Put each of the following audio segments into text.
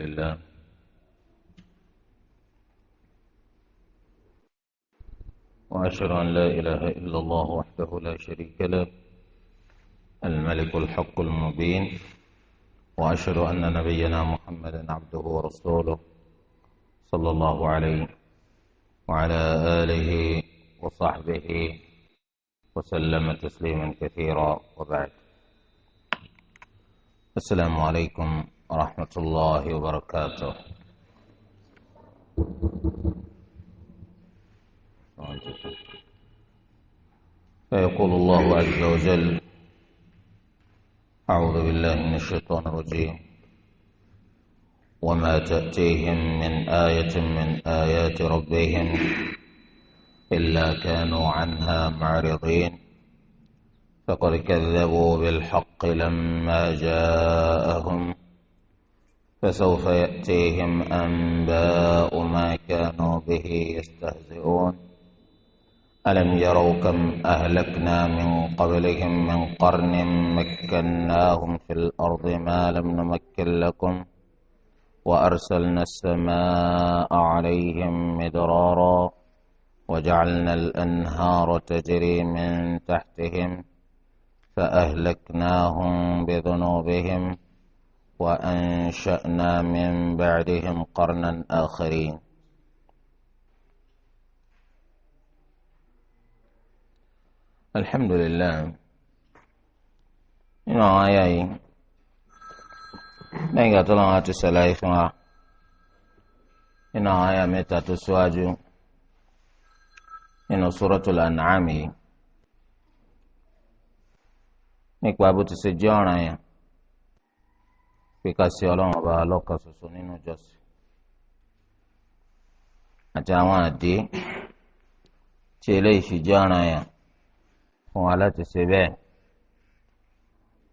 لله وأشهد أن لا إله إلا الله وحده لا شريك له الملك الحق المبين وأشهد أن نبينا محمدا عبده ورسوله صلى الله عليه وعلى آله وصحبه وسلم تسليما كثيرا وبعد السلام عليكم ورحمة الله وبركاته فيقول الله عز وجل أعوذ بالله من الشيطان الرجيم وما تأتيهم من آية من آيات ربهم إلا كانوا عنها معرضين فقد كذبوا بالحق لما جاءهم فسوف يأتيهم أنباء ما كانوا به يستهزئون ألم يروا كم أهلكنا من قبلهم من قرن مكناهم في الأرض ما لم نمكن لكم وأرسلنا السماء عليهم مدرارا وجعلنا الأنهار تجري من تحتهم فأهلكناهم بذنوبهم وأنشأنا من بعدهم قرنا آخرين الحمد لله إن آي آي من قتلنا تسلايخنا إن آي ميتة تسواج إن سورة الأنعام نكوابو تسجعنا آية. يعني kíkà sí ọlọ́run ọba lọ́kàn ṣoṣo nínú ìjọsìn àti àwọn àdé tí eléyìí fi jẹ́ ọ̀ràn yẹn fún wa láti ṣe bẹ́ẹ̀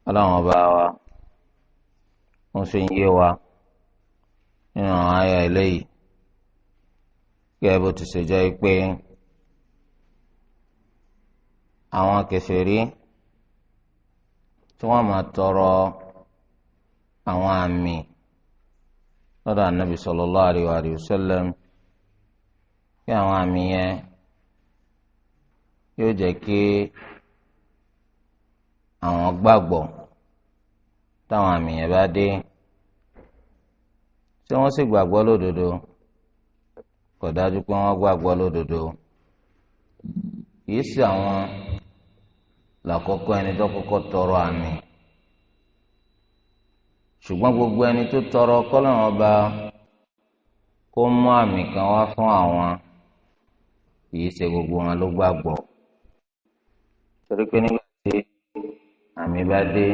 ọlọ́run ọba wa ń fi yé wa nínú àwọn àyà eléyìí gẹ́gẹ́ bó ti ṣe jẹ́ pé àwọn kèfèrí tí wọ́n máa tọrọ. àwọn àmì lọ́dọ̀ ànábì sallallahu alaihi wa sallam pé àwọn àmì yẹn yóò jẹ́ kí àwọn gbàgbọ́ táwọn àmì yẹn bá dé tí wọ́n sì gbàgbọ́ lódodo kò dájú pé wọ́n gbàgbọ́ lódodo kìí sí tọrọ àmì. ṣùgbọ́n gbogbo ẹni tó tọrọ kọ́lọ́run ọba kó mú àmì kan wá fún àwọn kìí ṣe gbogbo wọn ló gbàgbọ́ torí pé nígbà tí àmì bá dé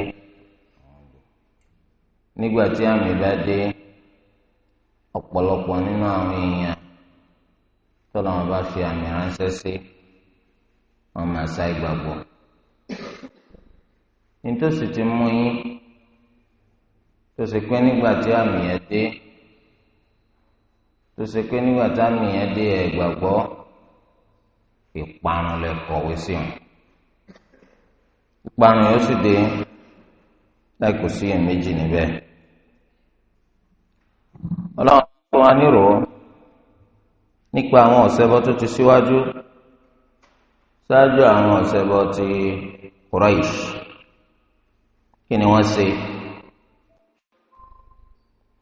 nígbà tí àmì bá dé ọ̀pọ̀lọpọ̀ nínú àwọn èèyàn tọ́lọ́ wọn fi àmì ránṣẹ́ sí wọn máa ṣá ìgbàgbọ́ nítòsí ti mú yín. tó ṣe pé nígbà tí àmì yẹn dé tó ṣe pé nígbà tí àmì yẹn dé ẹ ìparun lẹ kọ̀wé sí wọn ìparun yóò sì dé láì kò sí iyèméjì níbẹ̀ ọlọ́run ti síwájú ṣáájú ni wọ́n ṣe.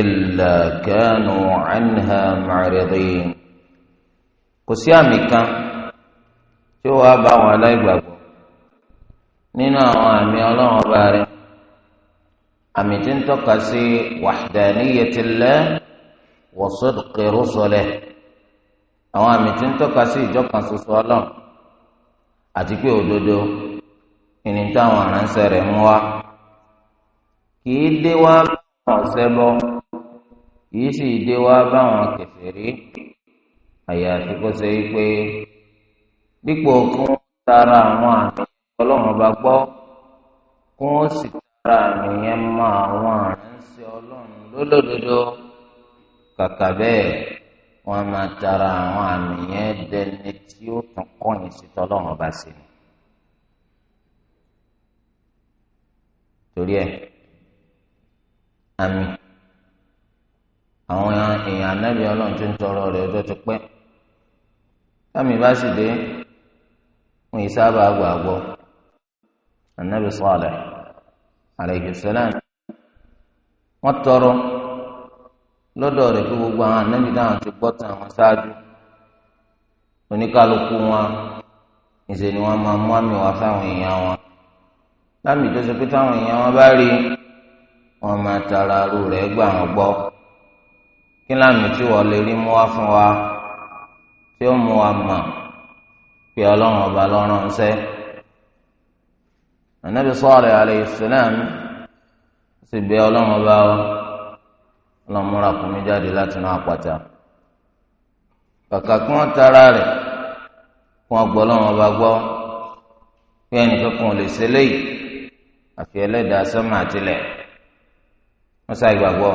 إلا كانوا عنها معرضين kò sí àmì kan tí ó wá bá àwọn aláìgbàgbọ́ nínú àwọn àmì ọlọ́run ọba rẹ̀ àmì tí ń tọ́ka sí wahdaniyatillah wa sidqi rusulihi àwọn àmì tí ń tọ́ka sí ìjọkan ṣoṣo àti pé òdodo ìní táwọn aránṣẹ́ rẹ̀ mú wá kì í dé wá ọ̀sẹ̀ bọ́ kìí sì dé wá báwọn kèfèrí àyàfi kó ṣe é pé dípò kí wọ́n tara àwọn àmì ọlọ́run bá gbọ́ kí wọ́n sì tara àmì yẹn mọ àwọn àránṣẹ́ ọlọ́run lólódodo kàkà bẹ́ẹ̀ wọ́n máa tara àwọn àmì yẹn dẹni tí ó tún kọ̀yìn sí tọ́lọ́run bá sí ni. torí ẹ̀ àmì. àwọn èèyàn anábì ọlọrun tó ń tọrọ rẹ̀ ọjọ́ ti pẹ sámi bá sì dé wọn yìí sábà gbàgbọ́ anábì tọrọ gbogbo àwọn anábì táwọn ti ṣáájú oníkálukú wọn ìṣe ni máa mú àmì wá fáwọn èèyàn wọn tó ṣe pé táwọn èèyàn kí lánàá tí wọ́n lè rí mú wá fún wa tí ó mú wa mọ̀ pé ọlọ́run ọba lọ́rọ̀ ń sẹ́. Ànábì Salih alayhi salam sì bẹ ọlọ́run ọba wa ọlọ́run múra kún mi jáde láti inú àpáta. Kàkà kí wọ́n tara rẹ̀ kí wọ́n gbọ́ ọlọ́run ọba gbọ́ pé ẹnìkan lè ṣe léyìí àfi ẹlẹ́dàá sọ́mà àtìlẹ̀ wọ́n ṣàgbàgbọ́.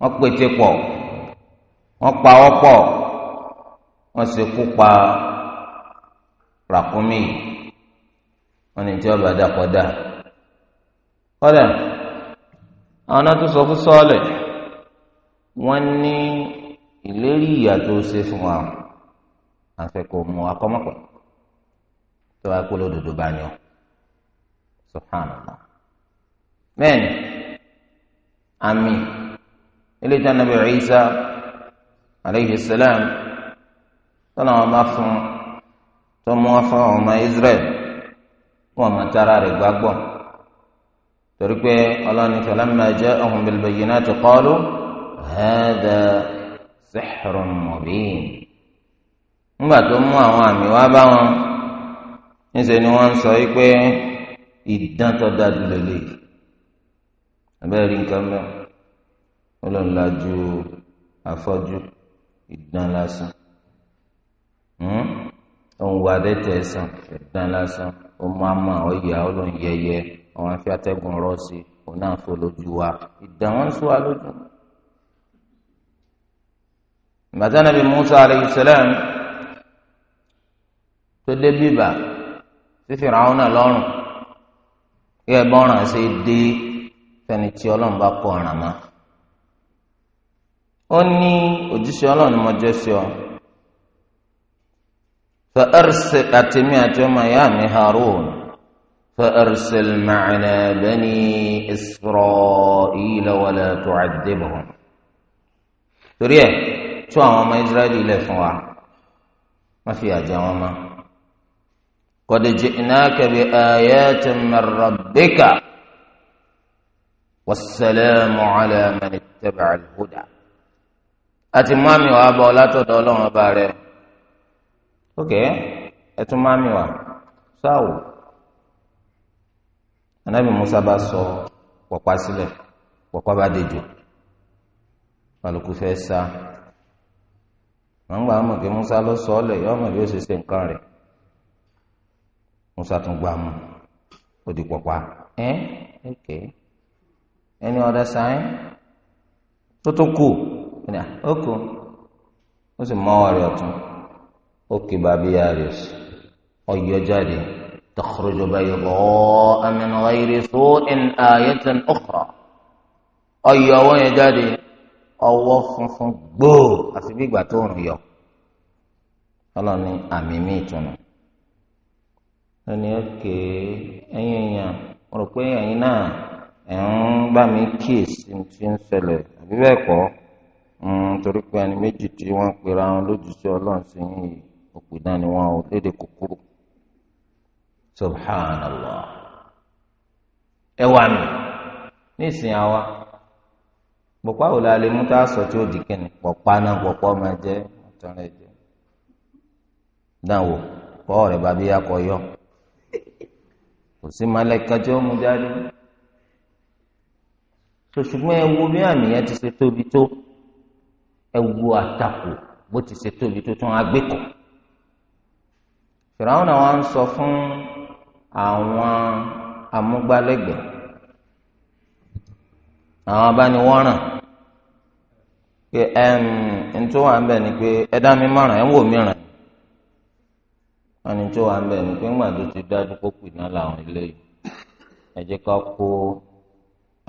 wọ́n pété pọ̀ wọ́n pawọ́ pọ̀ wọ́n ṣekú pa ràkúnmí wọ́n ní tí ọba dàkọdà kódà àwọn náà tún sọ fún sọọlẹ wọ́n ní ìlérí ìyà tó ṣe fún wa àfẹkọ mọ akọmọpọ tó wá kó lódodo bá yàn subhanallah mẹ́rin àmín. eléyìí tí anabi Isa aleyhi salam tọ́lá wọn bá fún tó wọn fún ọmọ Israel fún ọmọ tara rẹ̀ gbàgbọ́ torí pé ọlọ́ni falamma ja'ahum bil bayyinati qalu hadha sihrun mubin ńgbà tó mú àwọn àmì wá bá wọn níṣẹ́ ni wọ́n ń sọ wípé ìdán abẹ́rẹ́ nǹkan mẹ́wàá. ọlọ́nlajú afọ́jú ìdán lásán òun hmm? wà dẹ́tẹ̀ sàn ìdán lásán ó máa ma ọ̀yà ọlọ́nyẹyẹ àwọn afẹ́ atẹ́gùn rọ́ọ̀sì òun náà fò lójú wa ìdán wọn sọ wa lójú. màtá nàbí Musa aleyhi sẹlẹm tó dé bíbà sí Fìràwọn náà lọ́rùn kí ẹ bọ́ràn ṣe dé fẹni tí Ọlọ́run bá kọ ọ̀ràn máa. ó ní ojúṣe ọlọ́run ni mo jẹ́ sí ọ fa arsil àtẹ̀mí àti ọmọ ìyá mi Harun fa arsil ma'ana bani Isra'ila wala bọ̀. torí ẹ tún àwọn ọmọ Israẹli lẹ fún wa wọn fi àjẹ wọn mọ́ qad ji'naka bi ayatin min rabbika wassalamu ala man ittaba'a al-huda. àti mami wa bọ látọ̀dọ̀ Ọlọ́run ọba rẹ ok ẹ tún mami wa sáwò anabi musa bá sọ pọpá sílẹ̀ pọpá bá dejò balùkù fẹ́ sá wọn gba ọmọ kí musa lọ sọ ọlẹ yọọ mọ bí ó ṣe ṣe nǹkan rẹ̀ musa tún gbà mú ó di pọpá ẹ ok any other sign tó tó kù ó ní àókò ah, ó sì mọ ọwọ́ rẹ̀ ọ̀tún ó kì bàbí ya rẹ̀ sí ọ̀yọ́ jáde تخرج بيضاء من غير سوء آية أخرى ọ̀yọ́ ọwọ́ yẹn jáde ọwọ́ funfun gbòò àfi bí ìgbà tó rùn yọ Ọlọ́run ní àmì mí ìtùnú ẹni ọkẹ ẹ̀yin èèyàn mo rò pé ẹ̀yin náà ẹ ń bá mi kíyèsí ti ń ṣẹlẹ̀ àbí bẹ́ẹ̀ kọ́. Hmm, torí pé ẹni méjì tí wọ́n pera wọn lójúṣe ọlọ́run sí yìí òpìdán ni wọn ò léde kúkúrú subhanallah ẹ wà mí nísìnyí àwa pọ̀pá ò la lè mú tá a sọ tí ó di kíni pọ̀pá náà pọ̀pọ́ máa jẹ́ ọ̀tọ̀rọ̀ ẹ̀jẹ̀ dáwò pọ́ọ̀ rẹ̀ bàbí akọ yọ kò sí malẹ́ka tí ó mú jáde ṣùgbọ́n ẹ wo bí àmì yẹn ti ṣe tóbi tó. ẹ wo àtakò bó ti ṣe tóbi tó tún agbẹ́kọ̀. fìràwọn àwọn ń sọ fún àwọn amúgbálẹ́gbẹ̀ẹ́ àwọn abániwọ́ràn pé ẹn tó wà ń bẹ̀ ni ẹ mi mọ̀ràn ẹ ń wò wà ń ni pé ńgbà tó ti dájú kó pè náà làwọn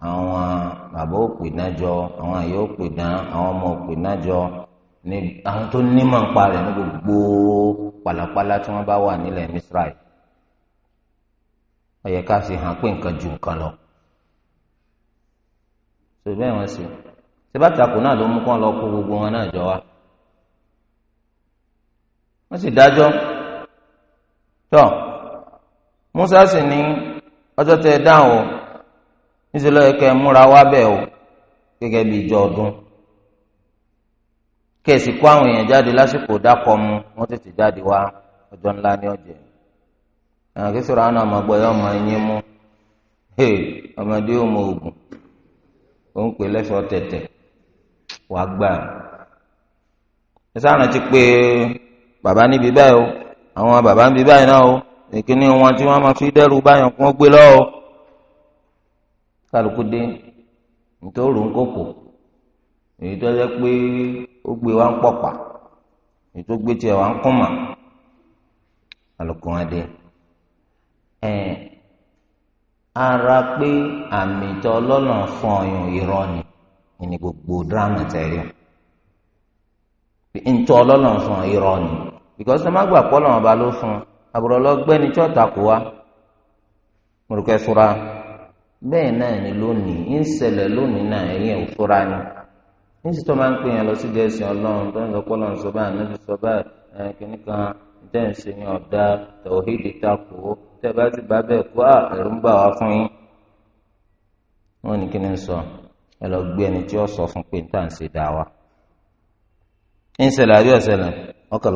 àwọn bàbá òpè nájọ àwọn àyè òpè dán àwọn ọmọ òpè nájọ ní àwọn tó nímọ̀ nípa rẹ̀ ní gbogbo pàlàpàlà tí wọ́n bá wà nílẹ̀ Misrael ó ká fi hàn pé nǹkan ju nǹkan lọ tó bẹ́ẹ̀ wọ́n náà ló mú gbogbo wọn náà jọ wá wọ́n sì dájọ́ tọ́ Musa sì ní ọjọ́ níṣẹ́ ló yẹ kẹ́ ẹ múra wá bẹ́ẹ̀ o gẹ́gẹ́ bí ìjọ ọdún kẹ̀sì kó àwọn èèyàn jáde lásìkò dákọ̀ mu wọ́n tètè jáde wá ọjọ́ ńlá ní ọ̀jẹ̀ àwọn akẹ́sọ̀rọ̀ àwọn ọmọgbọ́ yọ ọmọ ẹyin mú ọmọdé ọmọ ogun ó ń pè lẹ́sọ̀ọ́ tẹ̀tẹ̀ wàá gbà ẹ sáà ti pé bàbá níbi báyìí o àwọn bàbá níbi báyìí náà o ìkíní wọn tí wọ́n máa fi dẹ́rù báyọ̀ kún ó gbé lọ́wọ́ kálukú dé nítorí nkókò èyí tó yẹ pé ó gbé wa ń pọ̀pà èyí tó gbé tiẹ̀ wa ń kùmà kálukú wọn dé ẹ ara pé àmì tó lọ́nà fún ọyàn irọ́ ni ìní gbogbo dírámà tẹ̀lé ntọ́ lọ́nà fún irọ́ ni because ẹ má gbà pọ́ lọ́wọ́ ba ló fún aburọ̀ gbẹ́ni tí ọ̀tà kó wa mo rò kẹ́ sura. bẹ́ẹ̀ náà ni lónìí ń ṣẹlẹ̀ lónìí náà ẹ̀yìn òfúra ni níṣẹ́ tó máa ń pè yàn lọ sí gẹ̀ẹ́sì ọlọ́run tó ń lọ pọ́ lọ́n sọ báyìí níbi sọ ni ọ̀dà tọ̀hídì takò tẹ́ bá ti bá bẹ́ẹ̀ kó à ẹ̀rù ń bà wá fún yín. wọ́n ní sọ ẹ lọ gbé ẹni tí ó sọ fún pé níta ń ṣe dá wa. kan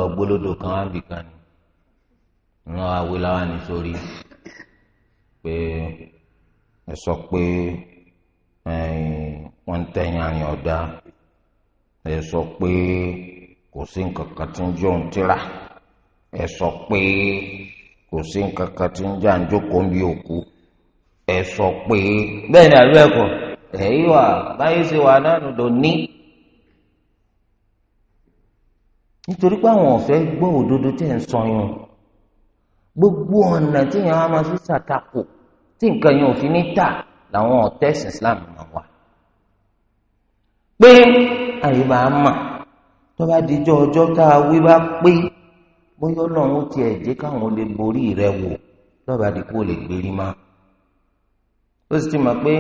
wá ẹ sọ pé wọ́n ń tẹ̀yìn àyàn ọ̀dá ẹ sọ pé kò sí nǹkan kan tí ń jẹ́ òun sọ pé kò sí nǹkan kan tí ń jẹ́ àǹjókòó bí òkú ẹ sọ pé bẹ́ẹ̀ ni àlọ́ ẹ̀kọ́ ẹ̀yí wà báyé ṣe wà nánu ní. nítorí pé àwọn ọ̀fẹ́ gbọ́ òdodo tí ẹ̀ ń sọ yun gbogbo ọ̀nà tí yẹn wá máa fi tí nǹkan yẹn ò fi ní tà làwọn ọ̀tẹ́ ẹ̀sìn Islam máa wà. pé àyùbá mà tó bá dijọ́ ọjọ́ tá a wí bá pé bóyá ọlọ́run ó tiẹ̀ jẹ́ káwọn lè borí rẹ̀ wò lọ́ba àdìpọ̀ lè gbérí má. ó sì ti mọ̀ pé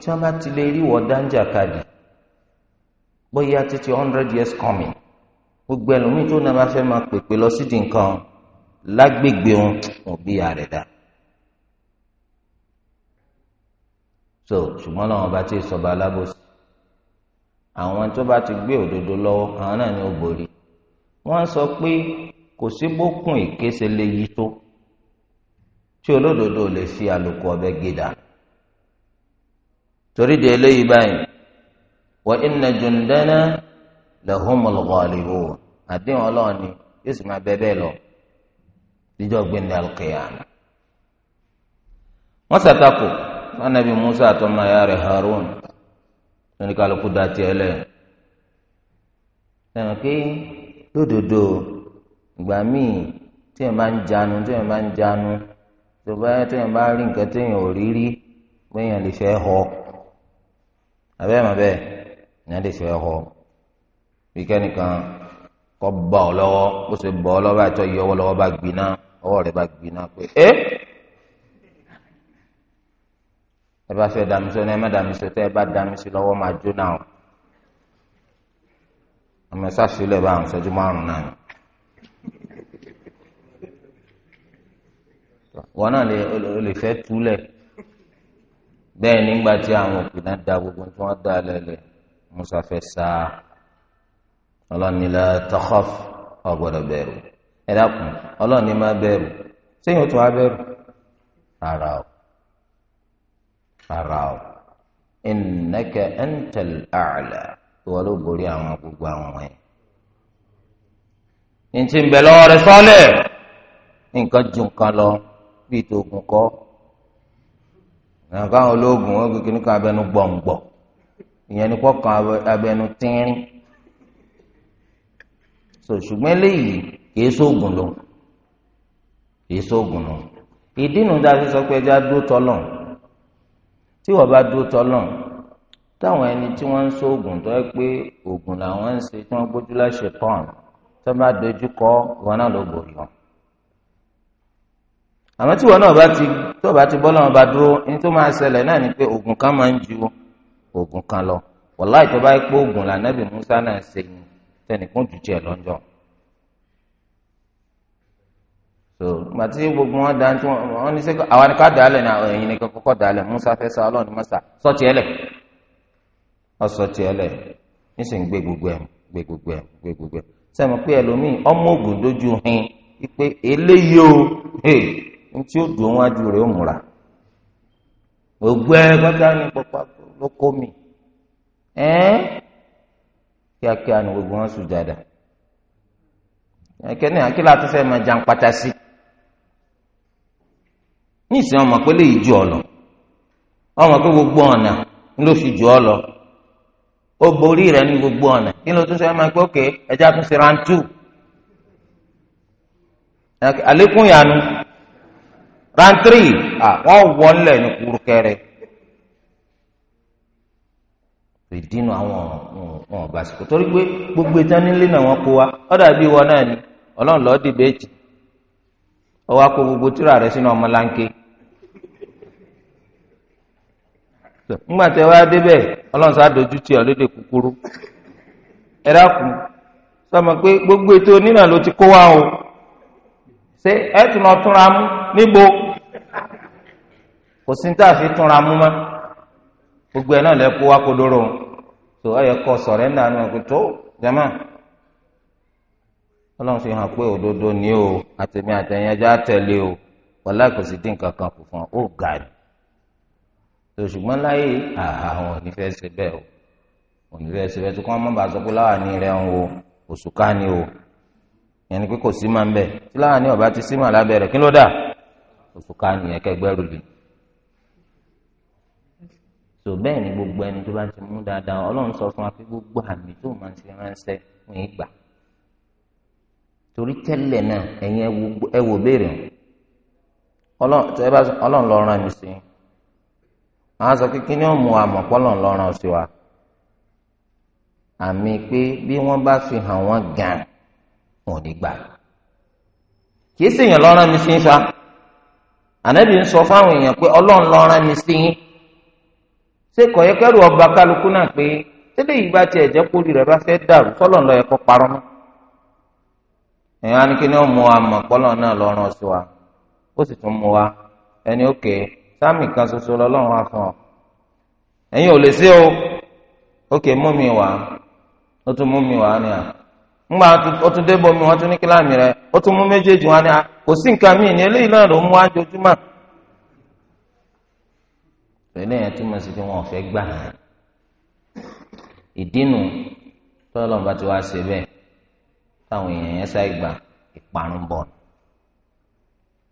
tí wọ́n bá ti lè rí wọ́n dáńjà kadì bóyá títí hundred years coming gbogbo ẹlòmíín tó náà bá fẹ́ máa pèpè lọ sídìí nǹkan lágbègbè òun òbí ààrẹ so ṣùgbọ́n lọ́wọ́n bá ti sọba alábòsí àwọn tó bá ti gbé òdodo lọ́wọ́ àwọn náà ni ó borí wọ́n sọ pé kò sí bókun ìkéṣe lè yí tó tí olódodo lè fi àlòkù ọ̀bẹ gidà torí de eléyìí báyìí wa inna jundana lahumul ghalibun àdéhùn ọlọ́run ni yóò sì máa bẹ bẹ́ẹ̀ lọ níjọ́ gbẹ̀ndẹ̀ alqiyama wọ́n ṣàtakò fanabi musa àtọmọ ya rẹ̀ harun lóní kálukú da tiẹ̀ lẹ̀ sẹ́wọ̀n pé lódodo ìgbà míì tí ń janu tí èèyàn ń janu tó bá yẹ tí èèyàn bá rí nǹkan tí èèyàn ò rí rí pé èèyàn lè fẹ́ họ abẹ́ mọ̀ bẹ́ẹ̀ èèyàn lè fẹ́ họ bí kẹ́nìkan kọ́ bọ̀ ọ́ lọ́wọ́ ó bá gbiná ọwọ́ rẹ̀ bá gbiná pé ẹ́. Eh? ẹ bá fẹ́ dàmísọ ní ẹ má dàmísọ tẹ ẹ bá dàmísọ lọ́wọ́ máa jó náà ọmọ ẹsẹ àfilẹ bá àwọn ìṣẹ́jú márùn náà wọn náà lè lè fẹ́ túlẹ̀ bẹ́ẹ̀ nígbà tí àwọn òkè náà da gbogbo tí wọn dá lẹlẹ musa fẹ́ sá ọlọ́nìlá tọkọf ọgbọ́dọ̀ bẹ̀rù ẹ dákun ọlọ́ọ̀ni má bẹ̀rù sẹ́yìn ó tún rárá o. ara o innaka antal a'la ìwọ ló borí àwọn gbogbo àwọn ẹ̀. nti ti ń bẹ lọ́wọ́ rẹ sọ́lẹ̀ nǹkan ju nǹkan lọ bíi tòògùn kọ́ nǹkan ológun wọn kékeré kan abẹnú gbọ̀ǹgbọ̀ ìyẹn ni kọ́kàn abẹnú tínrín so ṣùgbọ́n eléyìí kìí sóògùn lò kìí sóògùn lò ìdí nu dáa fi sọ pé ẹja tí wọ́n bá dúró tọ́lọ̀ táwọn ẹni tí wọ́n ń so oògùn tó yẹ pé oògùn làwọn ń ṣe tí wọ́n gbójú láṣẹ pọ́n tó bá dojú kọ wọn náà ló gbòòrò wọn. àmọ́ tí wọn náà bá ti tó bá ti bọ́ lọ́wọ́ bá dúró ní tó máa ṣẹlẹ̀ náà ni pé oògùn kan máa ń ju oògùn kan lọ wàláì tó bá yẹ pé oògùn làǹdàbì Musa náà ṣe ni tẹnìkún jù tiẹ̀ lọ́jọ́ so gbàtí gbogbo wọn dá tí wọn ní sẹ àwọn ni ká dà ní àwọn ẹyin ni musa fẹ gbogbo ẹ gbé gbogbo ẹ gbé gbogbo ẹ sẹmu pé ẹlòmíì ọmọ dojú hin pé eléyìí o ó dùn wọn ajú rẹ ó múra ògbẹ gbọdọ ní ló kó mi ẹ kíákíá ni gbogbo wọn sùn dáadáa ní tó fẹ máa n'isi ìsìn ọmọ pé ọlọ ju ọ lọ ọmọ pé gbogbo ọ̀nà ló fi ju ọ lọ ó borí rẹ ní gbogbo ọ̀nà kí ló tún sọ ma pé òkè ẹja tún ṣe rántú àlékún yanu rántírì wọ wọlé ní kúrúkẹrẹ ìdínú àwọn torí gbogbo ìtánílé náà wọ́n kó wa wọn náà ni gbogbo tíra rẹ sínú ńgbà tẹ wá sá dojú ọ lédè kúkúrú ẹ dákun sọmọ pé gbogbo ètò onínà ló ti kó wá o ṣé ẹ tún lọ túnra mú níbo kò sí ní tá túnra mú gbogbo ẹ náà lẹ kó tó yẹ kọ sọrẹ́ńdà náà kó tó fi hàn pé o o ọ ó oh ga tó ṣùgbọ́n láyé àwọn onífẹ́ ṣe bẹ́ẹ̀ o onífẹ́ ṣe bẹ́ẹ̀ tó kọ́ mọ́ba sọ pé láwa ní rẹ̀ ń wo òṣùká ni o yẹn ni pé kò sí máa ń bẹ̀ tí láwa ní ọba ti sí máa lábẹ́ rẹ̀ kí ló dà òṣùká ni yẹn kẹgbẹ́rù lè. tó bẹ́ẹ̀ ni gbogbo ẹni tó bá ti mú dáadáa ọlọ́run sọ fún wa pé gbogbo àmì tó máa ń ṣe ránṣẹ́ fún ìgbà torí tẹ́lẹ̀ náà ẹ̀yin ẹ wò béèrè ọlọ́run lọ́ọ́ àwọn sọ kékeré ni wọ́n mú àmọ̀pọ́lọ̀ ńlọrọ̀ sí wa àmì pé bí wọ́n bá fi hàn wọ́n gan wọn ò ní gbà kì í ṣèyàn lọ́rọ̀ mi sí ń fa ànábì ń sọ fáwọn èèyàn pé ọlọ́run lọ́rọ̀ mi sí yín ṣé ọba kálukú náà pé yìí bá tiẹ̀ jẹ́ kórìí bá fẹ́ dàrú parọ́ mọ́ ẹ̀yàn á ní kí ni àmọ̀pọ́lọ̀ náà wa ó sì tún mú sáàmì kan ṣoṣo lọ́lọ́run á fún ọ ẹ̀yin ò lè ṣe o ókè mú mi wá ó tún mú mi wá ni à ńgbà ó tún dé mi wọn tún ní kíláàmì rẹ ó tún mú méjèèjì wá ni à kò sí nǹkan mi ní eléyìí náà ló mú wá jojúmọ́ pẹ̀lú ẹ̀yẹn túmọ̀ sí pé wọn gbà á ìdínú tọ́lọ́mù bá ti wá ṣe bẹ́ẹ̀ táwọn èèyàn yẹn gbà ìparun bọ̀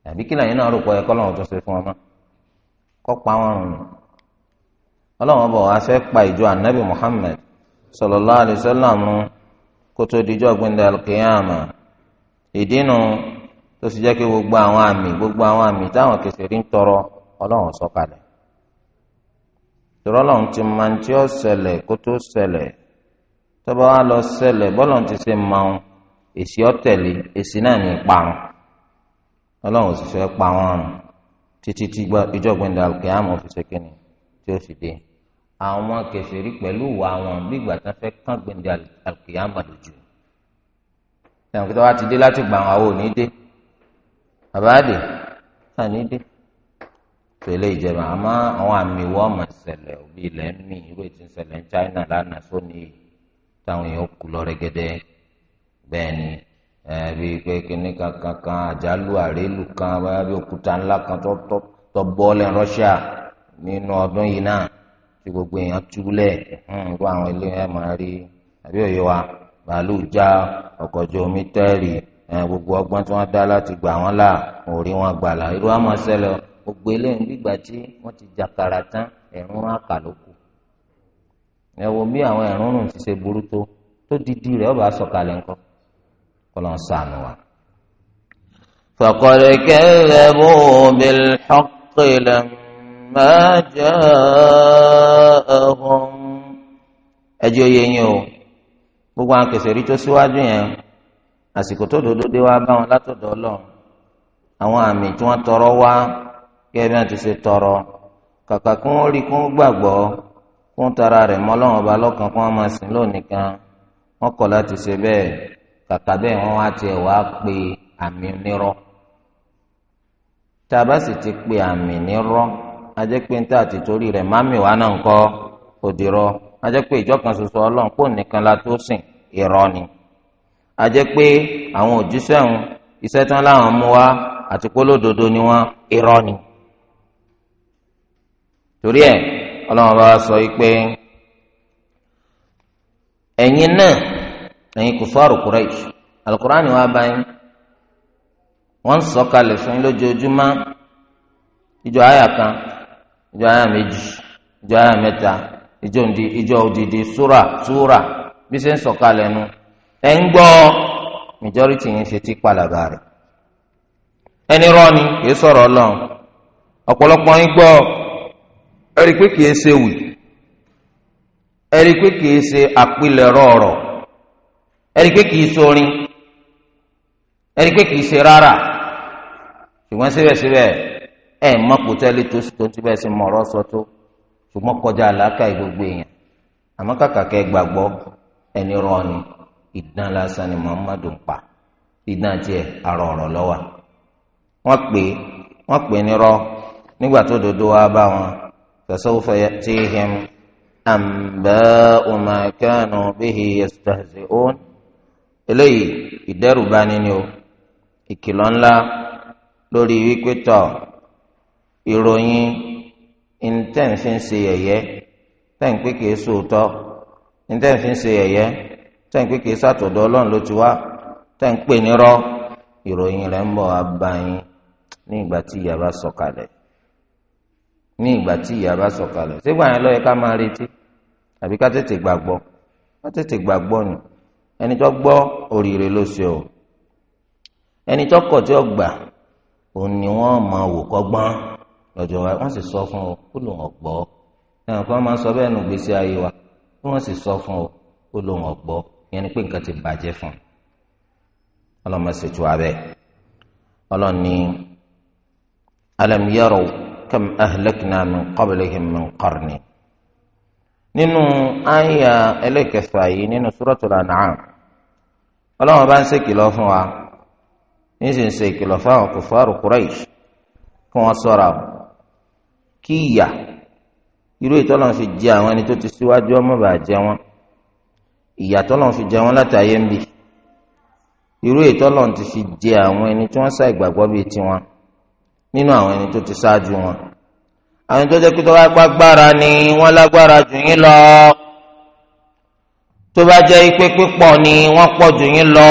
tàbí kíláàmì náà rò pọ̀ ẹ̀kọ́ Ọ pa wọn rùn ọlọ́run ọba wa fẹ́ pa ìjọ anabi muhammed sallallahu alaihi kótó dijọ́ gbẹ̀ndẹ̀ alkiyama ìdínú tó sì jẹ́ kí gbogbo àwọn àmì gbogbo àwọn àmì táwọn kèfèrí ń tọrọ ọlọ́run sọ ti máa ń tí ó wa lọ ti ṣe máa ń èsì èsì náà ní ìparun sì pa títí tí ìjọgbìndà alùkìyàmù fi ṣe kínní tí ó fi dé àwọn kèfèrí pẹ̀lú ìwà àwọn gbígbà tán fẹ́ kán gbìndà alùkìyàmù lójú ìyàwó kí tó ti dé láti gbà àwọn òní dé àbáàdì sàní dé pèlè ìjẹba àmọ́ àwọn àmì ìwọ ọmọ ìṣẹ̀lẹ̀ òbí ilẹ̀ ń ìwé tí ń ṣẹlẹ̀ ní China lánàá sóní táwọn èèyàn kú lọ rẹ́gẹ́dẹ́ bẹ́ẹ̀ ni bíi pé kínní kankan kan àjálù àrélù kan báyà bí òkúta ńlá kan tó bọ́ lẹ́ Russia nínú ọdún yìí náà tí gbogbo èèyàn túlẹ̀ irú àwọn ilé ẹ̀ máa rí àbí òye wa bàálù já ọkọ̀jọ́ omi tẹ́rì gbogbo ọgbọ́n tí wọ́n dá láti gbà wọ́n là òrí wọn gbà là irú àmọ́ ṣẹlẹ̀ gbogbo eléyìí gbígbà tí wọ́n ti jàkàrà tán ẹ̀rún àkà ló kù ẹ bí àwọn ẹ̀rún rùn ti ṣe burú tó tó didi rẹ̀ ọba sọ̀kalẹ̀ nǹkan kọlọ́n sànù wa. فقد كذبوا بالحق لما جاءهم ẹjọ́ yẹ yín o gbogbo àwọn kèfèrí tó síwájú yẹn àsìkò tó dòdó dé wá bá wọn látọ̀dọ̀ Ọlọ́run àwọn àmì tí wọ́n tọrọ wá gẹ́gẹ́ bí wọ́n ti ṣe tọrọ kàkà kí wọ́n rí kí wọ́n gbàgbọ́ kí wọ́n tara rẹ̀ mọ́ Ọlọ́run lọ́kàn kí wọ́n máa sìn lónìí kan wọ́n kọ̀ láti ṣe bẹ́ẹ̀ kàkà bẹ́ẹ̀ wọ́n wá tiẹ̀ wá pe àmì nírọ́ tá a bá sì ti pe àmì nírọ́ a jẹ́ pé níta àti torí rẹ̀ mami wa náà ń kọ́ òdìrọ́ a jẹ́ pé ìjọ kan ṣoṣo ọlọ́run kò nìkan la tó sìn irọ́ ni a jẹ́ pé àwọn òjíṣẹ́ òun iṣẹ́ tán láwọn mú wá àti polódodo ni wọ́n irọ́ ni torí ẹ̀ ọlọ́run bá sọ yìí pé ẹ̀yin náà. ẹ̀yin kufar Quraish alukur'an wa báyìí wọ́n ń sọ̀kalẹ̀ fún yín lójoojúmọ́ ìjọ àyà kan ìjọ àyà méjì ìjọ àyà mẹ́ta ìjọ òdì ìjọ òdìdí súrà súrà bí ṣe ń sọ̀kalẹ̀ nu ẹ̀ ń gbọ́ majority yẹn ṣe ti palaba rẹ̀ ẹni rọ́ọ̀ni kìí sọ̀rọ̀ ọlọ́run ọpọlọpọ yín gbọ́ ẹ̀rí pé kìí ṣe wì ẹ̀rí pé kìí ṣe àpilẹ̀rọ̀ ọ̀rọ̀ ẹ̀rí pé kìí sorin ẹ̀rí pé kìí ṣe rárá ṣùgbọ́n síbẹ̀síbẹ̀ ẹ̀ mọ́pò tẹ́lẹ̀ tó sì tó ti bẹ́ẹ̀ sí mọ̀ ọ̀rọ̀ sọ tó ṣùgbọ́n kọjá àlàkà gbogbo èèyàn àmọ́ kàkà kẹ́ gbàgbọ́ ẹni rọ́ọ̀ni ìdán lásán ni Muhammadu ń pa ìdán tiẹ̀ àrọ̀ ọ̀rọ̀ lọ́wà wọ́n pè wọ́n pè ní rọ́ nígbà tó dodo wá bá wọn fasawfa ya'tihim anba'u ma kanu bihi yastahzi'un eléyìí ìdẹ́rùbani ni o ìkìlọ̀ ńlá lórí wípé tọ̀ ìròyìn ìntẹ́ǹfin ṣe yẹ̀yẹ́ tẹ́ǹpé kìí sòótọ́ ìntẹ́ǹfin ṣe yẹ̀yẹ́ tẹ́ǹpé kìí sàtọ̀dọ̀ ọlọ́run ló ti wá tẹ́ǹpé nírọ́ ìròyìn rẹ̀ ń bọ̀ abayin ní ìgbà tí ìyà bá sọ̀kalẹ̀ ní ìgbà tí ìyà bá sọ̀kalẹ̀ sígbà yẹn ló ká máa retí àbí ká tètè gbàgbọ́ ká tètè gbàgbọ́ nù ẹni tó gbọ́ oríire ló ṣe o ẹni tó kọ̀ tí ó gbà òun ni wọ́n máa wò kọ́gbọ́n lọ́jọ́ wa wọ́n sì sọ fún o kó ló ń gbọ́ ẹnì kan máa ń sọ bẹ́ẹ̀ nù gbèsè ayé wa kó wọ́n sì sọ fún o kó ló ń gbọ́ ìyẹn ni pé nǹkan ti bàjẹ́ fún un ọlọ́mọ ṣètò abẹ́ ọlọ́ni alam yaraw kam ahlakna min qablihim min qarni nínú àyà ẹlẹ́kẹfà yìí nínú Suratul An'am ọlọ́wọ́n bá ń ṣèkìlọ̀ fún wa níṣẹ́ ń ṣèkìlọ̀ fáwọn kùfàrù Quraysh kí wọ́n sọ̀rọ̀ kí ìyà irú ìtọ́lọ́n fi jẹ àwọn ẹni tó ti síwájú ọmọ bàá jẹ wọn ìyà tọ́lọ́n fi jẹ wọn látàyé ń bì irú ìtọ́lọ́n ti fi jẹ àwọn ẹni tí wọ́n sá bíi tiwọn nínú àwọn ẹni tó ti ṣáájú wọn àwọn tó jẹ́ pé tó bá gbàgbára ni wọ́n lágbára jù yín lọ tó bá jẹ́ pé pípọ̀ ni wọ́n pọ̀ jù yín lọ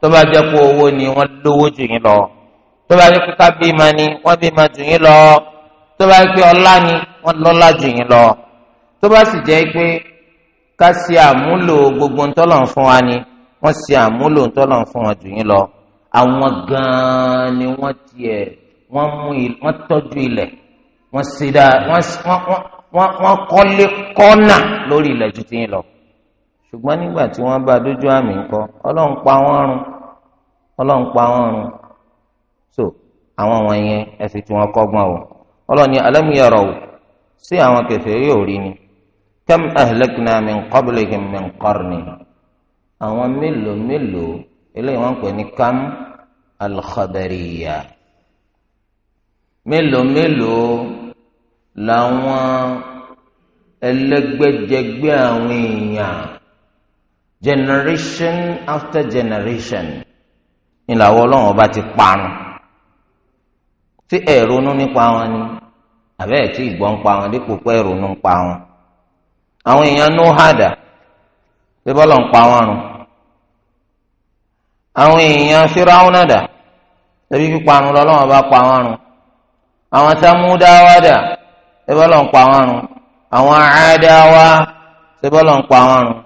tó bá jẹ́ pé owó ni wọ́n lówó jù yín lọ tó bá jẹ́ pé ká bímọ ni wọ́n bímọ jù yín lọ tó bá jẹ́ pé ọlá ni wọ́n lọ́lá jù yín lọ tó bá sì jẹ́ pé ká ṣe àmúlò gbogbo ntọ́lọ̀ fún wa ni wọ́n ṣe àmúlò ntọ́lọ̀ fún wa jù yín lọ àwọn gan-an ni wọ́n tiẹ̀ wọ́n tọ́jú ilẹ̀ wọ́n sì dá wọ́n kọ́lé kọ́nà lórí ilẹ̀ ju ti yín lọ ṣùgbọ́n nígbà tí wọ́n bá dójú àmì ńkọ́ ọlọ́run pa wọ́n run ọlọ́run pa wọ́n run so àwọn wọn yẹn ẹ fi tí wọ́n kọ́gbọ́n o ọlọ́run ní alam yaraw sí àwọn kèfèrí òrí ni kam ahlakna min qablihim min qarni àwọn mélòó mélòó eléyìí wọ́n ń pè ní kam al-khabariya mélòó mélòó làwọn ẹlẹ́gbẹ́jẹgbẹ́ àwọn èèyàn generation after generation ni làwọn ọlọ́run ọba ti parun tí ẹ ronú nípa wọn ni àbẹ́ ẹ̀ tí ìgbọ́n ń pa wọn dípò pé ẹ ronú ń pa wọn àwọn èèyàn ní ó hàdà pé bọ́lọ̀ ń pa wọn run àwọn èèyàn Fíráúnà dà tẹ̀bí pípa àrùn lọ́lọ́run ọba pa wọn run àwọn Sámúdáwá sebọlọ ń pa wọn run àwọn àádáwa sebọlọ ń pa wọn run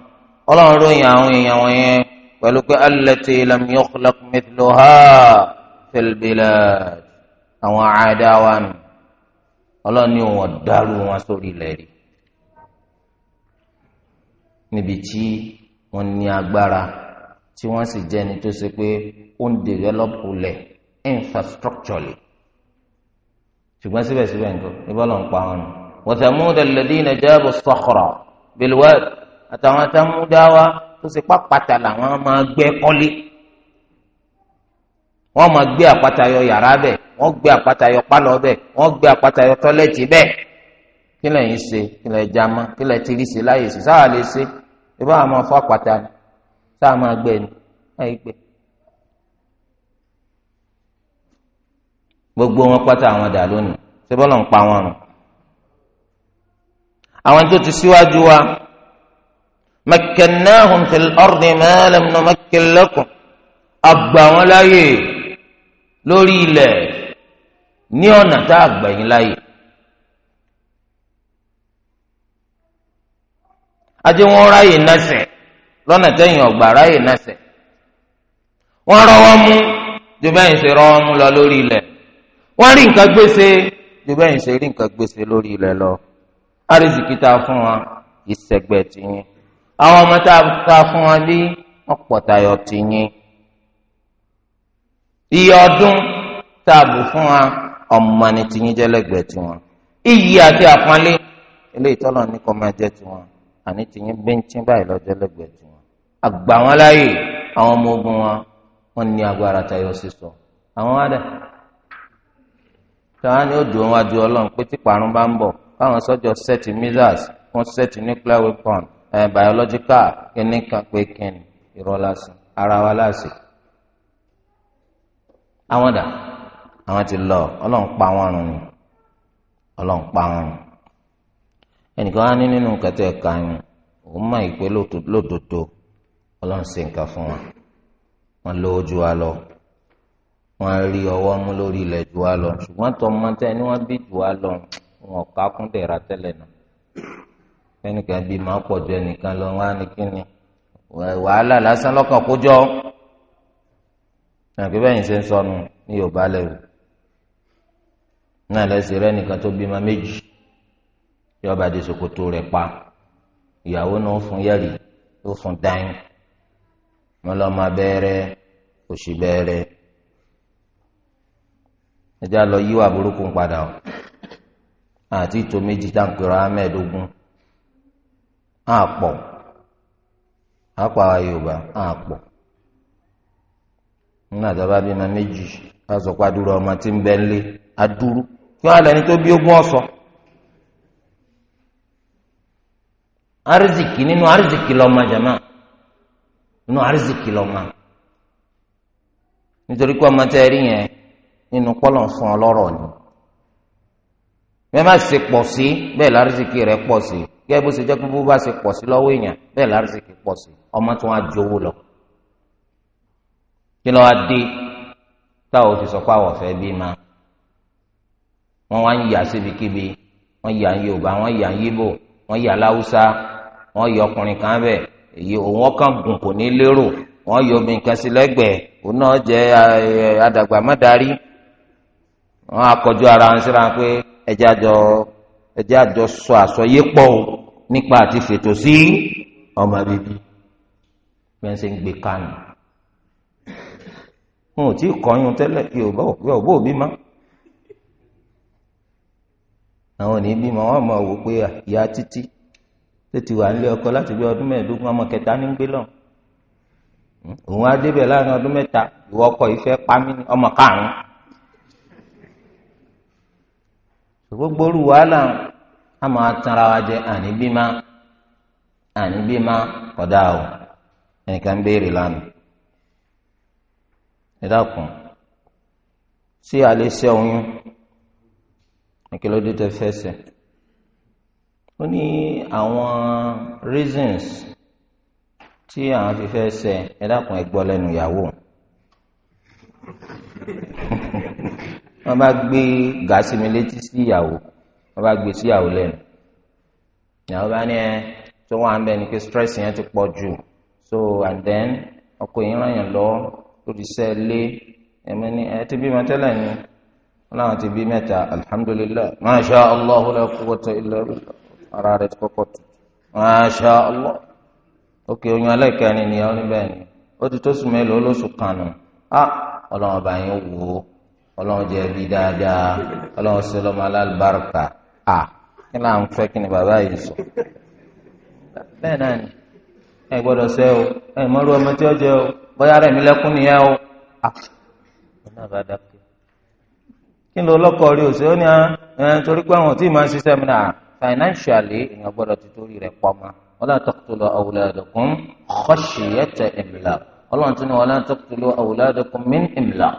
Ọlọ́run ròyìn àwọn èèyàn wọn yẹn pẹ̀lú pé allati lam yukhlaq mithluha fil bilad àwọn àádáwa nù Ọlọ́run ní wọn dàrú wọn sórí ilẹ̀ níbi tí wọn ní agbára tí wọn sì jẹ ẹni tó ṣe pé ó ń develop lẹ infrastructurally ṣùgbọ́n síbẹ̀síbẹ̀ nǹkan níbo ló ń pa wọn nù. wa thamuda alladhina jabu as-sakhra bil wad àtàwọn àtàmúdáwá tó ṣe pápátá làwọn máa gbé kọ́lé wọ́n máa gbé àpáta yọ yàrá bẹ̀ wọ́n gbé àpáta yọ pálọ̀ bẹ̀ wọ́n gbé àpáta yọ tọ́lẹ́tì bẹ̀ kí lẹ́yìn ṣe kí lẹ́yìn jama kí lẹ́yìn tiri ṣe láyè ṣe sáà lè ṣe ibà máa fọ́ àpáta sáà máa gbẹ ni láyé gbẹ gbogbo wọn pátá àwọn dà lónìí ṣé bọ́lá ń pa wọn rùn. àwọn tó ti síwájú wa makkannahum fil ardi ma lam numakkin lakum àgbà wọn láyè lórí ilẹ̀ ní ọ̀nà tá àgbà yín láyè. ajé wọn ráyè násẹ̀ lọ́nà tẹ̀yìn ọ̀gbà ráyè násẹ̀ wọ́n rọ́wọ́ mú ju bẹ́ẹ̀ ń ṣe rọ́wọ́ mú lọ lórí ilẹ̀ wọ́n rí nǹkan gbèsè dùbẹ́ yìí ṣe rí nǹkan gbèsè lórí ilẹ̀ lọ àrísìkí tá a fún wa ìṣẹ̀gbẹ̀ tìyín àwọn ọmọ tá a fún wa lé ọ̀pọ̀ tayọ̀ tìyín iye ọdún tá a bù fún wa ọmọ ni tìyín jẹ́lẹ̀gbẹ̀ tiwọn iyì àti àpọ́nlé ilé ìtọ́lọ̀ ní kọ́ máa jẹ́ tiwọn àní tìyín bíntín báyìí lọ́jọ́ lẹ́gbẹ̀ẹ́ tiwọn àgbà wọn láàyè àwọn ọmọ ogun wọn wọn ní agbára tayọ sísọ àwọn wá dà táwọn ni ó dùn wọn ju ọlọ́run pé tí parun bá ń bọ̀ káwọn sọ́jọ́ sẹ́ẹ̀tì missiles wọ́n sẹ́ẹ̀tì nuclear weapon ẹ̀ eh, biological kíní kan pé kíni irọ́ lásán ara wa láàsì. àwọn dà àwọn ti lọ ọlọ́run pa wọn rùn ni ọlọ́run pa wọn rùn ẹnìkan á ní nínú kẹtẹ ẹ̀ka yẹn òun mọ̀ ìpè lódodo ọlọ́run ṣe nǹkan fún wa wọn lówó ju wa lọ. wọn rí ọwọ mú lórí ilẹ̀ jù wá lọ ṣùgbọ́n tọmọtẹ ni wọ́n bí jù lọ wọn kà kún dẹ̀ra tẹ́lẹ̀ náà ẹnìkan bíi máa pọ̀ ju ẹnìkan lọ wá ní kíni wàhálà lásán lọ́kàn kójọ́ bẹ́ẹ̀ ṣe ń sọnù ní Yorùbá lẹ́rù náà lẹ́sìn rẹ nìkan tó bímọ méjì yọba di pa ìyàwó náà fún yẹ̀rì tó fún ẹjẹ lọ yíwà burúkú padà ọ àti ìtò méjì tá à ń pèrò pọ a àpọ̀ àwa yorùbá àpọ̀ nígbà tó bá bímọ méjì bá sọ pé adúrú ọmọ tí ń bẹ ńlé adúrú kí wọn lẹni tó bí ogún ọsọ arizikì nínú arizikì lọmọ jama nínú arizikì lọmọ nítorí pé ọmọ tẹ nínú pọ́lọ̀ ń fún ọ lọ́rọ̀ ni bẹ́ẹ̀ má ṣe pọ̀ sí bẹ́ẹ̀ lárísìkì rẹ̀ pọ̀ sí gẹ́gẹ́ bó ṣe jẹ́ pé bó bá ṣe pọ̀ sí lọ́wọ́ èèyàn bẹ́ẹ̀ lárísìkì pọ̀ sí ọmọ tí wọ́n á jowó lọ kí lọ́wọ́ á dé táwọn fi sọ pé àwọn ọ̀fẹ́ bí ma wọ́n wá ń yà síbikíbi wọ́n yà ń Yorùbá wọ́n yà ń Yíbò wọ́n yà láwùsá wọ́n yọ ọkùnrin kan bẹ́ẹ̀ èyí òun ọkàn gùn kò ní lérò wọ́n yọ obìnrin kan sí lẹ́gbẹ̀ẹ́ òun náà jẹ́ àdàgbà má wọn akọjú ara wọn síra pé ẹjẹ àjọ ẹjẹ sọ àsọyé pọ o nípa àti fètò sí ọmọ bíbí bẹ́ẹ̀ ṣe ń gbé kánú wọn ò tí ì kọyún tẹ́lẹ̀ yorùbá yorùbá ò wà nílé ọkọ láti ọdún mẹ́ẹ̀ẹ́dógún gbogbo orú wàhálà a máa tanra wa jẹ àní bímá àní bímá kódà o ẹnìkan ń béèrè lánàá ẹ dákun sí alẹ́ sẹ́ oyún ìkìlódé tẹ fẹsẹ̀ ó ní àwọn reasons tí àwọn fi fẹ́ sẹ ẹ dákun ẹ gbọ́ ìyàwó wọ́n bá gbé gàásì mi létí sí ìyàwó wọ́n bá gbé sí ìyàwó lẹ́nu ìyàwó bá ní ẹ tó wà ń bẹ ni pé stress yẹn ti pọ̀ jù so and then ọkọ yìí ràn yàn lọ lórí iṣẹ́ ilé ẹ̀mí ni ẹ ti bímọ tẹ́lẹ̀ ni wọ́n láwọn ti bí mẹ́ta alhamdulilayi masha allah la quwwata illa billah ara rẹ̀ ti kọ́kọ́ tù masha allah ok oyún alẹ́kẹ́rin ni ìyàwó níbẹ̀ ni ó ti tó sùn mélòó lóṣù kan ah ọlọ́run ọba yẹn wò ó ọlọ́run jẹ́ bí dáadáa ọlọ́run ṣe lọ́mọ alálùbáríkà à kí náà ń fẹ́ kí ni bàbá yìí sọ. bẹ́ẹ̀ náà ni ẹ gbọ́dọ̀ sẹ́ o ẹ mọ́rú ọmọ tí ó jẹ o bóyá rẹ̀ mi lẹ́kún nìyẹn o. ọ̀nà àbàdà pé kí ló lọ́kọ̀ rí òsè ó ní ẹ torí pé àwọn tí ì máa ń ṣiṣẹ́ mi náà financially èèyàn gbọ́dọ̀ ti torí rẹ̀ pọ̀ mọ́ wala taqtulu awladakum khashyata imlaq ọlọ́run tún ní wala taqtulu awladakum min imlaq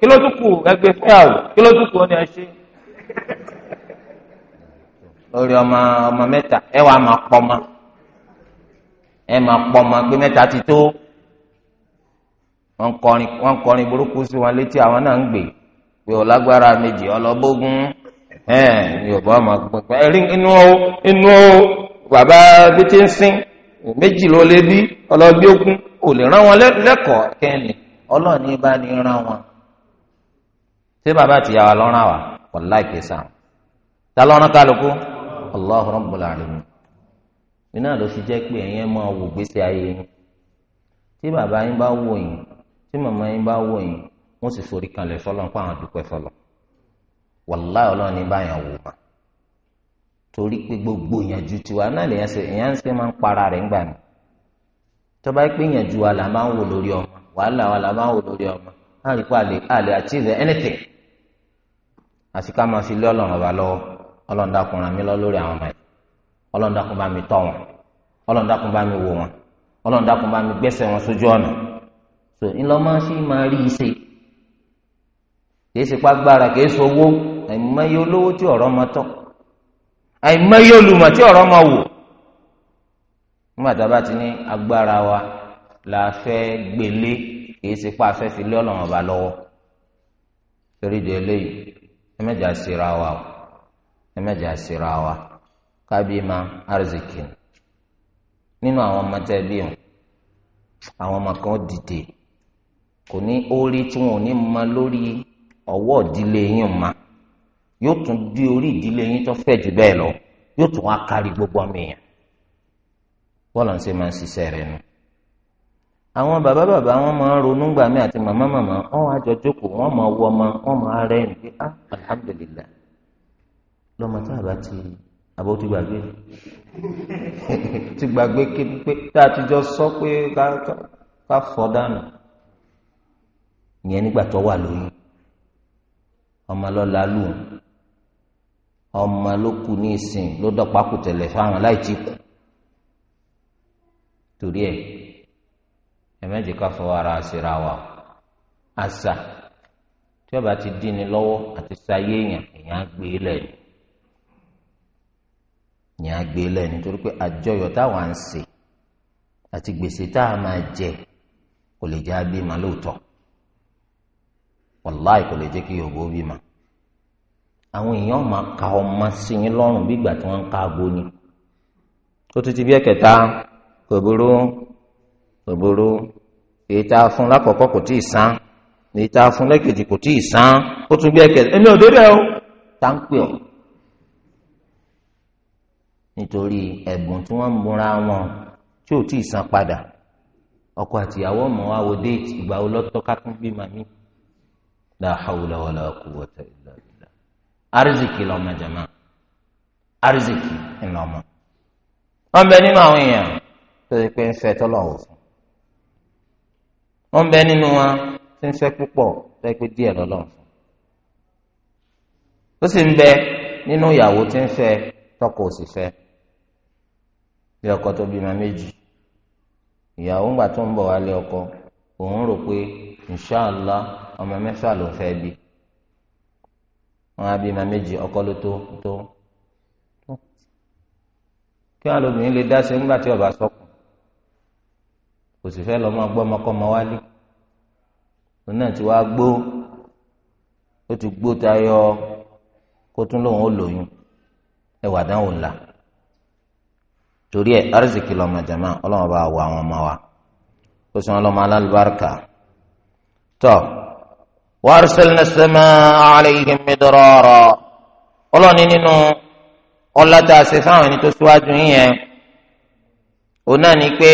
kí ló tún kù ẹgbẹ́ fẹ́yàwó kí ló tún lórí ọmọ ọmọ mẹ́ta ẹ wàá máa pọ̀ ma ẹ máa pọ̀ ma pé mẹ́ta ti tó wọn kọrin wọn kọrin burúkú sí wọn létí àwọn náà ń gbè pé ọlágbára méjì ọlọgbógún yorùbá ọmọ pẹpẹ inú o inú o bàbá bí ti ń sìn ṣé bàbá àtìyàwó lọ́rùn àwà wàlá ìkẹsà ta lọ́rùn kálukú Allahu Rabbul Alamin iná ló fi jẹ́ pé ẹ̀yin máa wò gbèsè ayé yín tí bàbá yín bá wò yín tí màmá yín bá wò yín wọ́n sì forí kanlẹ̀ fọlọ́n pa àwọn dúpẹ́ fọlọ́ wàlá ọlọ́run ní báyàn wò wá torí pé gbogbo ìyànjú tiwa náà lè yàn ṣe ṣe máa ń para rẹ̀ ńgbà ni tọ́ba yìí pé ìyànjú wa là máa ń wò lórí ọmọ wàhálà wa là máa ń wò lórí ọmọ láàrin pé àlè àlè achieve anything àti ká máa fi lé ọlọ́run ọba lọ́wọ́ ọlọ́run dákun ràn mí lọ lórí àwọn ọmọ yìí ọlọ́run dákun bá mi tọ́ wọn ọlọ́run dákun bá mi wò wọn ọlọ́run dákun bá mi gbẹ́sẹ̀ wọn sójú ọ̀nà so ńlọ máa ṣe máa rí iṣẹ́ kìí ṣe pàgbára kìí ṣe owó àìmọye olówó tí ọ̀rọ̀ máa tọ́ àìmọye olùmọ̀ tí ọ̀rọ̀ máa wò nígbà tá a bá ti ní agbára wa la fẹ́ gbélé kìí ṣe pa afẹ́ fi lé ọlọ́run ọba lọ́wọ́ torí di eléyìí. ẹ mẹ́jà awa: wa o wa kábí ma arzikin nínú àwọn ọmọ o àwọn ọmọ kan dìde kò ní orí tí wọn ò ní ma lórí ma yóò tún di orí ìdílé yín tó fẹ̀ jù bẹ́ẹ̀ lọ yóò tún wá kárí gbogbo ọmọ èèyàn bọ́ọ̀lù ń ṣe máa ń àwọn bàbá bàbá wọn máa ronú gbà mí àti màmá màmá wọn wá jọ jókòó wọn máa wọ ọmọ wọn máa rẹ ẹni pé ah alhamdulillah lọmọ tí àbá ti àbá ó ti gbàgbé ti gbàgbé pé tá a ti jọ sọ pé ká fọ dànù ìyẹn nígbà tó wà lóyún ọmọ lọ́la lù ọmọ ló kù ní ìsìn ló dọ̀pá kù fáwọn láì tí kù torí ẹ̀. ẹ̀mẹ́jì ká fọwọ́ ara síra wa àṣà tí ọba ti dín ni lọ́wọ́ àti sáyé èèyàn èèyàn gbé e lẹ́nu èèyàn gbé e lẹ́nu torí pé àjọyọ̀ táwa ń ṣe àti gbèsè tá a máa jẹ kò lè jẹ́ abímọ lóòótọ́ wàláì kò lè jẹ́ kí yòówó bímọ àwọn èèyàn máa ka ọmọ sí yín lọ́rùn bí ka aago ti gbogbo èyí tá a fún lákọ̀ọ́kọ́ kò tí ì san èyí a fún lẹ́kẹ̀jì kò tí ì san ó tún gbé ẹ̀kẹ́ ẹ̀mí ò débẹ̀ o tá ń pè ọ́ nítorí ẹ̀bùn tí wọ́n ń múra wọn tí ò tí ì san padà ọkọ àtìyàwó ọmọ wa wo déètì ìgbà wo lọ́tọ́ bí màmí la hawla wala quwwata illa billah arzikì jama arzikì ńlọmọ wọn bẹ nínú àwọn èèyàn tó ti pé ń fẹ́ tọ́lọ̀ wò wọ́n ń bẹ nínú wa tí ń fẹ́ púpọ̀ fẹ́ pé díẹ̀ lọ́lọ́run fún ó bẹ nínú ìyàwó tí ń fẹ́ tọkọ òsì fẹ́ bí ọkọ tó bímọ méjì ìyàwó ńgbà tó ń wálé ọkọ òun rò pé inṣàlá ọmọ mẹfà ló fẹ bí wọn á ma méjì ọkọ ló tó tó kí wọn lóbìnrin lè dá kò sì fẹ́ lọ máa gbọ́ ọmọkọ́mọ wálé òun náà ti wá gbó ó ti gbó tayọ kó tún lóun ó lóyún ẹwà dáhùn ńlá torí ẹ arzikì lọmọ jama ọlọmọ bá wọ àwọn ọmọ wa ó sì wọn lọmọ alálùbáríkà tọ wàrúsẹlẹ sẹmẹ àlẹyìn mẹdọrọrọ ọlọni nínú ọlọtà ṣe fáwọn ẹni tó síwájú yìnyẹn òun náà ni pé.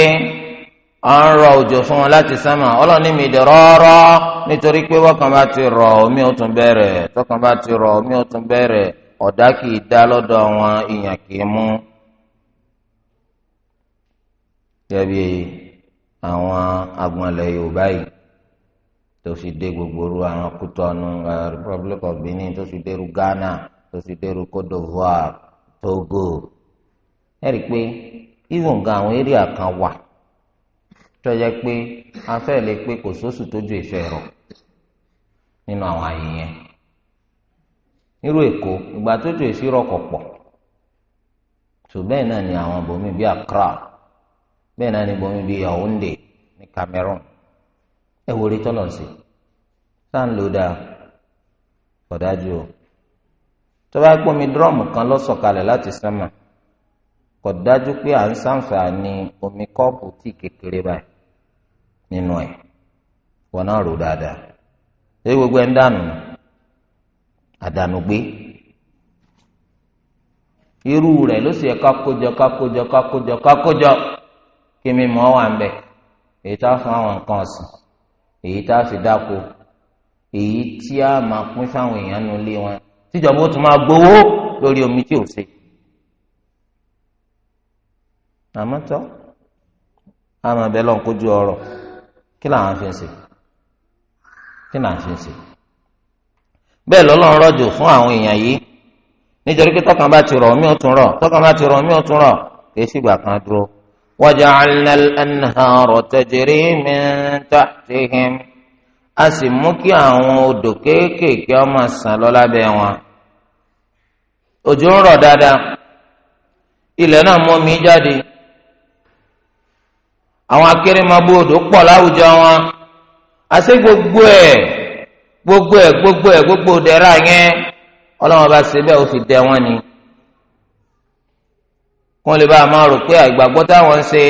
à ń rọ òjò fún wọn láti sámà ọlọ́ọ̀ni mi dẹ̀ rọ́ọ́rọ́ nítorí pé wọ́kàn bá ti rọ omi ó tún bẹ̀rẹ̀ tọkàn bá ti rọ omi ó tún bẹ̀rẹ̀ ọ̀dá kì í dá lọ́dọ̀ wọn ìyàn kì í mú. gẹ́bí àwọn agbọ̀nlẹ̀ yorùbá yìí tó fi dé gbogbo ru àwọn kútọ́nù uh, Republic of Benin tó fi dé ru Ghana tó fi dé ru Côte d'Ivoire Togo ẹ̀rí pé even gan àwọn eré àkàn wà. tọ́jà pé afẹ́ lè pé kò sóṣù tójú ìfẹ́ rọ̀ nínú àwọn àyè yẹn nírú èkó ìgbà tójú ìṣirò kò pọ̀ tó bẹ́ẹ̀ náà ni àwọn bòmí bíi Accra bẹ́ẹ̀ náà ni bòmí bíi Yaounde ní Cameroon ẹ wò rí tọ́lọ̀ sí sáà ń lò dáa kọ̀dájú o tó pọ́nmi dírọ́ọ̀mù kan lọ́sọ̀kalẹ̀ láti sánmà kọ̀dájú pé à ń ṣàǹfààní omi kọ́ọ̀pù tí kékeré báyìí nínú ẹ̀ wọn náà rò dáadáa ṣé gbogbo ndanu. ń dànù àdànù gbé irú rẹ̀ ló sì yẹ kákójọ kákójọ kákójọ kákójọ kí mi mọ̀ wà ń bẹ èyí tá a fún àwọn nǹkan ọ̀sìn èyí tá a fi dáko èyí tí a máa pín èèyàn nu ilé wọn gbowó lórí omi tí ò ṣe àmọ́ tọ́ àmọ́ bẹ́ẹ̀ lọ́n kójú kí làwọn fi ń ṣe kí làwọn fi ń ṣe bẹ́ẹ̀ lọ́lọ́run rọ̀jò fún àwọn èèyàn yìí nítorí pé tọ́kàn bá ti rọ̀ mí ò tún rọ̀ tọ́kàn bá ti rọ̀ mí ò tún rọ̀ kì í sígbà kan dúró. waja'alna al-anhara tajri min tahtihim a sì mú kí àwọn odò kéékèèké ó máa ṣàn lọ wọn. òjò ń rọ̀ dáadáa ilẹ̀ náà mú mi jáde àwọn akérèmọbòdò pọ̀ láwùjọ wọn àṣé gbogbo ẹ̀ gbogbo ẹ̀ gbogbo ẹ̀ gbogbo dẹ̀ra yẹn ọlọ́wọ́n bá ṣe bẹ́ẹ̀ ó fi dẹ wọn ni kó lè bá a máa rò pé àìgbàgbọ́ táwọn ń ṣe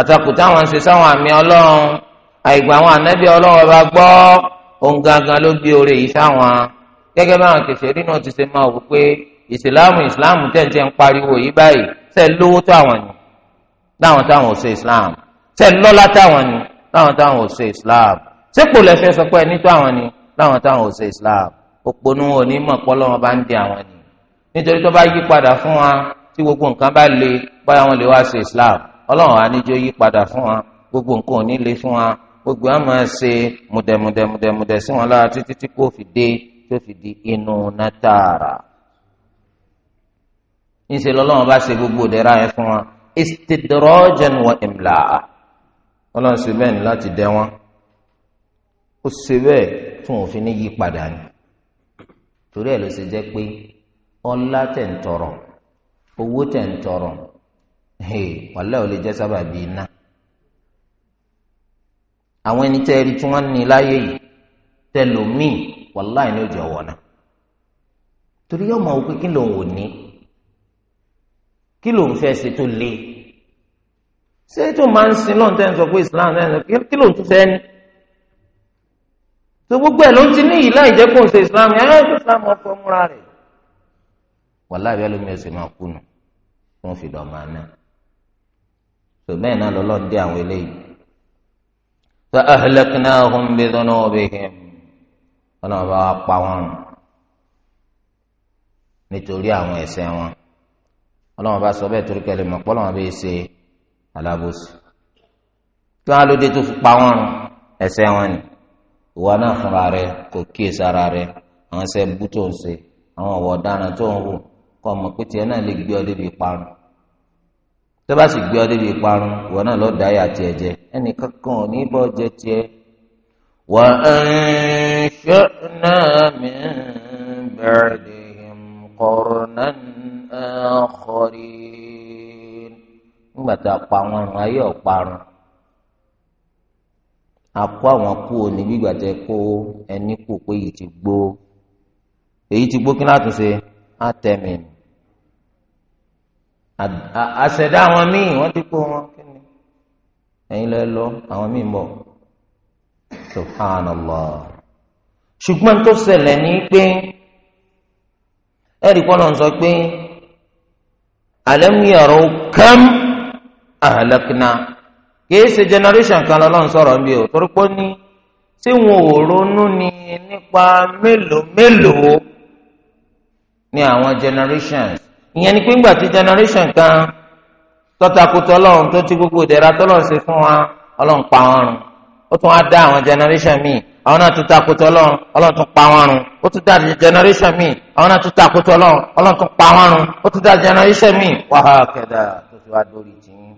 àtakò táwọn ń ṣe sáwọn àmì ọlọ́run àìgbà àwọn ànábì ọlọ́run bá gbọ́ ohun gangan ló gbé oore yìí sáwọn gẹ́gẹ́ báwọn kẹsẹ̀ rí náà ti ṣe máa wò pé ìsìláàmù ìsìláàmù tẹ̀ǹtẹ̀ ń pariwo yìí báyìí ṣe lówó tó àwọn ni láwọn táwọn ò ṣe islam ṣe lọ́lá táwọn ni láwọn táwọn ò ṣe islam sípò lẹ́fẹ́ sọ pé ẹni tó àwọn ni láwọn táwọn ò ṣe islam òpònú wọn ní mọ̀ pọ́lọ́ wọn bá ń di àwọn ni nítorí tó bá yí padà fún wa tí gbogbo nǹkan bá le báyà wọn lè wá ṣe islam ọlọ́run àníjó yí padà fún wa gbogbo nǹkan ò ní le fún wa gbogbo àwọn máa ṣe mùdẹ̀mùdẹ̀mùdẹ̀mùdẹ̀ sí wọn lára títí tí kò fi dé tó fi di inú nátàrà. níṣẹ́ lọ́lọ́run bá ṣe gbogbo ìdẹ̀ra istidrojan wa imlaa ọlọ́run ṣe bẹ́ẹ̀ ni láti dẹ wọn ó ṣe bẹ́ẹ̀ tún òfin ní yí padà ni torí ẹ̀ ló pé ọlá tẹ ń tọrọ owó tẹ ń tọrọ wàlẹ́ ò lè jẹ́ sábàbí iná àwọn ẹni tẹ́ ẹni tí ní láyé yìí tẹlòmíì torí ọmọ òkú kí ní kí ló ń fẹ́ ṣe tó le ṣé tó máa ń sin lọ́n tẹ́ ń sọ pé islam náà ń sọ kí ló ń tún fẹ́ ni tó gbogbo ẹ̀ ló ń ti ní ìlà ìjẹ́kùn ṣe islam yẹn ẹ̀ tó islam ọkọ̀ múra rẹ̀ wàhálà ìbí ẹlòmí ẹsẹ̀ máa kùnà tó ń fi dọ̀ máa ná tó bẹ́ẹ̀ náà lọ́lọ́ dé àwọn eléyìí fa ahlaknahum bi dhunubihim wọn náà bá wa pa wọn nítorí àwọn ẹ̀ṣẹ̀ wọn ọlọ́wọ́n bá sọ bẹ́ẹ̀ torí kẹlẹ́ mọ̀ pọ́lọ́wọ́n bẹ́ẹ̀ ṣe alábòsí kí wọ́n á lóde tó fi pa wọ́n rùn ẹ̀ṣẹ̀ wọn ni ìwà náà fúnra rẹ kò kíyèsí ara rẹ àwọn ẹ̀ṣẹ̀ bú tó ń ṣe àwọn ọ̀wọ̀ ọ̀daràn tó ń wò kọ́ ọmọ pé tiẹ̀ náà lè gbé ọ débi parun tó bá sì gbé ọ débi parun ìwọ náà lọ́ọ́ dá yà tiẹ̀ jẹ ẹnì kankan ò ní bọ́ jẹ tiẹ̀ wà á ń ṣe náà min ba'dihim qurnan akhirin nígbà tá a pa àwọn ọ̀run ayé ọ̀parun a kó àwọn kú òní gbígbà tẹ kó ẹni kú pé èyí ti gbó èyí ti gbó kí láti ṣe àtẹ̀mìn àṣẹ̀dá àwọn míì wọ́n ti kó wọn kí ni ẹ̀yin lẹ́ lọ àwọn míì bọ̀ subhanallah ṣùgbọ́n tó ṣẹlẹ̀ ní pé ẹ̀rí kọ́ ló ń sọ pé alam yaraw kam ahlakna kìí ṣe generation kan lọ́lọ́run sọ̀rọ̀ ń bí o torí pé ní tí wọn ò ronú ni nípa mélòó mélòó ni àwọn generation ìyẹn ni pé ńgbà tí generation kan tọ́takùtọ̀ ọlọ́run tó ti gbogbo ìdẹ̀ra tọ́lọ́run ṣe fún wa ọlọ́run pa wọn run ó tún wá dá àwọn generation míì àwọn náà tún takòtò ọlọ́run ọlọ́run tún pa wọ́n run ó tún dá generation míì àwọn náà tún takòtò ọlọ́run ọlọ́run tún pa wọ́n run ó tún dá generation míì wàhálà kẹdà tó ti wá dórí tìyín.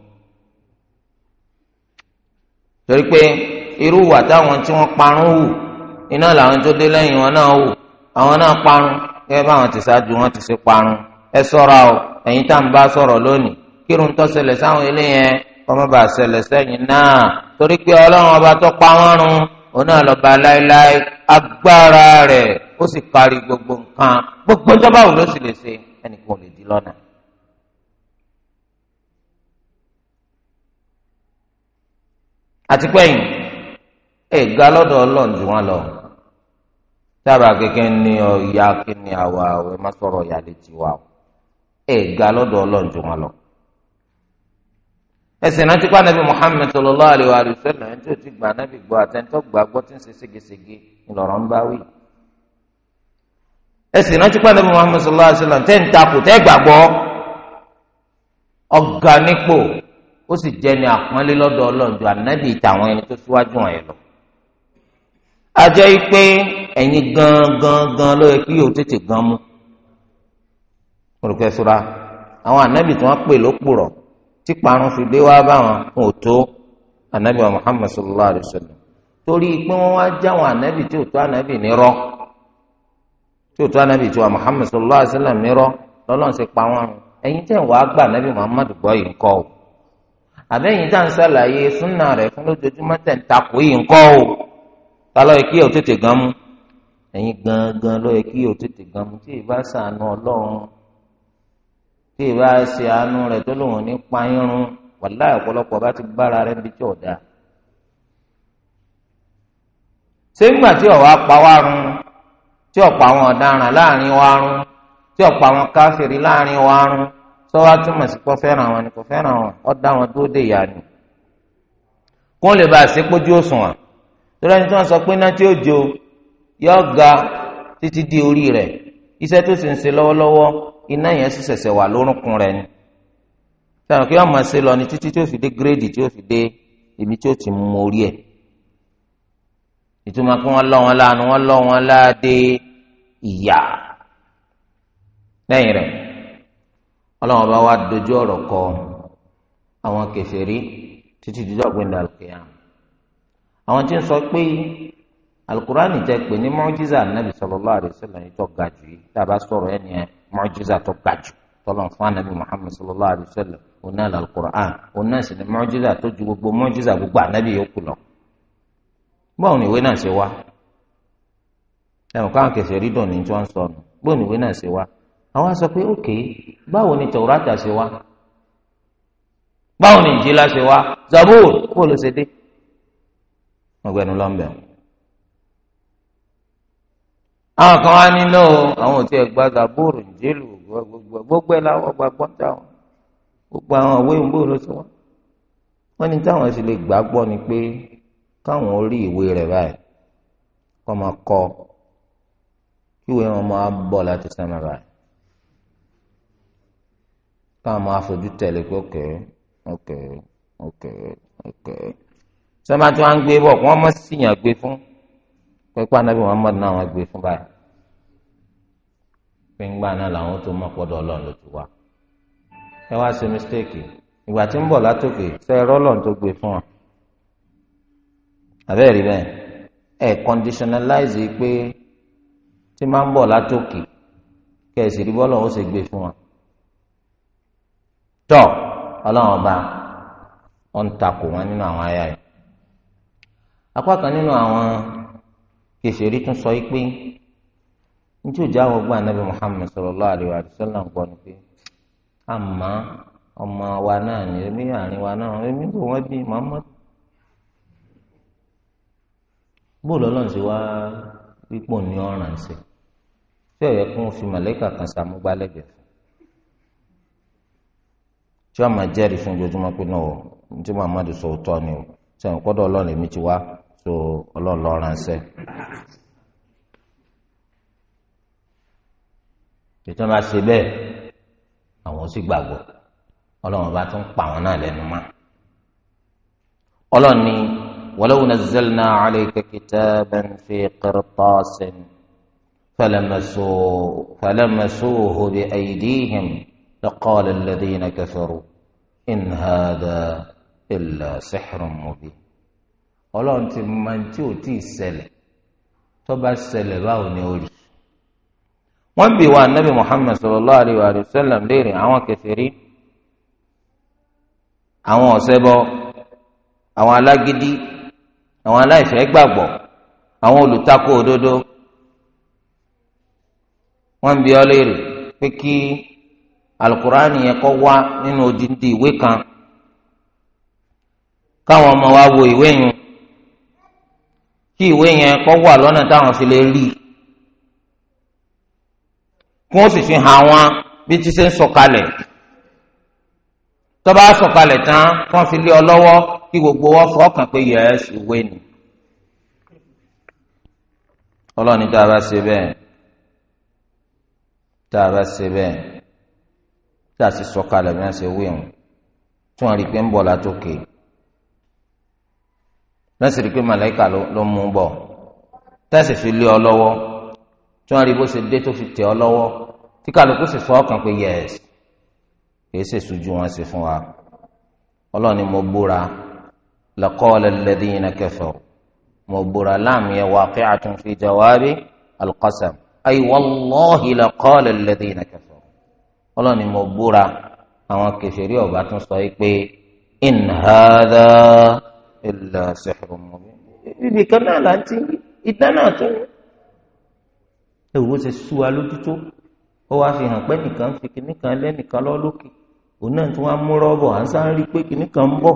torí pé irú wà táwọn tí parun wù iná làwọn tó dé wọn náà wù àwọn náà wọn ti ṣe parun ẹ o tá bá lónìí kírun tó sáwọn eléyẹn náà torí pé ọlọ́run ọba tó pa wọ́n run òun náà lọ́ba láéláé agbára rẹ̀ ó sì kárí gbogbo nǹkan gbogbo ìjọba òun ló sì lè ṣe ẹnìkan ò lè di lọ́nà. àti pẹ́yìn ẹ̀ ga lọ́dọ̀ ọlọ́run jù wọ́n lọ sábà kékeré ní ọ̀ya kí ni àwa àwẹ̀ má sọ̀rọ̀ ìyá létí ẹ̀ ga lọ́dọ̀ ọlọ́run jù wọ́n lọ ẹsẹ̀ náà ti pa anabi muhammed sallallahu alayhi wa sallam ẹni tí ó ti gba anabi gbọ́ àtẹ̀ntọ́ gba gbọ́ tí ń ṣe ségesège ńlọrọ̀ ń bá wí. ẹsẹ̀ náà ti pa anabi muhammed sallallahu alayhi wa sallam tẹ́ ń takò tẹ́ gbàgbọ́ ọ̀gá nípò ó sì jẹ́ ní àpọ́nlé lọ́dọ̀ ọlọ́ọ̀dù anabi ìtàwọn ẹni tó síwájú wọn yẹn lọ. a jẹ́ pé ẹ̀yin gan-gan gan ló yẹ kí yóò tètè gan mú. mo rò sura àwọn anabi tí wọ́n pè ló tí parun fi dé wá báwọn wọn ò tó anabi wa muhammad sallallahu alayhi wa sallam torí pé wọn wá jáwọn anabi tí ò tó anabi nírọ́ tí ò tó anabi tí wa muhammad sallallahu alayhi wa sallam nírọ́ pa wọn ẹ̀yin tẹ̀ gba anabi muhammad gbọ́ yìí o àbẹ́yìn tá à ń súnà rẹ̀ fún lójoojúmọ́ tẹ̀ o ta tètè gan ẹ̀yin gangan tètè gan tí ì tí ìbá ṣe àánú rẹ̀ tó lòun ní payínrún wàláì ọ̀pọ̀lọpọ̀ bá ti bára rẹ̀ níbi tí ò dáa. ṣé ńgbà tí ọ̀wá pa wá run tí ọ̀pọ̀ àwọn ọ̀daràn láàrin wa run tí ọ̀pọ̀ àwọn káfíìrì láàrin wa run sọ́wọ́ túmọ̀ sí kò fẹ́ràn wọn ni kò fẹ́ràn wọn ọ́ dá wọn dúró dè ìyá ni. kó lè bá a ṣe pójú òṣùwọ̀n torí ẹni tí wọ́n sọ pé iná tí ó jó yọ ga títí di orí rẹ̀ iṣẹ́ tó sì ń ṣe lọ́wọ́lọ́wọ́ iná yẹn sì ṣẹ̀ṣẹ̀ wà lórúnkún rẹ̀ ni sọ̀rọ̀ kí wọ́n máa ṣe lọ ni títí tí ó fi dé gírèdì tí ó fi dé ibi tí ó ti mú orí ẹ̀ ìtumọ̀ kí wọ́n lọ́ wọn láàánú wọ́n lọ́ wọn láàdé ìyá lẹ́yìn rẹ̀ ọlọ́wọ́n bá wá dojú ọ̀rọ̀ kọ àwọn kèfèrí títí dídọ́ gbẹ̀ndà àlùkìyà àwọn tí ń sọ pé alukurani jẹ́ pé ní mọ́jísà nàbì sallallahu alaihi wasallam ìjọ gàdú yìí sọ̀rọ̀ ẹ̀ nìyẹn mọ́júzà tó ga jù tọ́lọ́n fún anabi muhammed sallallahu alayhi wa sallam oní àlà alukur'an oní àṣẹ ni mọ́júzà tó ju gbogbo mọ́júzà gbogbo anabi yòókù lọ. báwo ni ìwé náà ṣe wá ẹ̀wọ̀n káwọn kẹsẹ̀ rí dùn ní tí wọ́n sọ nù báwo ni ìwé náà ṣe wá àwọn sọ pé ok báwo ni tẹ̀wúrátà ṣe wá báwo ni ìjìlá ṣe wá zabur kó ló ṣe dé ọgbẹ́ni lọ́nbẹ̀ọ́ àwọn kan wá nínú àwọn òtí ẹgbà gàbóòrò ìjẹlù gbogbo gbogbo ẹ láwọn gbàgbọ́ táwọn gbogbo àwọn òwe ìgbòòrò sí wọn wọn ní táwọn sì lè gbàgbọ́ ni pé káwọn orí ìwé rẹ̀ báyìí kọ́ máa kọ kí ìwé wọn máa bọ̀ láti sẹ́mi báyìí káwọn máa fojú tẹ̀lé pé ok ok ok ok sọ́mà tí wọ́n á ń gbé bọ̀ kí wọ́n mọ̀ síyàn gbé fún pípa anabi muhammad náà wọn gbé fún báyìí pínpá náà làwọn tó mọ pọdọ Ọlọ́run ló ti wá ẹ wá ṣe mistake ìgbà tí ń bọ̀ látòkè ṣe ẹ rọlọ́n tó gbé fún wa àbẹ́ẹ̀rí bẹ́ẹ̀ ẹ conditionalize pé tí máa ń bọ̀ látòkè kẹ̀sì rí bọ́lọ̀ ó ṣe gbé fún wa tọ́ ọlọ́run ọba ó ń takò wọn nínú àwọn àyà yìí apá kan nínú àwọn. kẹsìrì tún sọ ikpe ndị o àwọn ọgbà anabi muhammed sallallahu alaihi wa sallam ń gbọ́ ni pé àmọ́ ọmọ wa náà ni èmi àárín wa náà èmi kò wọ́n bí muhammed bóòlù wá pípò ní fi kan tí fún pé náà muhammed ni o èmi so ọlọ́ọ̀lọ́ràn sẹ́. ètò máa ṣe bẹ́ẹ̀ àwọn ò sì gbàgbọ́ ọlọ́run bá tún pa àwọn náà lẹ́nu mọ́. ọlọ́run ni walau nazzalna alayka kitaban fi qirtasin falamasuhu bi aydihim laqala alladhina kafaru in hadha illa sihrun mubin. ọlọ́run ti mọ tí ò tí ì ṣẹlẹ̀ tó bá ṣẹlẹ̀ báwo ni ó rí. wọ́n bi wa anabi muhammed sallallahu alayhi wa sallam léèrè àwọn kèfèrí àwọn ọ̀ṣẹbọ àwọn alágídí àwọn aláìfẹ́ gbàgbọ́ àwọn olùtakò òdodo wọ́n bi ọ léèrè pé kí alukur'ani yẹn kó wá nínú odindi ìwé kan káwọn ọmọ wa wo ìwé yẹn kí ìwé yẹn kọ́ wà lọ́nà táwọn fi lè rí kí wọ́n sì fi hàn wọn bí ti ṣe ń sọ̀kalẹ̀ tó bá sọ̀kalẹ̀ tán kí wọ́n fi lé ọ lọ́wọ́ kí gbogbo wọn fọkàn pé yẹ́s ìwé ni ọlọ́ni tá a bá ṣe bẹ́ẹ̀ tá a bá ṣe bẹ́ẹ̀ tá a sì sọ̀kalẹ̀ bí wọ́n ṣe wí hàn tí wọ́n rí i pé ń bọ̀ látòkè lọ́sìrì pé màláìka ló mú bọ̀ tẹ́sì fi lé ọ lọ́wọ́ tí wọ́n rí bó ṣe dé tó fi tẹ̀ ọ lọ́wọ́ tí kálukú sì fọ́ ọkàn pé yẹ́s kì í ṣe sùjú wọn sí fún wa ọlọ́ọ̀ni mo búra laqala alladhina kafaru mo búra láàmì ẹ̀ waqi'atun fi jawabi alqasam ay wallahi laqala alladhina kafaru ọlọ́ọ̀ni mo búra àwọn kèfèrí ọ̀bá tún sọ yìí pé in hadha illa sihrun mubin ibi kan náà là ń ti ìdá náà tó ní. ewu ṣe sú wa lójú tó ó wá fi hàn pé nìkan fi kìnnìkan lẹ́nìkan lọ lókè òun náà tí wọ́n mú rọ́bọ̀ à ń sáré rí i pé kìnnìkan ń bọ̀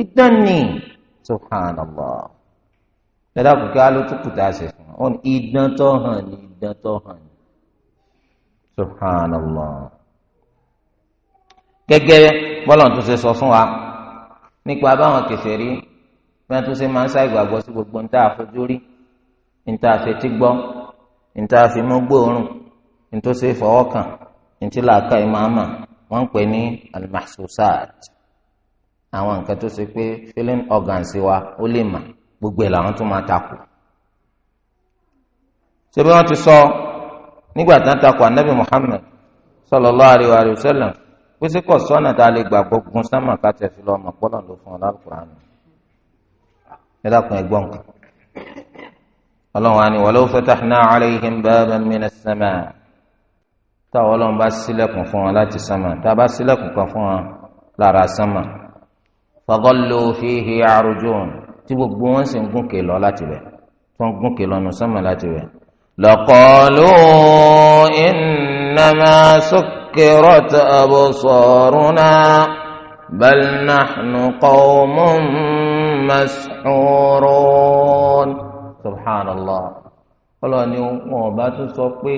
ìdá ni subhanallah tẹ́lá kò kí aló tá a ṣe fún wọn ìdán tó hàn ní ìdán tó hàn ní subhanallah gẹ́gẹ́ bọ́lá tó ṣe sọ fún wa nípa báwọn kẹsẹ̀ rí bí wọ́n tún ṣe máa ń sá ìgbàgbọ́ sí gbogbo níta àfojú rí níta àfetí gbọ́ níta àfimú gbòòrùn níta ṣe fọwọ́ kàn níta làákà ìmáàmà wọ́n ń pè ní almahsusat àwọn nǹkan tó ṣe pé feeling organs wa ó lè mà gbogbo ẹ̀ làwọn tún máa takò ṣé bí wọ́n ti sọ nígbà tí wọ́n takò anabi Muhammad sallallahu alaihi wa sallam pèsè kọ sọnà tá a lè gbàgbọ́ gun sámà ká tẹ fi lọ ọmọ gbọdọ ló fún ọ lálùkùránì ẹ dákun ẹ̀gbọ́n kan Ọlọ́run àni walau fatahna alayhim baban minas samaa táwọn Ọlọ́run bá ṣílẹ̀kùn fún wọn láti sánmà tá a bá ṣílẹ̀kùn kan fún wọn lára sánmà fadhallu fihi yarjun tí gbogbo wọn sì ń gúnkè lọ láti bẹ tí wọn gúnkè lọ nù sánmà láti bẹ. laqalu innama sukkirat absaruna bal nahnu qawmun. مسحورون سبحان الله ọlọ́run ni wọn ọba tún sọ pé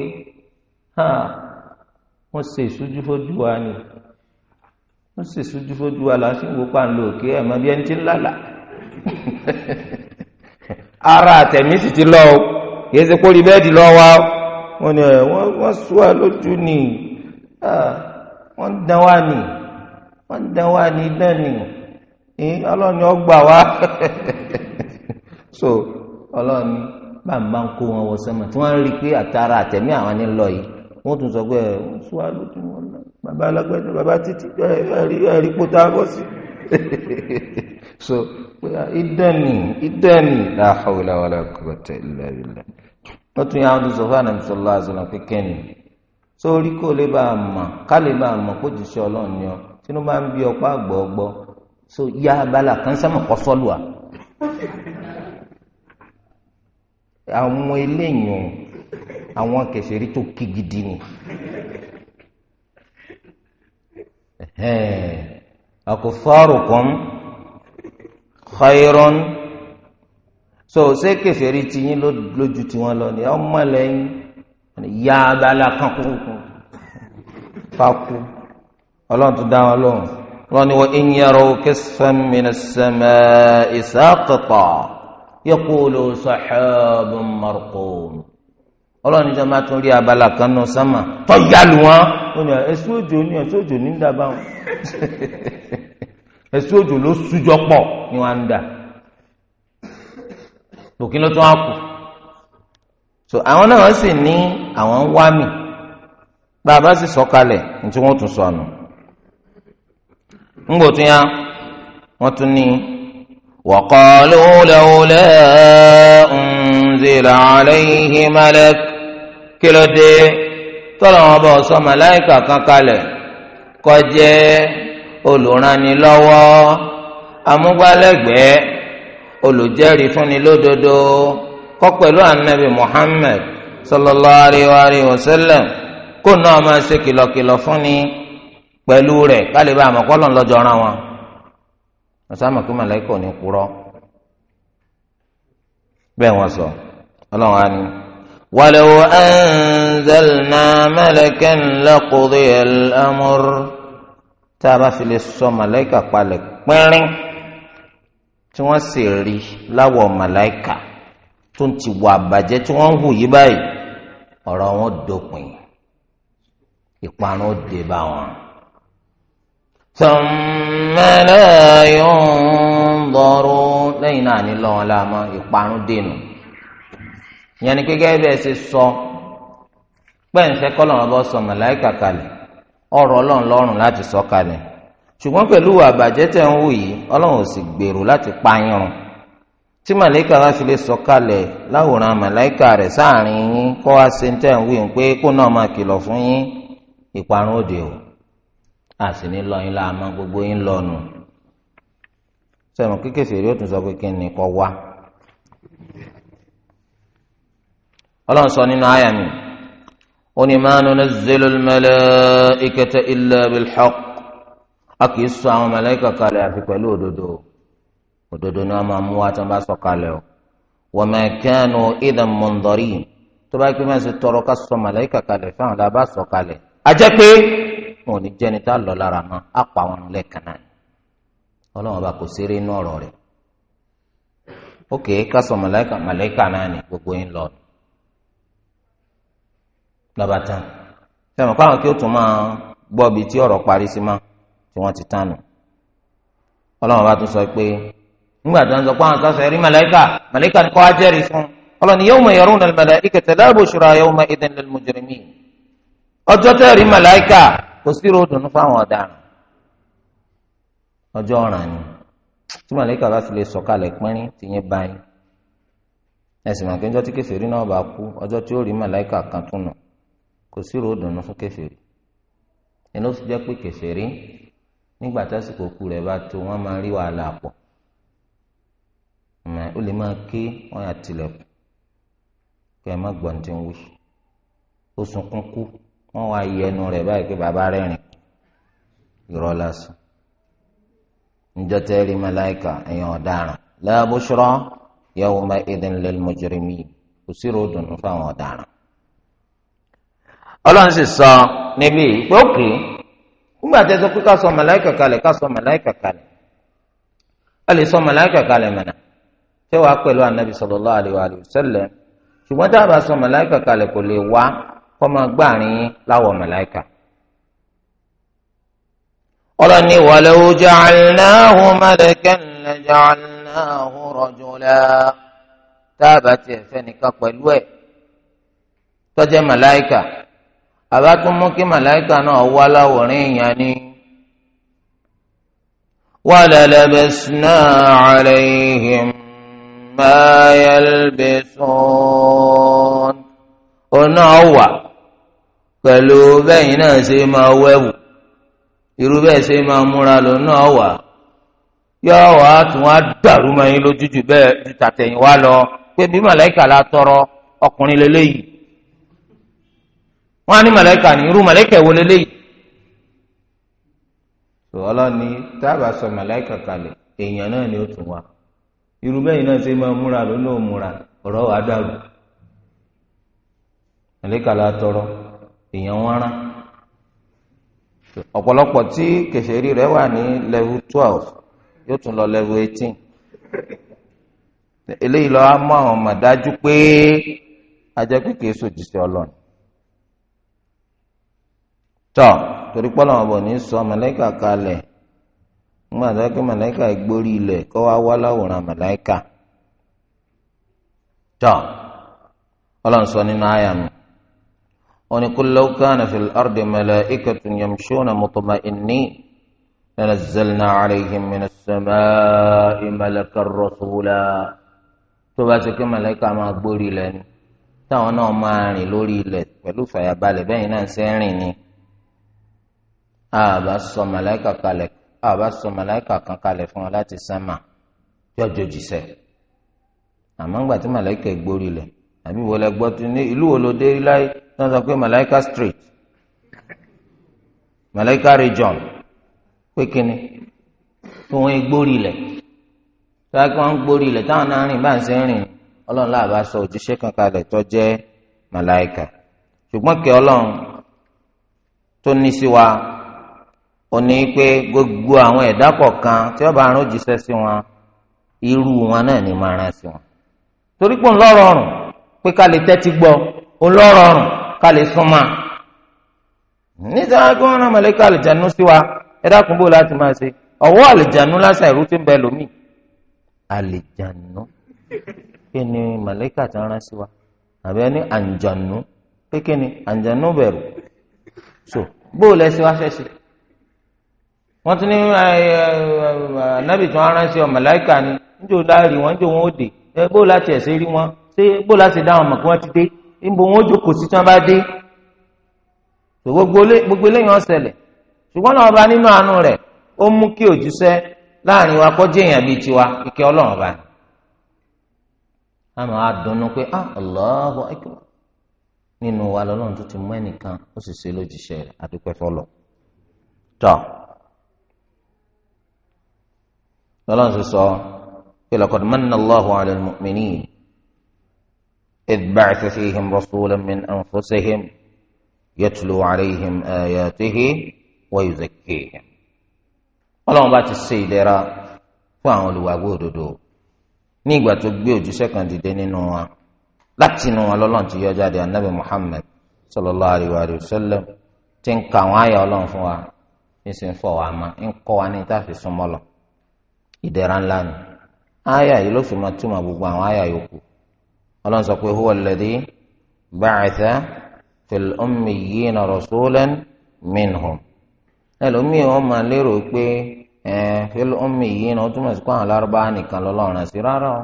wọ́n ṣe ìṣújú fojú wa ni wọ́n ṣe ìṣújú fojú wa lásìkò pàǹlò òkè ẹ̀ mọ́ bí ẹni tí ń lálà ara àtẹ̀mí sì ti lọ o kìí ṣe kórìí bẹ́ẹ̀dì lọ wa wọ́n ní wọ́n sọ wa lójú ni ah, wọ́n dán wa ni wọ́n dán wa ni dán ni. Eh, ọlọ́ni ọgbà wá so ọlọ́ni bàbá ń kó wọn wọ sẹ́mọ̀ tí wọ́n rí i pé àtàrà àtẹ̀mí àwọn ní lọ yìí wọ́n tún sọ pé ẹ̀ ṣùgbọ́n àlùtí wọn lọ bàbá alágbẹ́jọ bàbá títí ẹ̀rí ẹ̀rí kó tá a bọ́ sí so ìdẹ́ni ìdẹ́ni la hawla wala quwwata illa billah wọ́n tún yà wọn tún sọ fún ànàmì sọlá àzọlá pé kẹ́ni so ya abala kan sẹ́mọ̀ kọ́ sọ́lù à àwọn eléyìn àwọn kẹsìrì tó kí gidi ni akufarukum khayrun so ṣé kẹfẹ́rì tiyín lójú tiwọn lọ ni ọmọ lẹ́yìn ya abala kan kúrú kan fakú ọlọ́run tó dá wọn lóhùn. wọn ni wọn ń yàrá òkè sẹmìnà sẹmẹ ìsàkìtà yẹkùlù sàḥẹ́bù mọ̀rùkùn ọlọ́run tún rí abala kan nù sánmà tó yálù wọn ó ní ẹ̀sùn ni ní ẹ̀sùn òjò ní wọn ló ni wọn ń dà tún á kù so àwọn náà sì ní àwọn wá mi bá sì sọ àná. ńgbòtú ya wọ́n tún ní wàkọ́lù lẹ́wọ́lẹ́ ǹzìlà àlẹ́yìí mẹ́lẹ́k kí tọ́lọ̀ wọn bọ̀ sọ kọjẹ́ amúgbálẹ́gbẹ̀ẹ́ olùjẹ́rìí fúnni lódodo kọ́ pẹ̀lú anabi Muhammad sallallahu alayhi wa sallam kó náà pẹ̀lú rẹ̀ kálí bá àmọ́ kọ́lọ́n lọ́jọ́ ọ̀ràn wọn ọ̀sàmọ̀ kí màláìkà ní kúrọ́ bẹ́ẹ̀ wọ́n sọ ọlọ́run á ní. ولو أنزلنا ملكا لقضي الأمر tá a bá fi lè sọ màláìkà palẹ̀ pẹ́rín tí wọ́n sì rí láwọ̀ màláìkà tó ń ti wà bàjẹ́ tí wọ́n ń hù yí báyìí ọ̀rọ̀ wọn dópin ìparun ó dé bá wọn. ثم لا ينظرون lẹ́yìn náà ní la sọ pẹ́ǹfẹ́ kọ́lọ́run bọ́ sọ màláìkà láti sọ kalẹ̀ ṣùgbọ́n pẹ̀lú àbàjẹ́ tẹ̀ ń wù yìí ọlọ́run ò sì gbèrò láti pa yín tí wá fi lè sọ láwòrán sáàrin yín kọ́ wá a sì ní lọ yín láàmú gbogbo yín lọ́nu sẹ́mi kékeré yóò tún sọ pé kí ni kọ́ wá. ọlọ́run sọ nínú àyà mi ó ní ma nunazzilu al-malaikata illa bil-haqq a kì í sọ àwọn màláíkà kalẹ̀ àfi pẹ̀lú òdodo òdodo ni wọ́n máa mú wa tí wọ́n bá sọ kalẹ̀ o wa ma kanu idhan munzarin tó bá yẹ kí wọ́n ti tọrọ ká sọ màláíkà kalẹ̀ fáwọn làbá sọ kalẹ̀ a pé. wọn ò tá a lọ lára mọ́ á kò inú ọrọ rẹ gbogbo yín lọ lọ́ba tán fẹ́ràn káwọn kí ó tún máa gbọ́ ibi tí ọ̀rọ̀ parí sí tí ti tánu ọlọ́run bá tún sọ pé nígbà tó ń sọ pé àwọn kan sọ ẹ̀rí màláìka ni kò sí ròdù ní fáwọn ọ̀daràn ọjọ́ ọ̀ràn ni tí màlẹ́kà bá fi lè sọ̀kalẹ̀ pínrín ti yẹn báyìí ẹ̀sìn màkì ńjọ́ tí kẹfìrí náà bá kú ọjọ́ tí ó rí màlẹ́kà kan tún nù kò sí ròdù ní fún kẹfìrí ẹni ó sì jẹ́ pé kẹfìrí nígbà tásìkò kú rẹ̀ bá tó wọ́n máa rí wàhálà pọ̀ ó lè máa ké wọ́n yà tilẹ̀kùn kẹ́ ẹ má gbọ́n tí ń wí ó sunkún kú. wọ́n wá yẹnu rẹ̀ báyìí pé bàbá rẹ̀ rìn irọ́ lásán níjọ́ tẹ́ rí màláíkà ẹ̀yàn ọ̀daràn la bushra yawma idhin lil kò sí ròdùnú fáwọn ọ̀daràn. ọlọ́run sì sọ níbí nígbà sọ pé ká sọ kalẹ̀ ká sọ màláíkà kalẹ̀ a lè sọ kalẹ̀ tẹ́wàá pẹ̀lú anabi ṣùgbọ́n tá a bá sọ kalẹ̀ kò lè wá. kọ́ máa gbàrin láwọ̀ màláìkà. ọlọ́ni wàlẹ́wò jẹ́ àlìnáhù mẹ́lẹ̀kẹ́ ńlẹ́jọ́ àlìnáhù rọ̀jùlá táàbà tiẹ̀ fẹ́nìkan pẹ̀lú ẹ̀ tọ́jẹ́ màláìkà àbá tún mú kí màláìkà náà wá láwòrán èèyàn ni. وللبسنا عليهم ما يلبسون ọ̀nà ọ̀wà pẹ̀lú bẹ́yìn náà ṣe máa wẹ́wù irú bẹ́ẹ̀ ṣe máa múra lọ náà wà yóò wá tún wá dàrú mọ́ yín lójú jù bẹ́ẹ̀ ju tàtẹ̀yìn wá lọ pé bí màláìkà la tọrọ ọkùnrin lélẹ́yìí wọ́n á ní màláìkà ní irú màláìkà wo lélẹ́yìí. ni tábà sọ màláìkà kalẹ̀ èèyàn náà ni ó tún wá irú bẹ́yìn náà ṣe máa múra lọ náà múra ọ̀rọ̀ wà dàrú màláìkà la tọrọ. èèyàn wọn rán ọ̀pọ̀lọpọ̀ tí kẹsẹ̀rí rẹ wà ní level twelve yóò tún lọ level eighteen eléyìí lọ́ọ́ mọ àwọn ọmọ dájú pé ajẹ́pẹ́ kìí sòjìṣẹ́ ọlọ́run tọ́ torí pọ́lọ́ ọ̀bọ̀ ní sọ mọ̀lẹ́kà kalẹ̀ kí mọ̀lẹ́kà ilẹ̀ kọ́ wá láwòrán nínú àyà mi. wọn kò lọ́wọ́ kánà fi ọ̀rọ̀dẹ̀ mẹ́lẹ̀ ìkẹtù yamṣúnà mọ́tòmá ìní nàlẹ́zẹ̀lẹ́nà àlẹ́yìn mìíràn sẹ́mà ìmẹ̀lẹ́kà rọ̀tùwùlà tó bá ti kí mẹ̀lẹ́kà máa gbórí ilẹ̀ ni táwọn náà máa rìn lórí ilẹ̀ pẹ̀lú fàyàbalẹ̀ bẹ́yìn náà ṣe ń rìn ni àbá sọ mẹ̀lẹ́kà kalẹ̀ kalẹ̀ fún wọn láti sẹ́mà yọjọ́ jìṣẹ́ àmọ́ ńgbà tí mẹ̀lẹ́kà gbórí ilẹ̀ àbí wọlé gbọ́ tó ní ìlú wo ló dé láyé tó ń sọ pé Malaika street Malaika region pé kíni kí wọ́n gbórí ilẹ̀ tó yẹ kí wọ́n gbórí ilẹ̀ táwọn náà rìn bá ń ṣe ń rìn ọlọ́run láàbá sọ òjíṣẹ́ kankan rẹ̀ tó jẹ́ Malaika ṣùgbọ́n kẹ́ ọlọ́run tó ní sí wa ó ní pé gbogbo àwọn ẹ̀dá kọ̀ọ̀kan tí wọ́n bá rán òjíṣẹ́ sí wọn irú wọn náà ni máa rán sí wọn torí pé ń pé ká lè tẹ́tí gbọ́ olórọrùn ká lè súnmọ́ nítorí wọn náà mọ̀lẹ́kà àlìjánu sí wa ẹ dákun bò láti máa ṣe ọwọ́ àlìjánu lásán ìrú tí ń bẹ lómi àlìjánu kí ni mọ̀lẹ́kà tí rán sí wa àbí ẹni àǹjànú pé ni àǹjànú bẹ̀rù so bó lẹ́sìn wá fẹ́ sí i wọ́n tún ní anábì tí wọ́n rán sí ọ mọ̀láìkà ni níjó láàrí wọn níjó wọn ó dé ẹ bó láti ẹ̀sẹ̀ rí wọn ṣé bóla ṣe dáhùn mọ̀ kí wọ́n ti dé níbo wọn ó jókòó sí tí wọ́n bá dé gbogbo eléyìí wọn ṣẹlẹ̀ ṣùgbọ́n náà ọba nínú àánú rẹ̀ ó mú kí òjúṣẹ́ láàrin wa kọjá èèyàn bíi tiwa kíkẹ́ ọlọ́run ọba ni àmọ́ a dunnú pé ah Allahu akbar nínú wa lọ́lọ́run tó ti mú ẹnìkan ó sì ṣe lójúṣẹ́ rẹ̀ àdúpẹ́ fọlọ́ tọ́ lọ́lọ́run ti sọ pé laqad manna Allahu ala al إذ بعث فيهم رسولا من أنفسهم يتلو عليهم آياته ويزكيهم Ọlọ́run bá ti ṣe ìlera fún àwọn olùwàgbọ́ òdodo ní ìgbà tó gbé òjíṣẹ́ kan dìde nínú wa láti inú wọn lọ́lọ́run ti yọ jáde anabi Muhammad sallallahu alayhi wa sallam ti ń ka àwọn àyà Ọlọ́run fún wa ní sì ń fọ̀ ma ń kọ́ wa ní ìtàfi súnmọ́ lọ ìdẹ̀ra ńlá ni àyà yìí ló fi máa túmọ̀ gbogbo àwọn àyà yòókù ọlọ́run sọ pé huwa alladhi ba'atha fil ummiyyina rasulan minhum ẹlòmíì wọn máa lérò pé fil ummiyyina ó túmọ̀ sí pé àwọn alárúbá nìkan lọ́lọ́run sí rárá o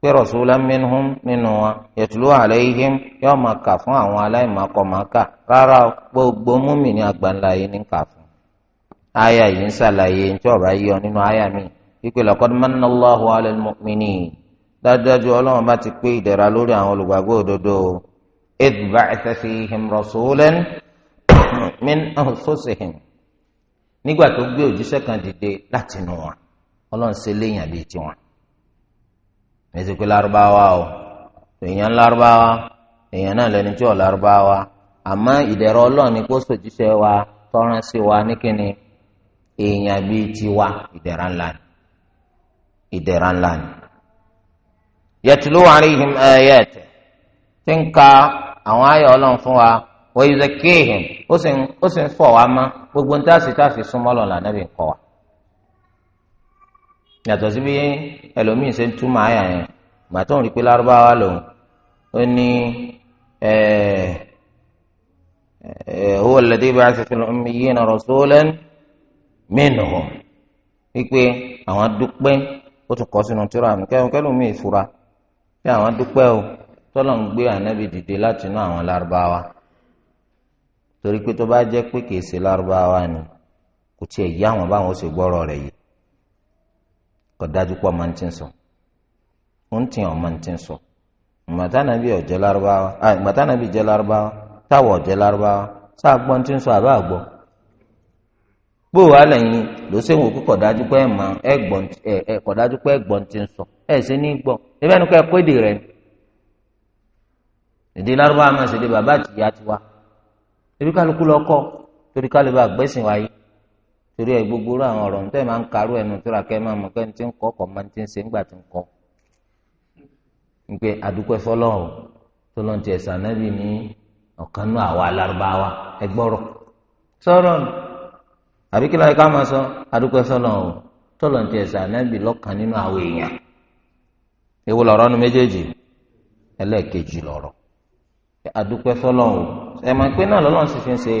pé rasulan minhum nínú wọn yatlu alayhim yóò máa kà fún àwọn aláìmọ̀kọ́ máa kà rárá o gbogbo múmi ní àgbáńlá yìí ní kà fún aya yìí ń ṣàlàyé ní tí ọ̀rọ̀ ayé nínú aya mi wípé laqad dájúdájú ọlọ́run bá ti pé ìdẹ̀ra lórí àwọn olùgbàgbọ́ òdodo idh ba'atha fihim rasulan min anfusihim nígbà tó gbé òjíṣẹ́ kan dìde láti nù wọn ọlọ́run ṣe léèyàn bíi tiwọn. èsì pé lárúbáwá o èèyàn lárúbáwá èèyàn náà lẹni tí ò lárúbáwá àmọ́ ìdẹ̀ra ọlọ́run ni kó sòjíṣẹ́ wa tọ́ran sí wa ní èèyàn bíi tiwa ìdẹ̀ra ńlá ni ìdẹ̀ra ńlá ni. yatlu alayhim ayatihi tí ń ka àwọn ayọ̀ ọlọ́run fún wa wa yuzakkihim ó sì ń ó sì ń fọ̀ wá gbogbo ń tàṣì tàṣì súnmọ́ lọ́la nàbì kọ́ wa. yàtọ̀ bí ẹlòmíín ṣe ń túmọ̀ àyà yẹn màá tó ń rí pé lárúbáwá lòun ó ní huwa ẹ̀ ba'atha fil ummiyyina rasulan minhum wípé àwọn dúpẹ́ ó tún kọ́ sínú pé àwọn dúpẹ́ o tọ́lọ̀ ń gbé ànábì dìde láti inú àwọn lárúbáwá torí pé tó bá jẹ́ pé kìí ṣe lárúbáwá ni kò tiẹ̀ yá àwọn báwọn ṣe gbọ́rọ̀ rẹ̀ yìí kò dájú pọ̀ máa ń tí ń sọ ń tì ọ̀ ń tí sọ màtánàbí jẹ́ lárúbáwá táwọ̀ lárúbáwá ẹ ṣe ní gbọ́ ẹbẹ kọ ẹ kó èdè rẹ èdè lárúbá àmọ́ ṣèdè bàbá àtìyá ti wá torí kálukú lọ kọ torí kálukú àgbẹ̀sìn wáyé torí ẹ gbogbo rú àwọn ọ̀rọ̀ nítorí máa ń karú ẹnu tó ra kẹ́ máa mọ̀ kẹ́ni tí ń kọ, kọ́ máa ti ń ńgbà tí ń tó ti ní àwa àbíkí láyé ká máa sọ ewu lọrọ nu méjèèjì ẹlẹ́ẹ̀kejì lọ̀rọ̀ adúpẹ́ fọlọ́hún ẹ mọ̀ pé náà sì fi ń ṣe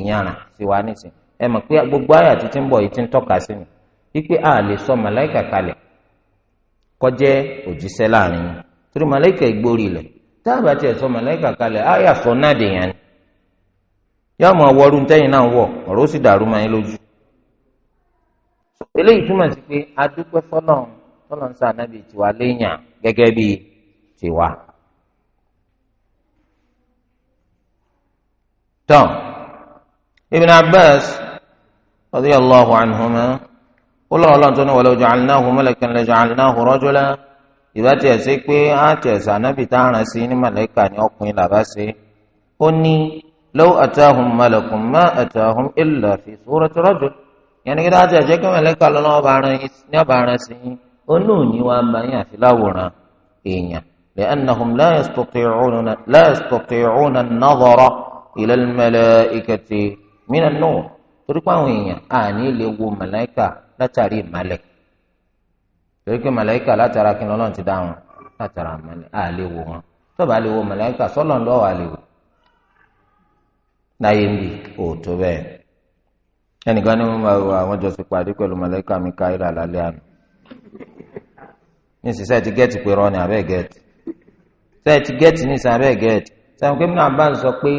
ìyànà sí wa nísìn ẹ gbogbo ayé àti tí ń bọ̀ yìí ti ń tọ́ka sí a lè sọ màláìkà kalẹ kọjẹ òjíṣẹ́ láàrin yìí torí màláìkà ìgbórí tá a bá sọ náà yóò mọ ọ̀rọ̀ ó sì gẹ́gẹ́ bí tiwa. tán Ibn Abbas radiyallahu anhuma ó lọ́wọ́ lọ́wọ́ tó ní walaw ja'alnahu malakan la ja'alnahu rajula ìbá tiẹ̀ sí pé á tiẹ̀ sànábì tá a rán sí ní màlẹ́kà ní ọkùnrin làbá sí ó ní law atahum malakun ma atahum illa fi surati rajul yẹn ní kí dáa tiẹ̀ jẹ́ kí màlẹ́kà lọ́wọ́ bá rán sí ní ọba onóòní wa ń báyìí àfi láwòrán èèyàn لأنهم لا يستطيعون لا يستطيعون النظر إلى الملائكة من النور torí pé àwọn èèyàn àní lè wo màláìkà látàrí ìmálẹ̀ torí pé màláìkà látara kí lọ́lọ́run ti dá wọn látara ìmálẹ̀ à lè wo wọn tọ́ba lè wo màláìkà sọ́lọ́n lọ́wọ́ à lè wò láyé ń bì ó tó bẹ́ẹ̀ ẹnìkan ní wọn máa wo àwọn jọ sí pàdé pẹ̀lú màláìkà mi káyìrà lálẹ́ àná ní ìsísẹ́ ti gẹ́ẹ̀tì pé ni abẹ́ gẹ́ẹ̀tì sẹ́ẹ̀ gẹ́ẹ̀tì ní ìsìn abẹ́ gẹ́ẹ̀tì sẹ́wọ̀n pé náà bá ń sọ pé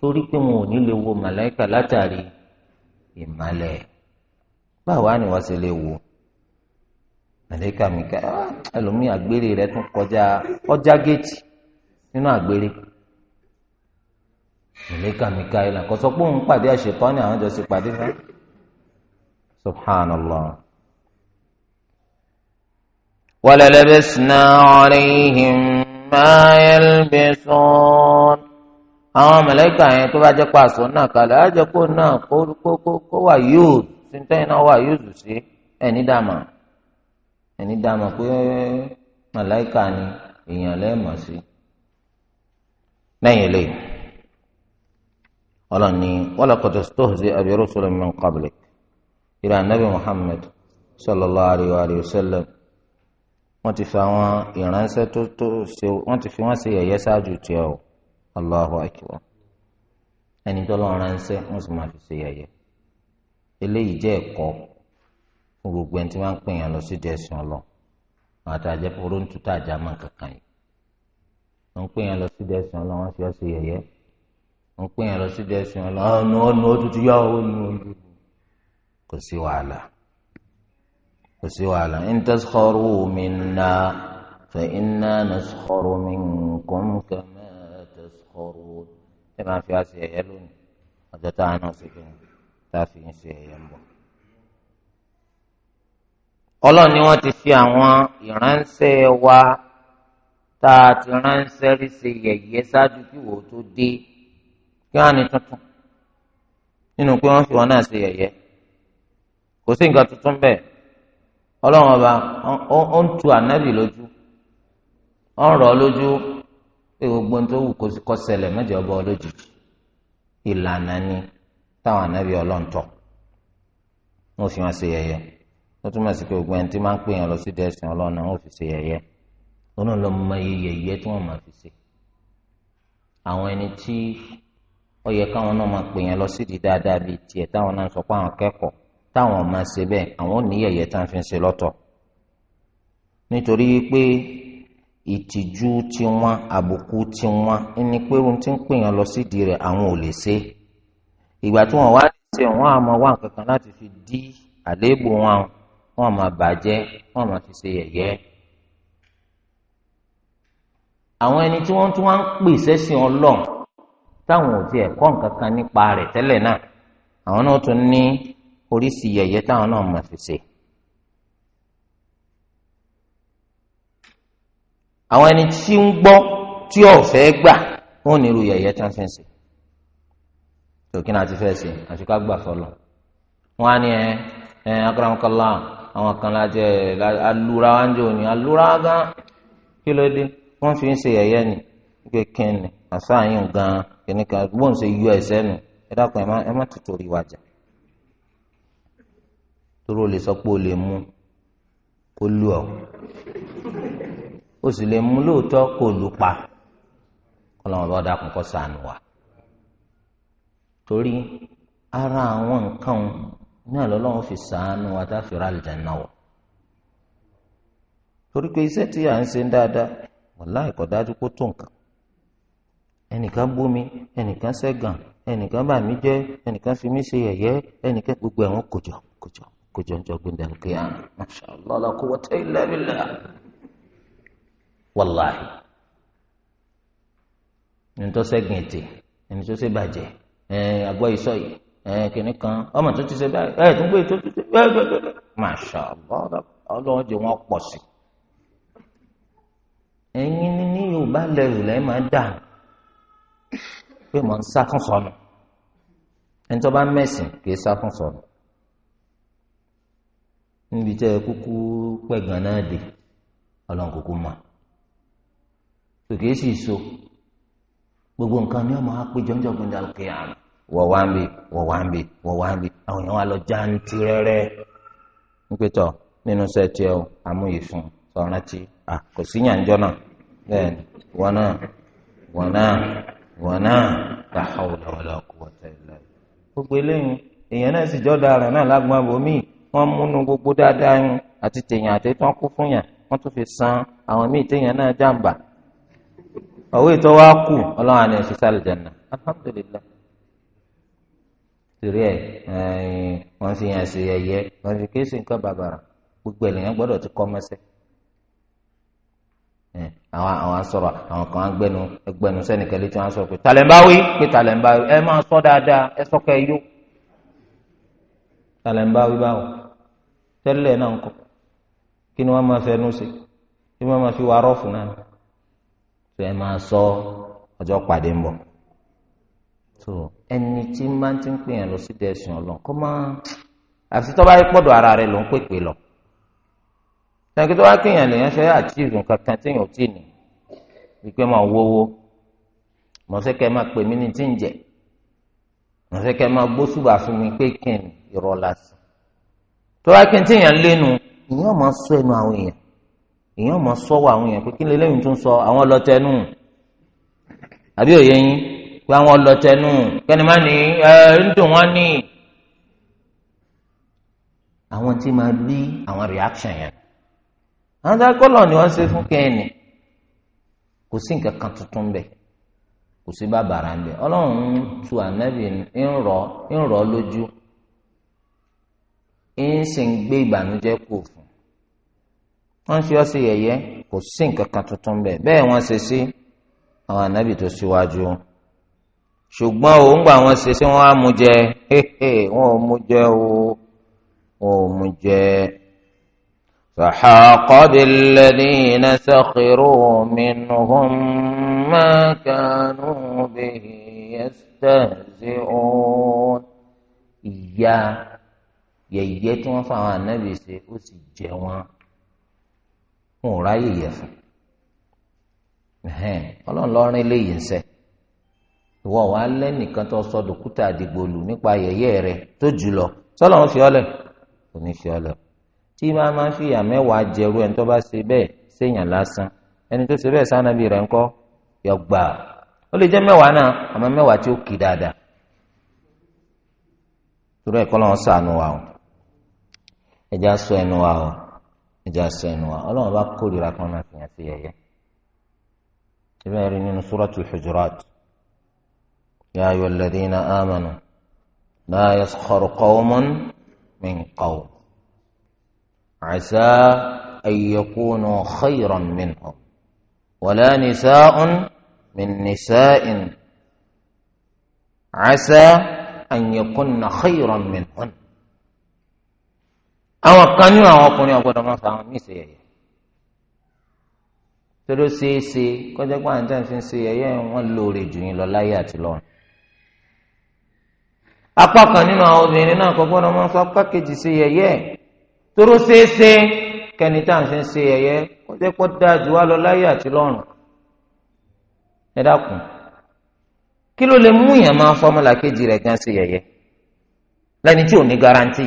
torí pé wọn ò ní lè wo màláìkà látàrí ìmàlẹ̀ báwa ni wọ́n ṣe wo màláìkà mi ká ah, ẹlòmíì àgbèrè rẹ tún kọjá ọjà nínú àgbèrè màláìkà mi ká pé òun pàdé ni àwọn jọ ṣe pàdé fún subhanallah. وللبسنا عليهم ما يلبسون àwọn mẹlẹka yẹn tó bá jẹ pàṣọ náà kalẹ̀ á jẹ kó náà kó kó kó kó wà yóò tuntun náà wà yóò tù sí ẹni dàmà ẹni dàmà pé mẹlẹka ni èèyàn lẹ́ẹ̀mọ̀ sí lẹ́yìn lẹ́yìn ọlọ́ni wàlàkọ̀tọ̀ stóhùsì abirú sọlọ́mù min qablik ìrà nàbì Muhammad sallallahu alayhi wa sallam wọ́n ti fi àwọn ìránṣẹ́ tó tó ṣe wọ́n ti fi wọ́n ṣe yẹ̀yẹ́ ṣáájú tiẹ̀ o Allahu akbar ẹni tó lọ́ọ́ ránṣẹ́ wọ́n sì máa fi ṣe yẹ̀yẹ́ eléyìí jẹ́ ẹ̀kọ́ fún gbogbo ẹni tí wọ́n ń pè yàn lọ sí dẹ́sùn ọlọ́ àtàjẹ́ porontu tá a já mọ́ kankan yìí wọ́n ń pè yàn lọ sí dẹ́sùn ọlọ́ wọ́n fi ọ́ ṣe yẹ̀yẹ́ wọ́n ń pè yàn lọ sí dẹ́sùn ọlọ́ ọ̀nà ọ̀nà ọ̀ kò sí wàhálà in taskharu minna fa inna naskharu minkum kama taskharun ẹ máa fi àṣẹ ẹ̀yẹ lónìí ọjọ́ tá a náà ṣe kí tá a fi ń ṣe ẹ̀yẹ ń bọ̀. ọlọ́run ni wọ́n ti fi àwọn ìránṣẹ́ wa tá a ti ránṣẹ́ rí ṣe yẹ̀yẹ́ ṣáájú kí wò ó tó dé kí wọ́n á ní tuntun nínú pé wọ́n fi wọn náà ṣe yẹ̀yẹ́ kò sí nǹkan tuntun bẹ́ẹ̀. ọlọ́run ọba ó ń tu ànábì lójú ó ń rọ̀ lójú pé gbogbo tó wù kó ṣẹlẹ̀ mẹ́jọ ọba lójijì ìlànà ni táwọn ànábì ọlọ́run tọ̀ wọ́n fi wọn ṣe yẹ̀yẹ́ ó túmọ̀ sí pé gbogbo ẹni tí máa ń pè yàn lọ sí dẹ́sìn ọlọ́run wọ́n fi ṣe táwọn máa ṣe bẹ́ẹ̀ àwọn oníyẹ̀yẹ̀ tá a fi ń ṣe lọ́tọ̀ nítorí pé ìtìjú nwa àbùkù ti ẹni pé ohun tí ń lọ sídìí di àwọn ò lè ṣe ìgbà tí wọn wá ṣe wọn àmọ́ wá nǹkan fi dí àléébù wọn wọn máa bàjẹ́ wọn máa fi ṣe yẹ̀yẹ́ àwọn ẹni tí wọ́n tún wá ń pè táwọn ò nǹkan kan nípa oríṣi yeye táwọn náà mọ̀ fi ṣe. àwọn ẹni tí ń gbọ́ tí ọ̀fẹ́ gbà wọ́n ní irú tí wọ́n fi ń ṣe. tòkí náà ti fẹ́ ṣe àti ká gbà fọlọ́. wọ́n á ní ẹ ẹ àwọn kan lájẹ ń fi ń ṣe ni àṣà yín gan kìnnìkan gbọ́n ṣe ẹ dákun ẹ má torí o lè sọ pé o lè mú kó lù ọ́ o sì lè mú lóòótọ́ kó lù pa ọlọ́run bá dákun kó ṣàánú wa torí ara àwọn nǹkan náà lọ́lọ́run fi ṣàánú wa tá a fi ra àlùjánnà wọ̀ torí pé iṣẹ́ tí à ń ṣe dáadáa wàláì kò dájú kó tó nǹkan ẹnìkan bú ẹnìkan ṣẹ́gàn ẹnìkan bà jẹ́ ẹnìkan fi mí ṣe yẹ̀yẹ́ ẹnìkan gbogbo ẹ̀wọ̀n kòjọ kòjọ kujo ń jọ gbẹdẹ masha la quwwata illa billah wàláhi nítòsẹ́gun ètè ẹni tó ṣe kan ọmọ tó ti ṣe báyìí ẹ tó ti masha allah ọlọ́run jẹ wọn pọ̀ sí ẹ̀yin ní ní yorùbá lẹ́rù lẹ́yìn máa ma pé mò ń sá níbi tẹ́ ẹ kúkú pẹ̀gàn náà dé ọlọ́run kúkú mọ̀ sì so gbogbo nǹkan ni ọmọ apéjọ ń wá ń wá ń wá ń fún tí a kò sí yànjọ́ náà bẹ́ẹ̀ wọn náà wọn náà wọn náà la gbogbo eléyìí èèyàn náà sì jọ́ wọ́n múnú gbogbo dáadáa yín àti tèèyàn àti tí wọ́n kú fún yàn wọ́n tún fi san àwọn míì téèyàn náà jàǹbá ọ̀wé ìtọ́ wa kù ọlọ́run àná ẹ̀ṣin sálẹ̀ jẹ̀nà alhamdulillah torí ẹ̀ wọ́n fi yàn sí ẹ̀yẹ wọ́n fi kéésì nǹkan bàbàrà gbogbo ènìyàn gbọ́dọ̀ ti kọ́ mẹ́sẹ̀ àwọn àwọn sọ̀rọ̀ àwọn kan gbẹnu gbẹnu sẹ́nìkan létí wọn sọ pé tàlẹ́ǹbáwí pé tàlẹ́ǹbáwí ẹ máa sọ dáadáa ẹ sọ́kẹ́ yó tàlẹ́ǹbáwí báwo tẹ́lẹ̀ náà ń kọ́ kí ni wọ́n máa fẹnu sí kí wọ́n máa fi wà rọ́ọ̀fù náà tó ẹ máa sọ ọjọ́ pàdé ń bọ̀ tó ẹni tí máa ti ń pè yàn lọ sí dẹ̀sùn ọlọ́run kọ́ máa àfi tó bá yẹ pọ̀dọ̀ ara rẹ̀ ló ń pèpè lọ tẹ̀kí tó bá kéèyàn lèyàn fẹ́ àtìrù kankan téèyàn ò tí ì ní wípé máa wówó mọ̀ọ́sẹ́kẹ́ máa pè mí ní tí ń máa gbósùbà fún mi pé kí tó bá kí n tíyàn lẹ́nu sọ ẹnu àwọn èèyàn ìyẹn ọmọ sọwọ àwọn èèyàn pé kí lè lẹ́yìn sọ àwọn ọlọ́tẹnu àbí òye yín pé àwọn ọlọ́tẹnu kẹ́ni má ní ẹ ń dùn wọ́n ní àwọn tí máa rí àwọn reaction yẹn ni wọn ṣe fún kẹ́ni kò sí nǹkan kan tuntun bẹ́ẹ̀ kò bàbàrà bẹ tu ànábì ń ń ń sì ń gbé ìbànújẹ́ kù fún wọn ṣe ọsẹ yẹ̀yẹ́ kò sí nǹkan tuntun bẹ́ẹ̀ bẹ́ẹ̀ wọ́n ṣe sí àwọn ànábì tó síwájú gbà ṣe sí á mú jẹ wọn ò mú jẹ o wọn ò mú jẹ. yẹ̀yẹ́ tí wọ́n fa àwọn ànábì ṣe ó sì jẹ wọn ò ráyè yẹ fún ọlọ́run lọ́rin léyìí ń sẹ́ ìwọ wà á tó sọ dòkúta àdìgbòlù nípa yẹ̀yẹ́ rẹ tó jùlọ fi ọ́lẹ̀ kò fi ọ́lẹ̀ tí máa máa fi àmẹ́wàá jẹrú ẹni tó bá ṣe bẹ́ẹ̀ lásán ẹni tó ṣe bẹẹ sànàbí yọgbà ó lè náà tí ó kì dáadáa wa ẹja sọ ẹnu wa o ẹja sọ ẹnu wa ọlọ́run bá kórira kan máa fi hàn sí ẹ̀yẹ ibẹ̀ rí nínú suratul hujurat ya ayyuhal ladhina amanu la yaskharu qawmun min qawm asa an yakunu khayran minhum wala nisa'un min nisa'in asa an yakunna khayran minhun. àwọn kan nínú àwọn ọkùnrin ọgbọdọ máa fa àwọn míì ṣe yẹ̀yẹ́ tóró ṣeéṣe kọjá pé àǹtá fi ń ṣe yẹ̀yẹ́ wọn lóore jù yín lọ láyé àti lọ́run apá kan nínú àwọn obìnrin náà kò gbọ́dọ̀ máa fa apá kejì ṣe yẹ̀yẹ́ tóró ṣeéṣe kẹni tá à ń fi ń ṣe yẹ̀yẹ́ kọjá pé dáa jù wá lọ láyé àti lọ́run ẹ dákun kí ló lè mú yàn máa fọmọlà kejì gan ṣe yẹ̀yẹ́ lẹ́ni tí ò ní garanti.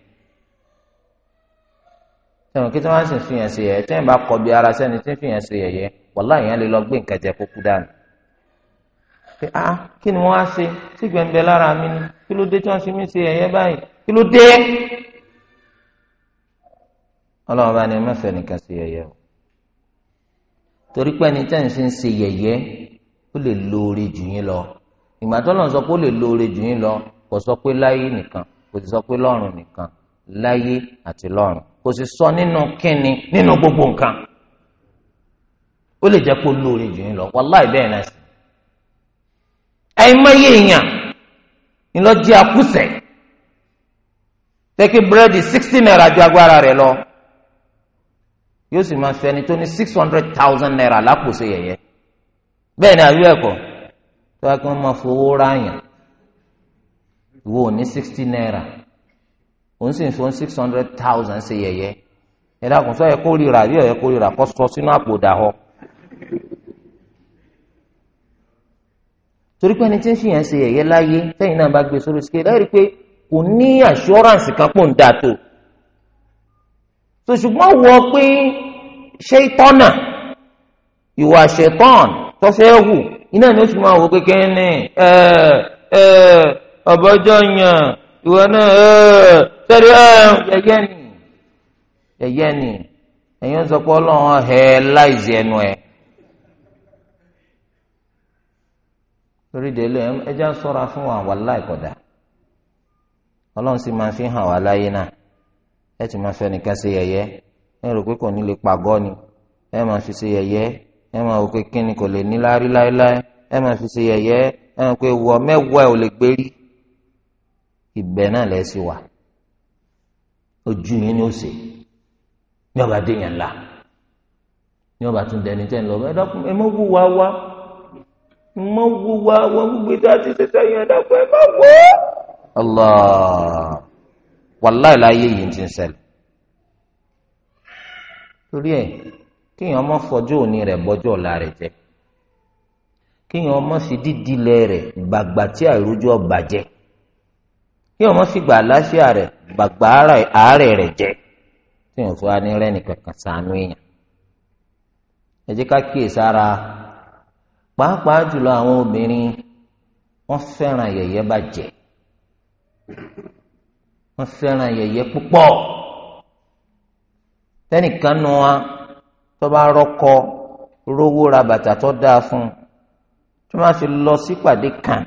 sẹ́wọ̀n kí tí wọ́n sì fi hàn sí yẹ̀yẹ́ tí wọ́n bá kọ bí ara sẹ́ni tí ń fi hàn sí yẹ̀yẹ́ wàhálà yẹn lè lọ gbé nǹkan jẹ kó kú dànù. pé a ah, kí ni wọ́n á ṣe tí gbẹ̀ǹbẹ̀ lára mi ni kí ló dé tí wọ́n fi mí ṣe yẹ̀yẹ́ báyìí kí ló dé. ọlọ́run bá ní mẹ́fẹ̀ nìkan ṣe yẹ̀yẹ́ o torí pé ẹni tẹ́yìn sí ń ṣe yẹ̀yẹ́ ó lè lóore jù yín lọ ìgbà tó lọ́n sọ pé ó lè lóore jù yín lọ kò sọ pé láyé nìkan kò sọ pé lọ́run nìkan láyé àti lọ́run kò sì sọ nínú kínni nínú gbogbo nǹkan ó lè jẹ́ kó lóore jù yín lọ wàláì bẹ́ẹ̀ náà sí. àìmọye èèyàn ńlọ jẹ́ akúṣẹ̀ tẹ́kí búrẹ́dì sixty naira ju agbára rẹ̀ lọ yóò sì máa fi tó ní six hundred thousand naira lápò ṣe yẹ̀yẹ́ bẹ́ẹ̀ ni àbí ẹ̀kọ́ tó wá kí wọ́n máa fowó ráàyàn ìwọ ò ní sixty naira òun sì ń fún six hundred thousand ṣe yẹ̀yẹ́ ẹ dákun sọ yẹ kó rira àbí ọ̀yẹ́ kó rira kó sọ sínú àpò dàhọ́. torí pé ẹni tí ń fi yẹn ṣe yẹ̀yẹ́ láyé tẹ́yìn náà bá gbé sórí síkè láì rí i pé kò ní àṣọ́ránsì kan pò ń da tó. sòṣùgbọ́n wọ pé ṣé tọ́nà ìwà ṣẹ̀tọ́n tó fẹ́ iná ni ó fi máa wọ pé kẹ́ni ẹ ẹ ọ̀bọ̀jọ̀ yàn. ìwọ náà sẹ́rí yẹyẹ ni yẹyẹ ni ẹ̀yin sọ pé ọlọ́run hẹ láìsí ẹnu ẹ̀. torí délé ń sọ́ra fún wa wà láìkọ̀dá ọlọ́run sì máa fi hàn wá láyé náà ẹ ti máa ṣe yẹyẹ ẹ rò pé kò ní lè pàgọ́ ni ẹ máa fi ṣe yẹyẹ ẹ máa wò pé kíni kò lè ní ẹ máa fi ṣe yẹyẹ ibẹ̀ náà lẹ sí wa ojú yín ni ó sè ní ọba déyàn ńlá ní ọba tún dẹni tẹ́ ń lọ ẹ dákun ẹ má wú wa wá ẹ má wú wa wá gbogbo ìta ti ṣe sẹ́yìn ẹ dákun ẹ má wú. Allah wàláì láyé yìí ti ń ṣẹlẹ̀ torí ẹ kéèyàn má fọjọ́ òní rẹ̀ bọ́jọ́ ọ̀la rẹ̀ jẹ́ kéèyàn má fi dídí lẹ̀ rẹ̀ gbàgbà tí àìrójú ọ̀bàjẹ́ kí ọmọ gbà aláṣẹ rẹ gbàgbà àárẹ̀ rẹ jẹ tí wọn fún wa ní rẹni kankan sànú èèyàn ẹ jẹ́ ká kíyè sára pàápàá jùlọ àwọn obìnrin wọn fẹ́ràn yẹ̀yẹ́ bàjẹ́ wọn fẹ́ràn yẹ̀yẹ́ púpọ̀ tẹnìkan nu wa tó bá rọkọ rówó ra bàtà tó dáa fún un tó má fi lọ sípàdé kan.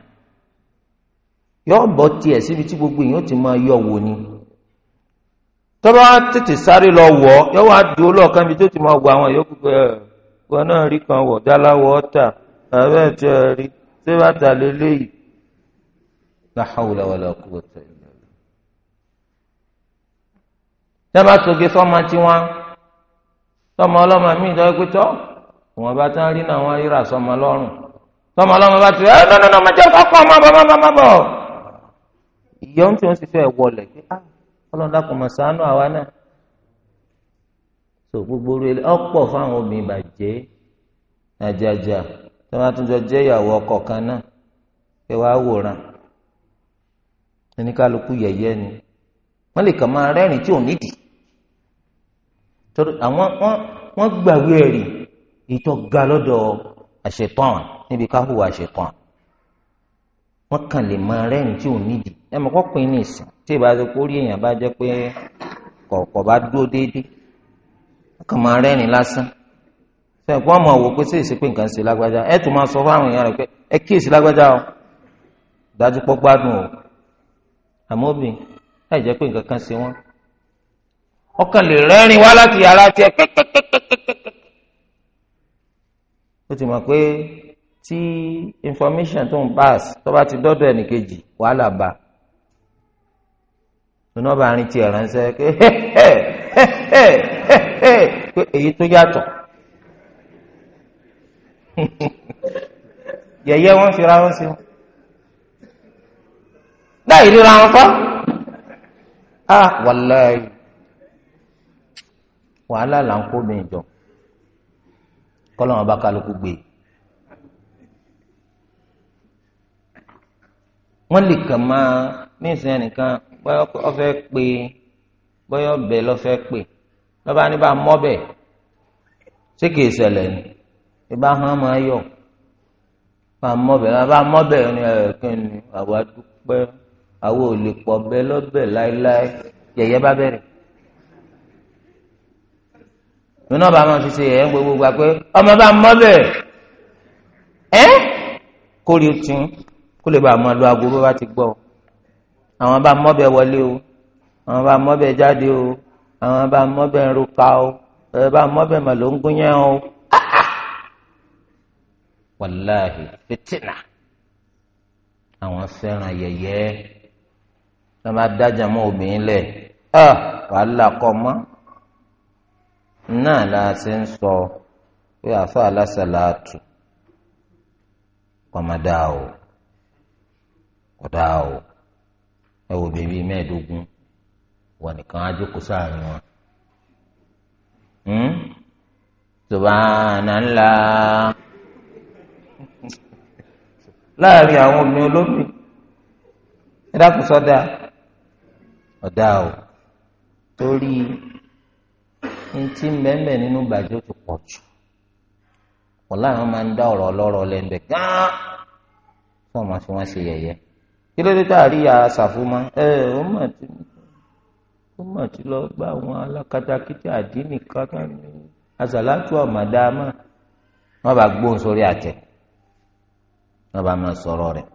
yóò bọ́ tiẹ̀ síbi tí gbogbo èèyàn ti máa yọ wò ni tọ́ba tètè sáré lọ wọ̀ ọ́ yóò wá dùn olóòkan ibi tó ti máa wọ àwọn yòókù pé ẹ̀ náà rí kan wọ̀ dáláwọ̀ ọ̀tà ẹ̀rẹ́ tí ẹ rí ṣé bàtà lélẹ́yìí la hawla wala quwwata illa billah. dábàá soge sọ́mọ tí wọ́n sọ́mọ ọlọ́mọ mi ìjọba pé tọ́ wọn bá tán rí náà wọ́n ríra sọ́mọ lọ́rùn sọ́mọ ọlọ́mọ bá ti rẹ̀ ẹ̀ nọ́nọ́nọ́ mọ̀jẹ́ kọ́kọ́ mọ́ bọ́ mọ́ bọ́ mọ́ bọ́. ìyọ́ ń tí wọ́n ti fẹ́ wọlé pé ah ọlọ́dà kò mọ̀ sánú àwa náà tó gbogbo rẹ ọ̀pọ̀ fáwọn obìnrin bàjẹ́ àjàjà tó máa tún ni wọ́n lè kàn máa rẹ́rìn tí ò nídìí torí àwọn wọ́n gbàwé ìtọ́ ga lọ́dọ̀ àṣetán níbi àṣetán wọ́n kàn lè máa rẹ́rìn ẹ mọ̀ kọ́kùnrin ní ìsìn tí ìbá ṣe kórí èèyàn bá jẹ́ pé kọ̀ọ̀kọ̀ bá dúró déédéé ọkàn máa rẹ́rìn lásán sẹ́kọ̀ ọmọ wò pé sí ìsìnkú nǹkan ṣe lágbájá ẹ tún máa sọ fáwọn èèyàn rẹ̀ pé ẹ kíyèsí lágbájá o dájú pọ́ gbádùn o àmọ́ bì ẹ jẹ́ pé nǹkan kan ṣe wọ́n ọkàn lè rẹ́rìn wá láti yàrá tiẹ̀ ó ti mọ̀ pé tí information tó ń pass tó bá ti dọ́dọ̀ ẹnìkejì wàhálà bá a lónà ọba àárín tiẹ̀ ránṣẹ́ pé pé èyí tó yàtọ̀ yẹ̀yẹ́ wọ́n fira wọn sí wọn láì ríra wọn kọ́ a wàláì wàhálà là ń kó mi jọ kọ́lọ́mọba kálukú gbé wọ́n lè kàn máa mísìn ẹnìkan bóyá ọfẹ́ pé bóyá ọbẹ̀ lọ́fẹ́ pé lọ́ba ní bá mọ́bẹ̀ ṣé kìí ṣẹlẹ̀ ni ìbá hàn máa yọ̀ bá mọ́bẹ̀ bá mọ́bẹ̀ ni ẹ̀kẹ́ ni àwa dúpẹ́ àwọn ò lè pọ̀ bẹ́ẹ̀ lọ́bẹ̀ láéláé yẹ̀yẹ́ bá bẹ̀rẹ̀ nínú ọba máa fi ṣe ẹ̀ gbogbo gba pé ọmọ bá mọ́ bẹ́ẹ̀ ẹ́ kórìí tún kó lè bá a máa lo aago bá ti gbọ́ ọ àwọn bá mọ́bẹ̀ wọlé o àwọn bá mọ́bẹ̀ jáde o àwọn bá mọ́bẹ̀ ruka o àwọn bá mọ́bẹ̀ màlúngúnyẹ́ o wàláhì fìtínà àwọn fẹ́ràn yẹ̀yẹ́ wọ́n bá dájà mọ́ obìnrin lẹ̀ ẹ ah! wàhálà kọ́ mọ́ náà la ṣe ń sọ pé àfa alásàlátù kọ́mọdá o kọ́dá o. ẹ wò bèbí mẹ́ẹ̀ẹ́dógún wọn nìkan á jókòó sáàrin wọn. Hmm? Subhanallah láàrin àwọn obìnrin olóbìn ẹ sọdá ọdá o torí ntí nínú tó jù máa ń dá gán fún ọmọ tí kí ló dé tá a rí ya ṣàfùmọ́ ẹ ó mà ti ó mà ti lọ gba àwọn alákatakítí àdínì kankan ní asàlátù ọ̀màdàmà wọn bá gbóhùn sórí àtẹ wọn bá máa sọ̀rọ̀ rẹ̀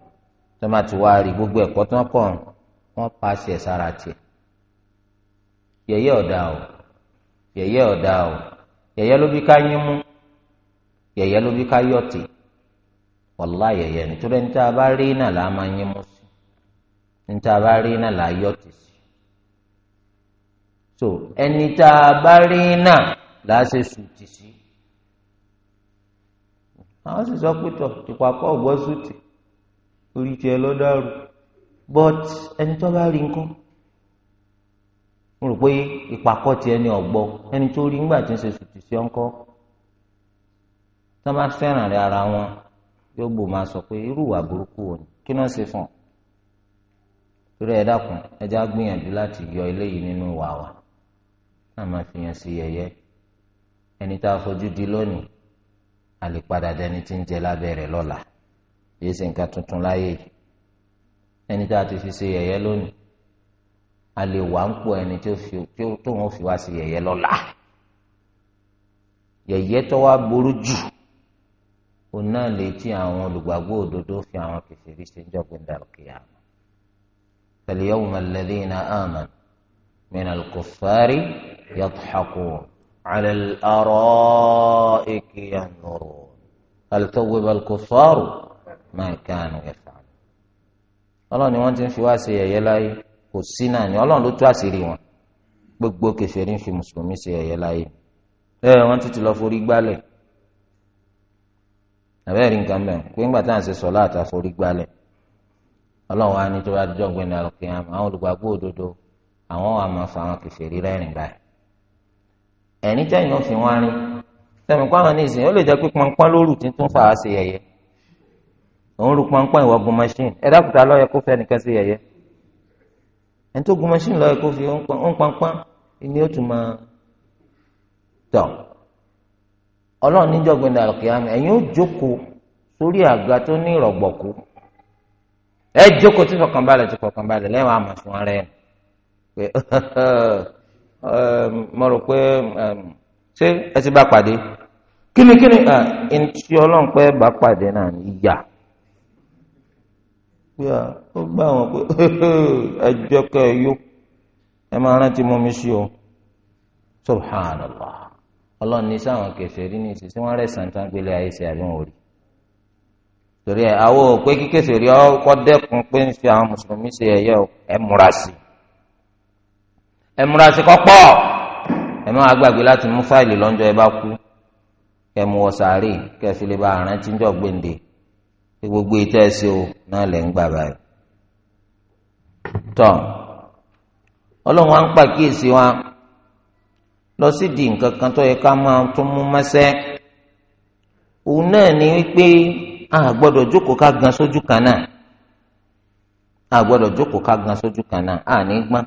tó má ti wá rí gbogbo ẹ̀kọ́ tó ń kọ́ wọn pa ṣẹ̀ sára tiẹ̀ yẹ̀yẹ́ ọ̀dà o yẹ̀yẹ́ ọ̀dà o yẹ̀yẹ́ ló bí ká yín mú yẹ̀yẹ́ ló bí ká yọ̀tì wàlá yẹ̀yẹ́ nítorí ẹni bá rí náà là á máa yín mú sí níta bá rí náà là á yọ tì sí so ẹni tá a bá rí náà là á ṣe sùn tì sí àwọn sì sọ pé tọ ìpàkọ́ ọ̀gbọ́n sùtì orí tiẹ̀ lọ dàrú but ẹni tó bá rí nǹkan mo rò pé ìpàkọ́ tiẹ̀ ni ọ̀gbọ́ ẹni tó rí nígbà tí ń ṣe sùtì sí ọ̀ńkọ́ tó bá fẹ́ràn rẹ̀ ara wọn yóò bò sọ pé irú ìwà burúkú wọn kí náà ṣe fún ọ torí ẹ dákun ẹ já gbìyànjú láti yọ eléyìí nínú ìwà wa náà máa fi hàn sí yẹ̀yẹ́ ẹni tá a fojú di lónìí a lè padà dẹni tí ń jẹ lábẹ́ rẹ̀ lọ́la yìí sì nǹkan tuntun láyé yìí ẹni tá a ti fi ṣe yẹ̀yẹ́ lónìí a lè wà ń pò ẹni tó wọn fi wá sí yẹ̀yẹ́ lọ́la yẹ̀yẹ́ tó wá burú jù òun náà lè tí àwọn olùgbàgbọ́ òdodo fi àwọn kẹfìrí ṣe ń jọ gbẹndàlùkìyàmù. فاليوم الذين آمنوا من الكفار يضحكون على الأرائك ينظرون هل توب الكفار ما كانوا يفعلون ọlọ́run ni wọ́n ti ń fi wá ṣe ẹ̀yẹ láyé kò sí náà ni ọlọ́run ló tú àṣírí wọn gbogbo kèfèrí ń fi mùsùlùmí ṣe ẹ̀yẹ láyé ẹ wọ́n ti ti lọ forí gbálẹ̀ àbẹ́rẹ́ nǹkan mẹ́rin pé ńgbà táwọn ṣe sọ láàtà forí gbálẹ̀ ọlọ́run wa ni tó bá jọ gbẹ̀ndà lọ́kìyàm àwọn olùgbàgbọ́ òdodo àwọn wa máa fa àwọn kẹsìrì rẹ́rìn báyìí ẹ̀ní tẹ́yìn fi wọ́n rí sẹ́mi kó àwọn níìsín ó lè jẹ́ pé pọnpọ́n lóru tí tún fà á òun rú pọnpọ́n gun machine ẹ lọ́yẹ kó fẹ́ nìkan ẹni tó gun machine lọ́yẹ kó fi pọnpọ́n ó tún máa tọ̀ ọlọ́run níjọ́ ẹ jókòó tí fọkànbalẹ̀ tí fọkànbalẹ̀ lẹ́wọ̀n àmọ̀ fún ara ẹ̀ pé mo rò pé ṣé ẹ ti bá pàdé kíni kíni ẹ̀ ntí ọlọ́run pé bá pàdé náà ìyà pé ó gbà wọn pé ẹ jẹ́ kẹ́ ẹ yó ẹ máa rántí mú mi sí o subhanallah ọlọ́run ní sáwọn kẹfẹ́ rí ní ìsinsìnyí wọ́n rẹ̀ sàn gbélé ayé ṣe àbí wọn torí ẹ àwọn òpé kíkèsè rí ọkọ dẹ́kun pé ń fi àwọn mùsùlùmí ṣe ẹ̀yẹ ẹ múra sí ẹ múra sí kọ́pọ̀ ẹ má gbàgbé láti mú fáìlì lọ́njọ́ ẹ bá kú kẹ mú wọ sàárè kẹ fi lè bá àrùn tí ń jọ gbèǹde pé gbogbo ìtẹ́ ẹ ṣe o náà lẹ́ ń gbà báyìí. tọ́ ọlọ́run wa ń pàkíyèsí wa lọ sí di nǹkan kan tó yẹ ká máa tún mú mẹ́sẹ́ òun náà ni wípé. a gbọ́dọ̀ jókòó ká gan sójú kan náà a gbọ́dọ̀ jókòó ká gan sójú kan náà a ní gbọ́n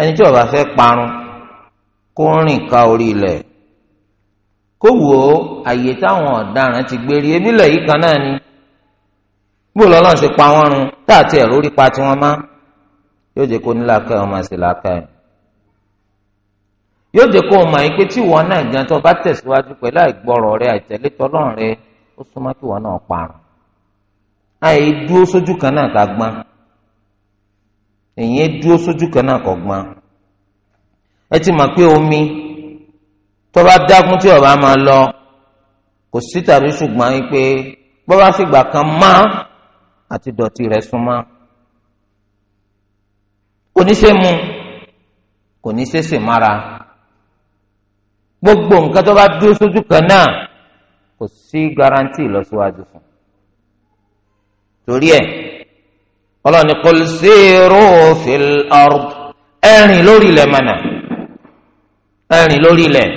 ẹni tí fẹ́ parun kó rìn ká orí ilẹ̀ kó wò ó àyè táwọn ọ̀daràn ti gbé rí ebi yìí kan náà ni bó lọ́lọ́run ṣe pa wọ́n run táàtì ẹ̀ lórí pa tiwọn má yóò jẹ́ kó yóò dé kó o mọ̀ yín pé tí ìwọ náà gan tó bá tẹ̀síwájú pẹ̀lú àìgbọ́rọ̀ rẹ àìtẹ̀lé tọ́lọ́run rẹ ó súnmọ́ kí ìwọ náà parun àì dúró sójú kan náà ká gbọ́n èyí dúró sójú kan náà kọ́ gbọ́n ẹ ti mọ̀ pé omi tó bá dákun tí ọba máa lọ kò sí tàbí ṣùgbọ́n yín pé bọ́bá fìgbà kan má àti dọ̀tí rẹ̀ súnmọ́ kò ní ṣe mu kò ní ṣe sèmára gbogbo nǹkan tó bá dúró sójú kan náà kò sí garanti ìlọsíwájú fún torí ẹ ọlọ́ni qul siru fil ard ẹ̀rìn lórí ilẹ̀ mọ̀nà ẹ̀rìn lórí ilẹ̀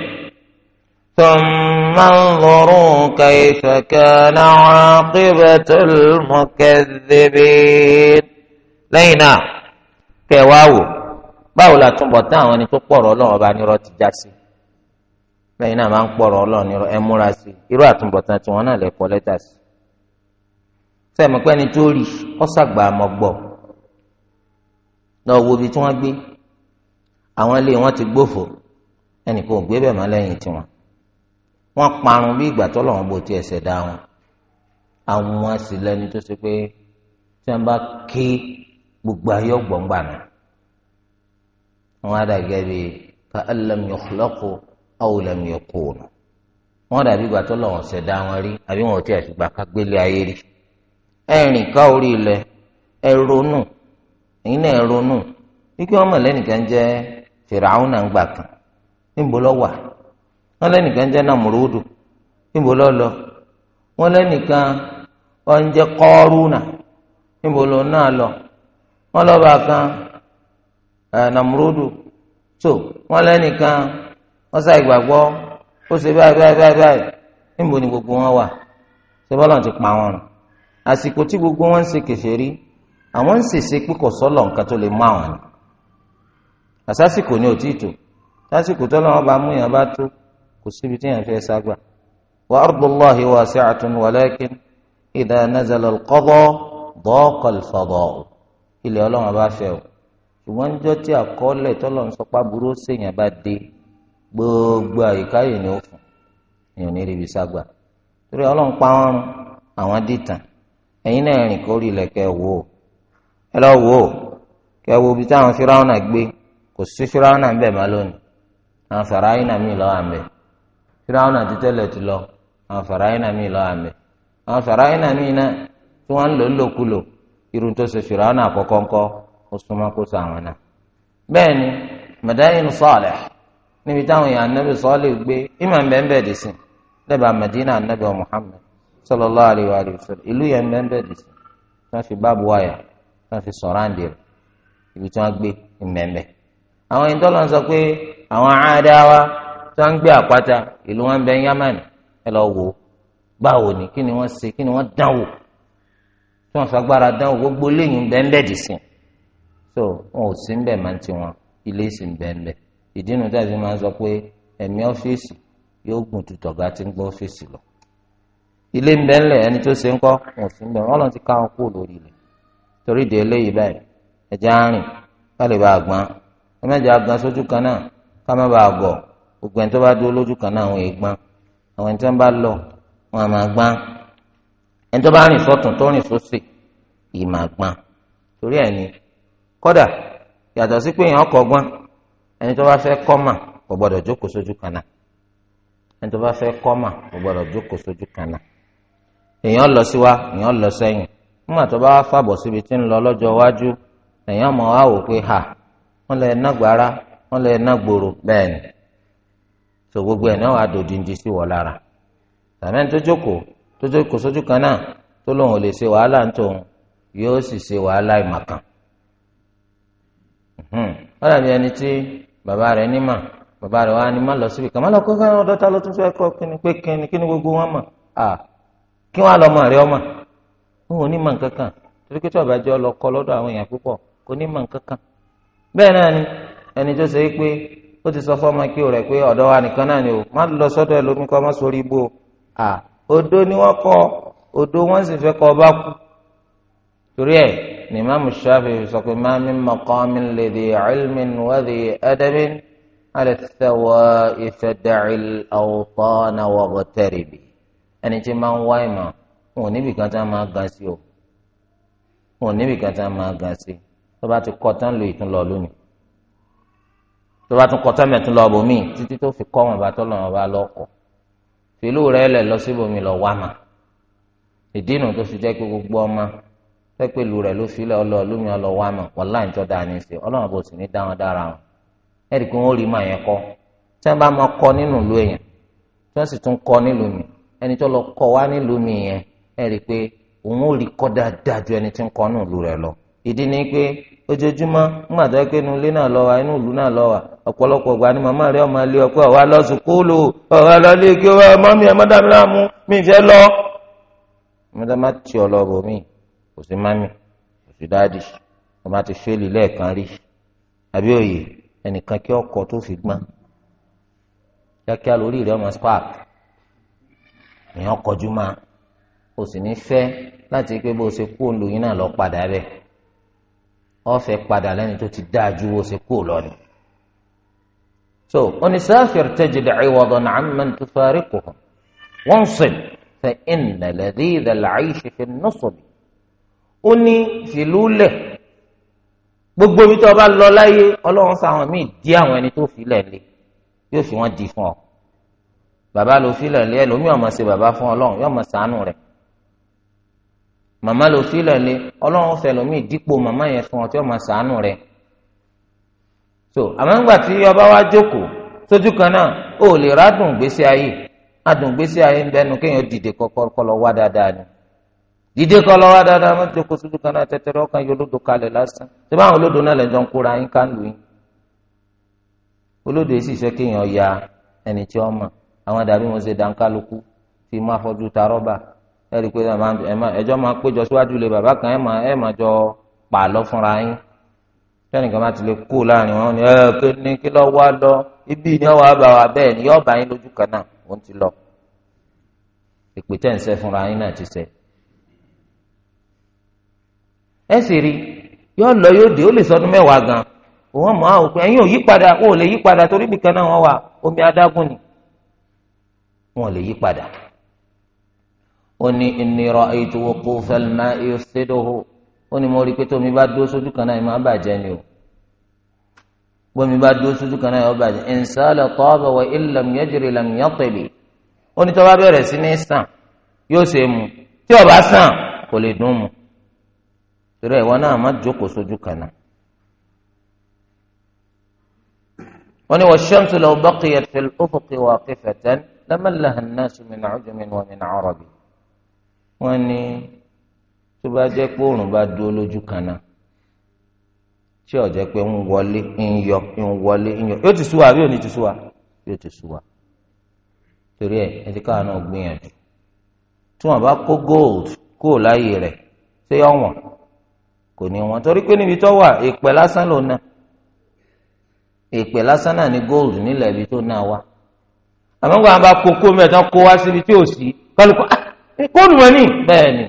thumma anzuru kayfa kana aqibatul mukaththibin lẹ́yìn náà kẹwàá wò báwo la túnbọ̀ tán àwọn ẹni tó pọ̀rọ̀ ọlọ́run ọba nírọ̀ ti já sí lẹ́yìn náà máa ń pọ̀rọ̀ ọlọ́ọ̀ni ẹ múra sí irú àtúbọ̀tán tí wọ́n náà lè kọ́ lẹ́tà sí. sẹ́mi pẹ́ni tó rí ọ̀sàgbà àmọ́gbọ̀ lọ́wọ́ ibi tí wọ́n gbé àwọn ilé wọn ti gbófò ẹnì kò gbé bẹ̀ mọ́ lẹ́yìn tiwọn. wọ́n parun bí ìgbà tó lọ́wọ́ bó ti ẹ̀sẹ̀ dá wọn. àwọn sì tó ṣe pé tí wọ́n bá ké gbogbo ayé ọ̀gbọ̀ngbà náà. wọ́n á dàgẹ́ bíi ká aw lam mi wọn dàbí wọn rí àbí wọn ò tí àṣùgbà ayé rí ẹ̀rìn ká orí ilẹ ẹ ronú náà ẹ ronú ọmọ lẹ́nìkan jẹ́ fìràwọn náà kan níbo lọ wà wọn lẹ́nìkan jẹ́ nàmúrúdù níbo lọ lọ wọn wọn níbo lọ náà wọ́n sá ìgbàgbọ́ ó ṣe báyìí báyìí báyìí báyìí níbo ni gbogbo wọn wà ṣe bọ́lá ti pa wọn rùn àsìkò tí gbogbo wọn ń ṣe kèfèrí àwọn ń ṣèṣe pípọ̀ sọ́lọ̀ nǹkan tó lè mú àwọn ni àsásìkò ni ò tí ì tò sásìkò tó lọ́wọ́ bá mú yàn bá tó kò síbi tí yàn fẹ́ ságbà wa ardullahi wasi'atun walakin idha nazala al-qada daqa al-fada'u ilẹ̀ gbogbo àyíká yìí ni ó fún èèyàn ní ríbi ságbà torí ọlọ́run pa wọn rún àwọn dìtàn ẹ̀yin náà rìn kórì ilẹ̀ wò ó ẹ lọ wò ó kẹ́ wo ibi táwọn fíráwọnà gbé kò sí fíráwọnà ń bẹ̀ má lónìí àwọn fàráyìnà míì lọ́wọ́ àmì fíráwọnà ti tẹ́lẹ̀ ti lọ àwọn fàráyìnà míì lọ́wọ́ àmì àwọn fàráyìnà míì náà tí wọ́n ń lò ń irun tó ṣe níbi táwọn èèyàn anábì sọ́ọ́lì gbé ìmọ̀ bẹ́ẹ̀ dì sí lẹ́bàá Madina anábì Muhammad sallallahu alaihi wa sallam ìlú yẹn bẹ́ẹ̀ dì sí wọ́n fi báàbù wáyà wọ́n fi sọ̀ráǹdì rẹ̀ ibi tí wọ́n gbé ìmẹ̀mẹ̀. àwọn ẹni tọ́lọ́ sọ pé àwọn àádáwa tí wọ́n ń gbé àpáta ìlú wọn bẹ Yaman ẹ lọ wò ó báwo ni kí ni wọ́n ṣe kí ni wọ́n dán tí wọ́n fagbára dán gbogbo léyìn bẹ́ẹ̀ bẹ́ẹ̀ so wọn ò sí ń bẹ̀ máa ń tiwọn ilé sì ń bẹ́ẹ̀ ìdínú dàbí máa sọ pé ẹ̀mí ọ́fíìsì yóò gùn ju tọ̀gá tí ń gbọ́ ọ́fíìsì lọ ilé ń ẹni tó ṣe ń kọ́ wọn ń ọlọ́run ti torí ìdí eléyìí báyìí ẹja arìn ká bá a gbọ́n ẹ mẹ́jọ agbọ́n sójú kan náà ká má bàa gbogbo ẹni tó bá dúró àwọn àwọn ẹni ẹni tó bá fẹ́ kọ́mà kò gbọ́dọ̀ jókòó sójú kan ẹni tó bá fẹ́ kọ́mà kò gbọ́dọ̀ jókòó sójú kan èèyàn lọ sí wa èèyàn lọ sẹ́yìn nígbà tó bá fàbọ̀ ha wọ́n lè ná gbára wọ́n lè ná so gbogbo ẹ̀ náà wà dòdìndì sí wọ̀ lára tàbí tó jókòó tó jókòó sójú kan tó lóun ò lè ṣe wàhálà ń bàbá rẹ nímà bàbá rẹ wà ní má lọ síbi kan lọ kó ká ọdọ ta ló tún fẹ́ kọ kíni pé gbogbo wọn mà à kí wọn ọmọ ò ní mà nkankan torí pé tí ọba jọ lọ kọ àwọn èèyàn púpọ̀ kò ní mà sọ fọmọ kí o rẹ pé wa nìkan o má lọ ẹ kọ má sórí igbó à odó ni ẹ ní imáàmù Shafi'i sọ pé ma min maqamin lidhi ilmin wa dhi adabin ala thawa'i fad'il awtana waghtaribi ẹni tí máa ń wá ìmọ̀ wọn ò níbi kan tá a máa ga sí o wọn ò níbi kan tá a máa ga sí tó bá ti kọ́ tán lu ìtúnlọ lónìí tó bá tún kọ́ tán mẹ́tún lọ bòmíì títí tó fi kọ́ wọn bá tọ́ lọ́wọ́ bá lọ́kọ̀ fìlú rẹ̀ lẹ̀ lọ síbòmíì lọ wá mà ìdí nu tó fi jẹ́ pé gbogbo ọmọ pẹ́pẹ́ lu rẹ̀ ló filẹ̀ ọlọ́ lómi ọlọ́ wa tọ́ da ní ṣe ọlọ́run bò sì ní dáhùn dára wọn ẹ̀rí pé rí mọ̀ yẹn kọ́ tí wọ́n bá mọ kọ́ nínú ìlú èèyàn tí wọ́n tún kọ́ nílùú mi ẹni tó lọ kọ́ wá nílùú mi yẹn pé òun ò rí ju ẹni tí ń kọ́ nínú lọ ìdí ni pé ojoojúmọ́ náà kò sí mami kò sí dáàdì wọn bá ti fẹ́ẹ̀lì lẹ́ẹ̀kan rí àbí òye ẹnìkan kí ọkọ̀ tó fi gbọ́n kíákíá lórí rẹ̀ ọmọ spark èèyàn kọjú máa o sì ní fẹ́ láti pé bó o ṣe kú olóyún náà lọ padà rẹ̀ ọ padà lẹ́ni tó ti dáa ju bó o ṣe kú lọ ni. so onisafir tẹjìdà ìwọ̀dọ̀ náà mẹ́rin tó fẹ́ rí kù hàn wọ́n sìn fẹ́ ìnàlẹ́dí ìdàlàyé ṣe fi nọ́sọ̀bì ó ní fìlú lẹ̀ gbogbo ibi tó o bá lọ láyé ọlọ́run sáwọn míì dí àwọn ẹni tó fi lẹ̀ lé yóò fi wọ́n di fún ọ bàbá ló fi lẹ̀ lé ẹlòmíì ọmọ ṣe bàbá fún ọlọ́run yóò mọ̀ ṣàánú rẹ̀ màmá ló fi lẹ̀ ọlọ́run fẹ́ ẹlòmíì dípò màmá yẹn fún ọ tí ó mọ̀ ṣàánú rẹ̀ so àmọ́ ńgbà tí ọba wa jókòó sójú kan náà ó lè rádùn gbèsè ayé adùn gbèsè ayé ń bẹnu kéèyàn dìde kọ́kọ́ lọ wá dáadáa ni dídé kọ́ lọ́wọ́ dáadáa má jókòó sójú kan náà tẹ́tẹ́rẹ́ ọkàn yóò lódò kalẹ̀ lásán tí báwọn olódò náà lẹ́jọ́ ń kóra yín kánú yín olódò yìí sì fẹ́ kéèyàn ya ẹni tí wọ́n mọ̀ àwọn dàbí wọn ṣe dànkálukú fi má fọ́jú ta rọ́bà ẹ rí i pé ẹjọ́ máa péjọ síwájú lé bàbá kan ẹ máa jọ pààlọ́ fúnra yín tẹnìkan bá ti lè kú láàrin wọn ni ẹ kí ni kí lọ wá lọ ibi ni ọwọ àbá wa bẹ́ẹ̀ ni yọọ ẹ sì rí yóò lọ yóò dé ó lè sọdún mẹ́wàá gan òun mọ àwọn ah, òpin ẹ̀yin ò yí padà wọn ò lè yí padà torí ibìkan náà wọn wà omi adágún ni wọn ò lè yí padà. ó ní inni ra'aytu wuqufa al-ma'i yufsiduhu ó ní mo rí i pé tómi bá dúró sójú kan náà ẹ máa bàjẹ́ ni o bómi bá dúró sójú kan náà ẹ máa bàjẹ́ insala taba wa illam yajri lam yatib ó ní tó bá bẹ̀rẹ̀ sí ní sàn yóò ṣe é mu tí ó torí ẹ̀wọ́ náà má jókòó sójú kan náà. wọ́n ní wash-shamsu law baqiyat fil-ufuqi waqifatan lamallaha an-nasu min 'ujmin wa min 'arabi. wọ́n ní tó bá jẹ́ pé oòrùn bá dúró lójú kan náà tí ò jẹ́ pé ń wọlé ń yọ ń wọlé ń yọ yóò ti sú àbí òní ti sú yóò ti sú torí ẹ ẹ ti káwọn náà gbìyànjú tí wọ́n bá kó gold kó láyé rẹ̀ ṣé yọ kò ní wọn torí pé níbi tó wà èèpẹ̀ lásán ló ná èèpẹ̀ lásán náà ní gold nílẹ̀ ibi tó náà wa àmọ́ gbọ́dọ̀ bá kókó mẹ́ta kó wá síbi tí ò sí kálukú ah, wọn ní bẹ́ẹ̀ ni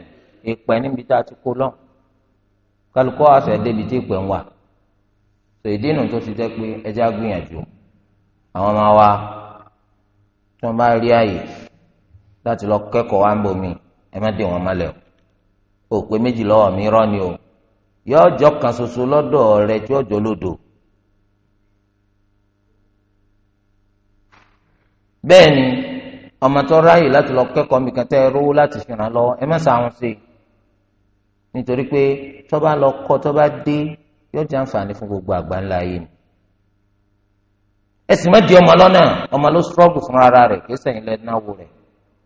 èèpẹ̀ níbi a ti kó lọ́n kálukú àfẹ́ débi tí èèpẹ̀ ń wà tó tó ti jẹ́ pé ẹja gbìyànjú àwọn máa wá tí wọ́n bá rí àyè láti lọ kẹ́kọ̀ọ́ yọ ọjọ́ kan ṣoṣo lọ́dọ̀ rẹ tí ọjọ́ lódò bẹ́ẹ̀ ni ọmọ tó ráàyè láti lọ kẹ́kọ̀ọ́ nìkan tẹ́ ẹ rówó láti fìràn lọ́wọ́ ẹ má sàrùn sí i nítorí pé tó bá lọ kọ́ tó bá dé yóò jẹ́ àǹfààní fún gbogbo àgbà ńlá yìí ni ẹ sì ọmọ lọ́nà ọmọ ló struggle fún ara rẹ̀ kí sẹ́yìn lẹ́dínláwó rẹ̀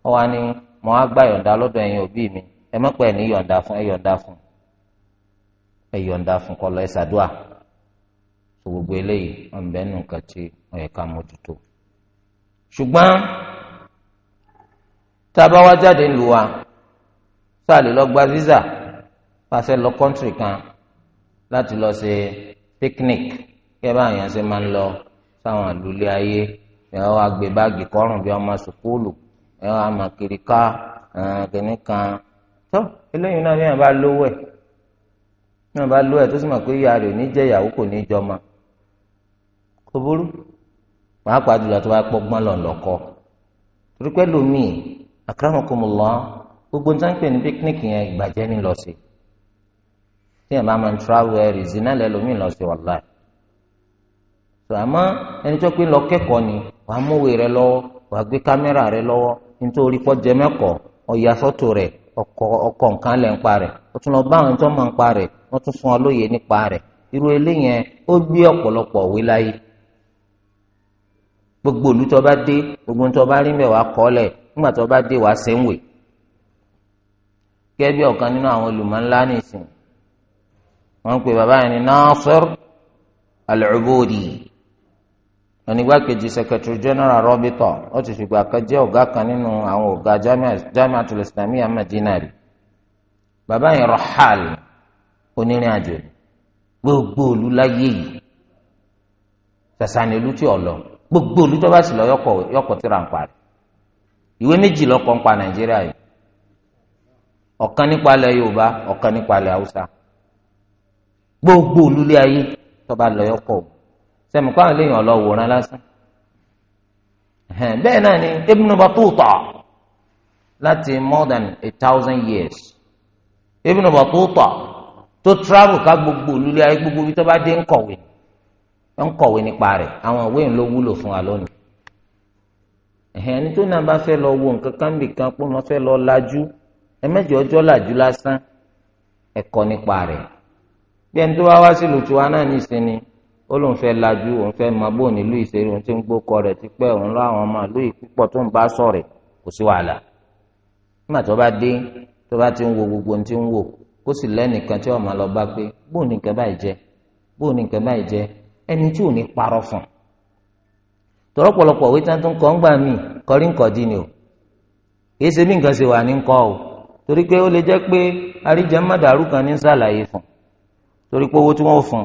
ọ wá ní mo á gbà yọ̀ǹda lọ́dọ̀ òbí mi ẹ má pẹ́ ní yọ̀ǹda fún ẹ yọ̀ǹda fún ẹ yọ̀ǹda fún kọlọ ẹ ṣàdúà tó gbogbo eléyìí wọn bẹ nù nǹkan tí wọn yẹ ká mójútó ṣùgbọ́n tá a wá jáde lù wá sáà lè lọ gba visa pàṣẹ lọ kọ́ńtìrì kan láti lọ ṣe picnic kí ẹ bá àyàn ṣe máa ń lọ sáwọn àlùlé ayé ẹ wá gbé báàgì kọrùn bí ọmọ sùkúlù ẹ wá máa kiri ká kìnnìkan tó eléyìí náà bí wọn bá lówó ẹ ní wọn bá lọ ẹ tó sì mọ̀ pé ìyá rẹ̀ ò ní jẹ ìyàwó kò ní jọmọ kò burú wọn á pàdé lọ tó bá pọgbọn lọ lọkọ torí pé lómìn akramakumullah gbogbo ní sáńpẹ ní píkíníkì yẹn ìbàjẹ́ ní lọ sí tí yẹn bá máa ń travel ẹ rìzí náà lẹ lómìn lọ sí wàláì tó àmọ́ ẹni tó pé lọ kẹ́kọ̀ọ́ ni wàá múwèé rẹ lọ́wọ́ wàá gbé kámẹ́rà rẹ lọ́wọ́ nítorí pọ jẹmẹkọ ọyà fọ́tò rẹ ọkọ ọkọ nǹkan lẹ̀ ń pa rẹ̀ ó tún lọ bá àwọn tó máa ń rẹ̀ tún fún ọ lóye nípa rẹ̀ irú eléyẹn ó gbé ọpọlọpọ òwe láyé gbogbo ìlú bá dé gbogbo tó bá rí mẹ́ wàá kọ́ nígbà tó bá dé wàá nínú àwọn al onígbàkejì secretary general rọbìtọ ó ti fìgbà kan jẹ́ ọ̀gá kan nínú àwọn ọ̀gá jamiatul islamiyya madina rí bàbá yẹn rọhàl onírìn àjò gbogbo òlu láyé yìí sàṣàní olú tí ò lọ gbogbo òlu tó bá sì lọ yọkọ tíra ń parí ìwé méjì lọkọ ń pa nàìjíríà yìí ọ̀kan nípa ilẹ̀ yorùbá ọ̀kan nípa ilẹ̀ haúsá gbogbo olúlé ayé tó bá lọ yọkọ òun sẹ́mi kọ́ àwọn eléyìí ọ̀lọ́ wòran lásán bẹ́ẹ̀ náà ni Ibn Battuta láti more than a thousand years Ibn tó travel ká gbogbo olúlé ayé gbogbo ibi tó bá dé ń kọ̀wé nípa rẹ̀ àwọn fún wa lónìí ẹni tó lọ wo nǹkan kan bì kan pé wọ́n fẹ́ lọ lajú ọjọ́ làjú lásán ẹ̀kọ́ nípa ó lóun fẹ́ lajú òun fẹ́ mọ bóun nílùú ìṣeré òun ti ń gbókọ rẹ̀ ti pẹ́ òun láwọn ọmọ ìlú ìpúpọ̀ tó ń bá sọ̀rẹ̀ kò sí wàhálà nígbà tó bá dé tó bá ti ń wo gbogbo ohun tí ń wò kó sì lẹ́nìkan tí ọmọ lọ bá pé bóun ní nǹkan báyìí jẹ bóun ní nǹkan báyìí jẹ ẹni tí ò ní parọ́ fún un tọrọ pọ̀lọpọ̀ òwe tí wọn tún ń gbà mí kọrí nǹkan dín ni o kì í ṣe bí nǹkan ṣe wà ní nǹkan o torí pé ó lè jẹ́ pé àríjẹ mọdàrú kan ní sàlàyé fún torí pé owó tí wọn fún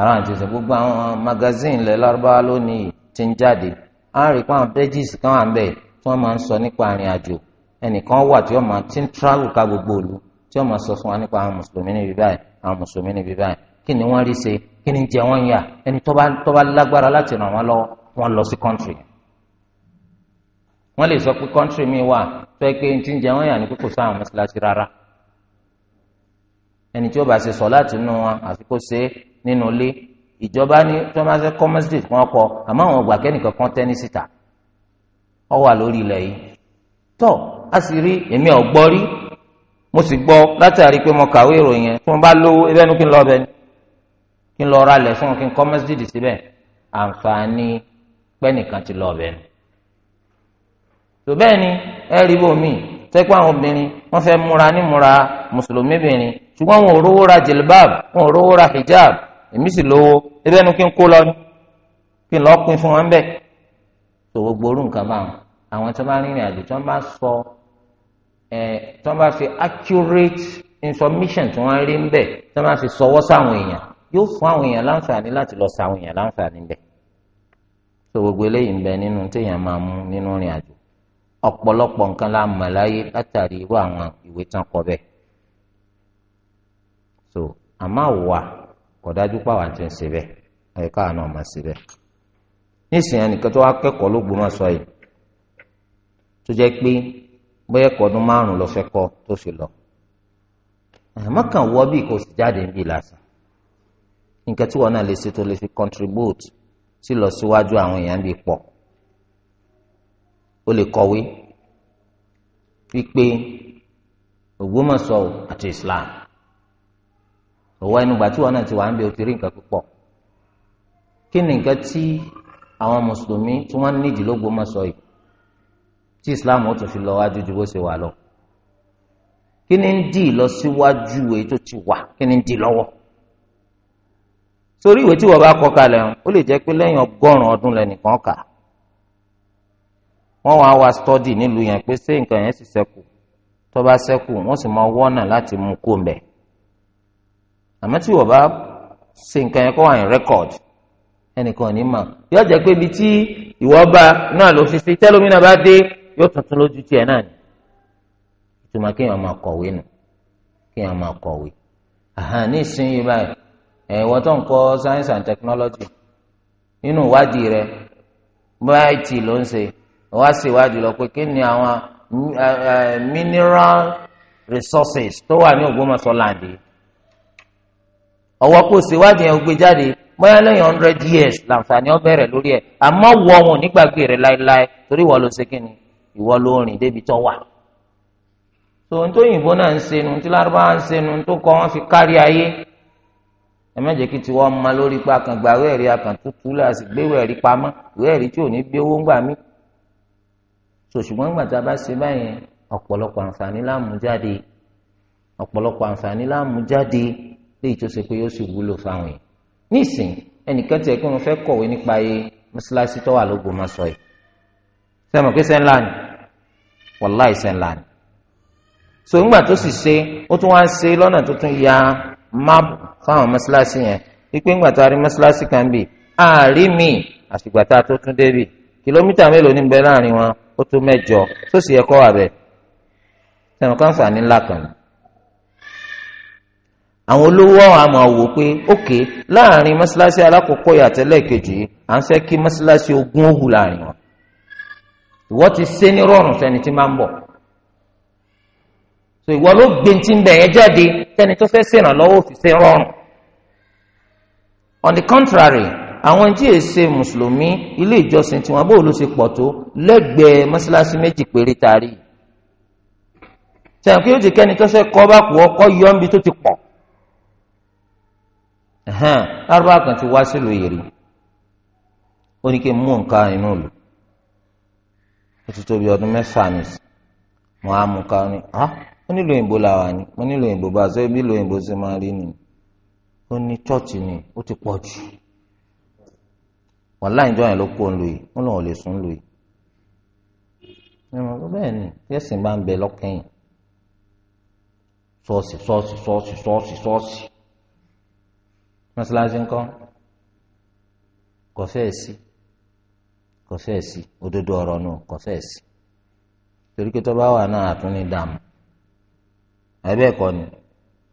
ara àti ìsìn gbogbo àwọn magazine ilẹ̀ lárúbáwá lónìí ti ń jáde á rí i pé àwọn pages kan wà ń bẹ̀ tí wọ́n máa ń sọ nípa àrìn àjò ẹnìkan wà tí wọ́n máa ti ń travel ká gbogbo òlu tí wọ́n máa sọ fún wa nípa àwọn mùsùlùmí níbi báyìí àwọn mùsùlùmí níbi báyìí kí ni wọ́n rí ṣe kí ni jẹ wọ́n yà ẹni tó bá tó bá lágbára láti ràn wọ́n lọ́wọ́ wọ́n lọ sí country wọ́n lè sọ pé country mi wà tó pé ti ń jẹ wọ́n yà ní kókò sáwọn mọ́sálásí rárá ẹni tí ó bá ṣe sọ láti nù wọn àfi kó ṣe nínú ilé ìjọba ní tí wọ́n bá fẹ́ kọ́ masjid kan kọ́ àmọ́ àwọn ọgbà kẹ́nìkan kan tẹ́ ní síta ọ wà lórí ilẹ̀ yìí tọ́ a sì rí èmi ọ̀gbọ́ rí mo sì gbọ́ látàrí pé mo kàwé ìròyìn yẹn tí wọ́n bá lówó ẹbẹ́nu kí n lọ bẹ́ẹ̀ ni kí n lọ ra ilẹ̀ fún wọn kí n kọ́ masjid síbẹ̀ àǹfààní pẹ́nìkan ti lọ bẹ́ẹ̀ ni tó ni ẹ rí bòmí tẹ́pẹ́ àwọn obìnrin wọ́n fẹ́ múra nímúra mùsùlùmí jilbab wọn hijab èmi sì lówó ebi ẹnu kí n kó lọ ni kí n lọ pin fún wọn bẹ́ẹ̀ tó gbogbo nǹkan bá wọn àwọn tó bá rìnrìn àjò tó bá sọ ẹ tó bá fi accurate information tí wọn rí ń bẹ tó bá fi sọwọ́ sáwọn èèyàn yóò fún àwọn èèyàn láǹfààní láti lọ sáwọn èèyàn láǹfààní bẹ́ẹ̀ tó gbogbo eléyìí ń bẹ nínú téèyàn máa mú nínú rìn àjò ọ̀pọ̀lọpọ̀ nǹkan la mọ̀ láyé látàrí irú àwọn ìwé tán kọ bẹ́ẹ̀ so àmọ́ wà kò dájú páwa ti ń ṣe bẹ́ẹ̀ ẹ̀ káà náà máa ṣe bẹ́ẹ̀ nísìnyí ẹnìkan tó wá kẹ́kọ̀ọ́ ló gbọ́n sọ yìí tó jẹ́ pé bóyá ẹ̀kọ́ ọdún márùn-ún lọ fẹ́ kọ́ tó fi lọ àmọ́ kàn bí kò sì jáde níbi làásà nǹkan tí wọn náà lè ṣe tó lè fi contribute sí lọ síwájú àwọn èèyàn bíi pọ̀ ó lè kọ̀wé wípé Ògbómọ̀ṣọ́ àti Islam ọwọ́ ẹnu gbàtí wọn náà ti wà ń bẹ o ti rí nǹkan púpọ̀ kí ni nǹkan tí àwọn mùsùlùmí tí wọ́n nídìí ló gbọmọ sọ yìí tí islam ó tún fi lọ wájú ju bó ṣe wà lọ kí ni ń dì ìlọsíwájú èyí tó ti wà kí ni ń dì lọ́wọ́ torí ìwé tí wọ́n bá kọ kalẹ̀ ó lè jẹ́ pé lẹ́yìn ọgọ́rùn ọdún lẹ́nìkan kà wọ́n wá wá stọ́dì nílùú yẹn pé ṣé nǹkan yẹn sì ṣẹ́kù tó bá ṣẹ́kù wọ́n sì máa wọ́nà láti mú kó mbẹ́ àmọ́ tí wọ́n bá ṣe nǹkan yẹn kó wà ní rẹ́kọ̀d ẹnìkan ní mà yóò jẹ́ pé ibi tí ìwọ bá náà ló fi sí tẹ́lómìnà bá dé ni ìtumọ̀ máa kọ̀wé nù máa kọ̀wé báyìí tó ń kọ́ science and technology nínú ìwádìí rẹ báyìí tì ló ń ṣe wá sí ìwádìí lọ pé kí ni àwọn mineral resources tó wà ní ọwọ́ kó ṣèwádìí yẹn ó gbé jáde bóyá lẹ́yìn hundred years làǹfààní ó bẹ̀rẹ̀ lórí ẹ̀ àmọ́ wọ wọn nígbàgbé rẹ̀ láéláé torí ìwọ ló ṣe kíni ìwọ ló rìn débi tó wà. tòun tó yìnbó náà ń ṣe nu tí lárúbáwá ń ṣe tó kọ wọn fi kárí ayé ẹ kí tiwọn ma lórí pa kàn gba wẹ́ẹ̀rí akàn tútù láti gbé wẹ́ẹ̀rí pamọ́ wẹ́ẹ̀rí tí ò ní gbé owó ńgbà mí. sòṣùgbọ́n ńgbà tá a bá ṣe báyẹn ọ̀pọ̀lọpọ̀ àǹfààní láàmú jáde ọ̀pọ̀lọpọ̀ àǹfààní láàmú jáde léyìí tó ṣe pé yóò sì wúlò fáwọn yìí nísìn ẹnìkan tiẹ̀ pé mo fẹ́ kọ̀wé nípa ayé mọ́ṣáláṣí tó wà lóògùn máa sọ yìí sẹ́mi pé sẹ́ńlá ni wàláì sẹ́ńlá ni so ńgbà tó sì ṣe ó tún wá ń ṣe lọ́nà tó tún ya máàpù fáwọn mọ́ṣáláṣí yẹn wípé ńgbà tó a rí mọ́ṣáláṣí kan bì àárí mi àfìgbà tá a tó tún débì kìlómítà mélòó ní bẹ láàrin wọn ó tó mẹ́jọ tó sì yẹ kọ́ wà bẹ́ẹ̀ sẹ́mi kan fà ní ńlá kan ni àwọn olówó àmọ́ wò pé ókè láàrin mọ́ṣáláṣí alákòókò yàtẹ́lẹ̀ kejì à ń fẹ́ kí mọ́ṣáláṣí ogún òhù láàrin wọn ìwọ ti ṣe ní rọrùn fẹ́ni tí máa ń bọ̀ so ìwọ ló gbé tí ń bẹ̀ yẹn jáde fẹ́ni tó fẹ́ ṣèrànlọ́wọ́ òfin ṣe rọrùn on the contrary àwọn tí èsè mùsùlùmí ilé ìjọsìn tiwọn bó ló ṣe pọ̀ tó lẹ́gbẹ̀ẹ́ mọ́ṣáláṣí méjì péré taari sẹ́yìn kí ó ti kẹ́ni tó fẹ́ kọ́ bá kú ọkọ yọ níbi tó lárúbá kan ti wá sílùú yìí ó ní kí n mú nǹkan inú lò ó ti tóbi ọdún mẹ́fà mi mo á mú nǹkan ní ah ó nílò òyìnbó làwà ni mo nílò òyìnbó bá a sọ ebi lò òyìnbó sí máa rí ni ó ní chọ́ọ̀chì ni ó ti pọ̀ jù wọ́n láì jọyìn ló kó ń ó lòun ò lè sùn lò ẹ̀rọ tó bẹ́ẹ̀ ni tí ẹ̀sìn bá ń bẹ lọ́kẹ́yìn ṣọ́ọ̀ṣì ṣọ́ọ̀ṣì ṣọ́ọ̀ṣì ṣọ́ọ̀ṣì ṣọ́ọ̀ṣì mọ́ṣáláṣí ńkọ́ kò fẹ́ẹ̀ sí kò fẹ́ẹ̀ sí òdodo ọ̀rọ̀ nù fẹ́ẹ̀ sí torí pé wà náà àtún ní dààmú ẹ̀bẹ̀ ni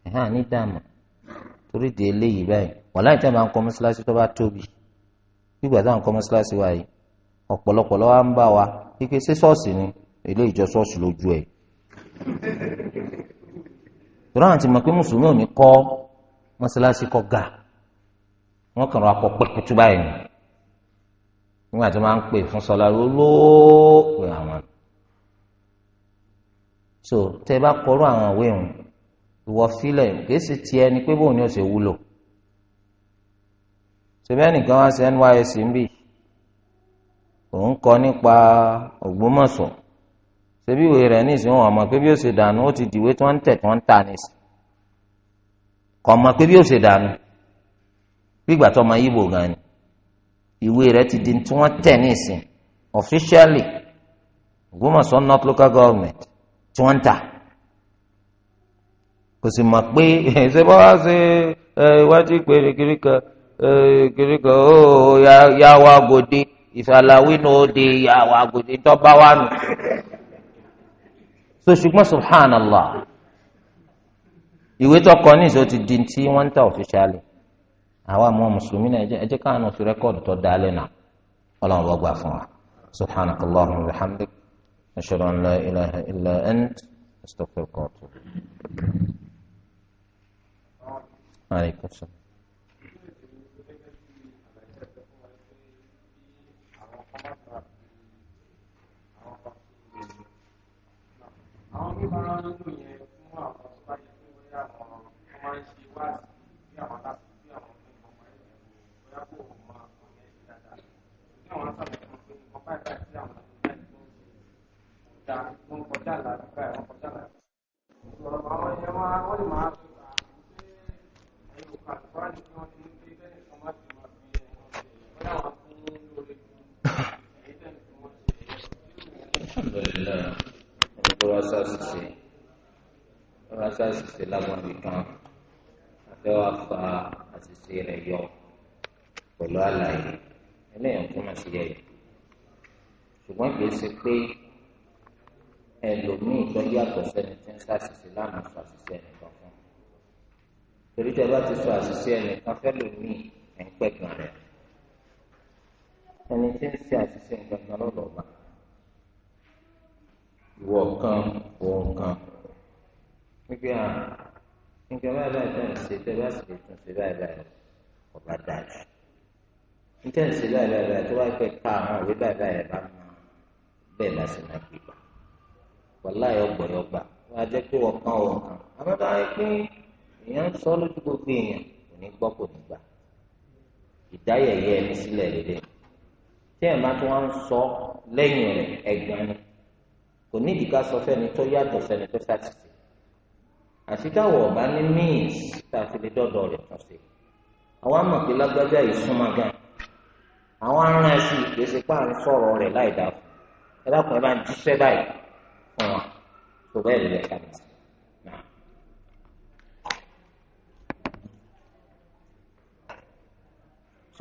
ẹ̀hán ní dààmú torí di eléyìí báyìí wọ́n láì tẹ́ máa ń kọ́ wa yìí ọ̀pọ̀lọpọ̀ lọ́wọ́ ń bá wa ni ilé ìjọ ẹ̀ mọ̀ pé mùsùlùmí ga wọn kàn ra kọ pẹkutu báyìí ni nígbà tí máa ń pè fún sọlá lólóó pé àwọn. so tẹ bá kọrọ àwọn ìwé òun ìwọ sílẹ̀ kìí ṣe tiẹ̀ ni pé bóun ni ó ṣe wúlò ṣẹbẹ nìkan wá sí NYSC ń bì òun kọ nípa Ògbómọ̀ṣọ́ ṣebí ìwé rẹ̀ ní ìsìn wọn ọmọ pé bí ó ṣe dànù ó ti dìwé tí wọn ń tẹ tí wọn ń tà nísìn kọ mọ pé bí ó ṣe dànù gbígbà tó ọmọ yíbo gan ni ìwé rẹ̀ ti di tí wọ́n tẹ̀ ní ìsìn officially Ògbómọ̀ṣọ́ north local government tí wọ́n ń tà kò sì mọ̀ pé ṣe bá wá ṣe iwájú ìpèrè kìrìkà kìrìkà ó yà wá gòdì ìfàlàwí ní òde yà wá gòdì tó bá wà nù. so ṣùgbọ́n subhanallah ìwé tó kọ ní ìṣó ti di tí wọ́n ń tà officially. àwa àmọ́ mùsùlùmí náà ẹ jẹ́ káwọn oṣù rẹ́kọ̀dù tó dáa lẹ́nà ọlọ́run bọ́ gbà fún wa subhanaka allahumma wa bihamdik ashhadu an la ilaha illa ant astaghfiruka wa atubu alaykum salaam. àwọn ń lò àwọn asọ́lẹ̀ kan pé ìwọ̀n báyìí báyìí sí àwọn ìgbà tó ń ṣe ìdá tó ń kọjá lára báyìí wọ́n kọjá lára. ìṣòro àwọn èèyàn wa wọ́n lè máa sọ pé àyè òkú àtúwá ni wọ́n ti ń gbé bẹ́ẹ̀ kan láti máa fi ẹ̀wọ̀n ṣe bóyá wọn fún lórí èyí tẹ̀ tí wọ́n ṣe. alhamdulilayi wọn tó wá sáṣìṣe wọn wá sáṣìṣe lágbọn nìkan àfẹ́ wàá fa àṣìṣe rẹ̀ yọ pẹ̀lú àlàyé ẹlẹ́yìn tó máa ṣe yẹyẹ ṣùgbọ́n kì í ṣe pé ẹlòmíì tó yàtọ̀ sẹ́ni tí ń ṣàṣìṣe lánàá ṣàṣìṣe ẹnìkan fún torí tẹ bá ti sọ àṣìṣe ẹnìkan fẹ́lòmíì ẹ̀ ń pẹ̀gàn rẹ̀ ẹni tí ń ṣe àṣìṣe nǹkan lọ́dọ̀ ọba ìwọ kan òun kan wípé à nǹkan báyìí báyìí tó ń ṣe tẹ bá sì lè tún ṣe báyìí báyìí ọba dájú. ntẹ̀sí báyìí báyìí báyìí tó wáá pẹ́ ká àwọn òwe báyìí báyìí bá mọ bẹ́ẹ̀ lásìkò náà fi gbà wàhálà yọ gbọ̀yọ̀ gbà á pé kàn kàn tó pé èèyàn sọ lójú gbogbo èèyàn kò ní gbọ́ kò ní gbà ẹni tí tó sọ kò ní ìdíkà sọ tó tó àti ní tá a fi lè àwọn aràn sí ìpèsè páàrin sọ̀rọ̀ rẹ̀ láì dáa fún ẹ dákun ẹ bá ń jíṣẹ́ báyìí fún wa tó bẹ́ẹ̀ lè ká lọ sí.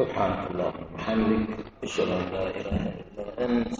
سبحانك اللهم وبحمدك اشهد ان لا اله الا انت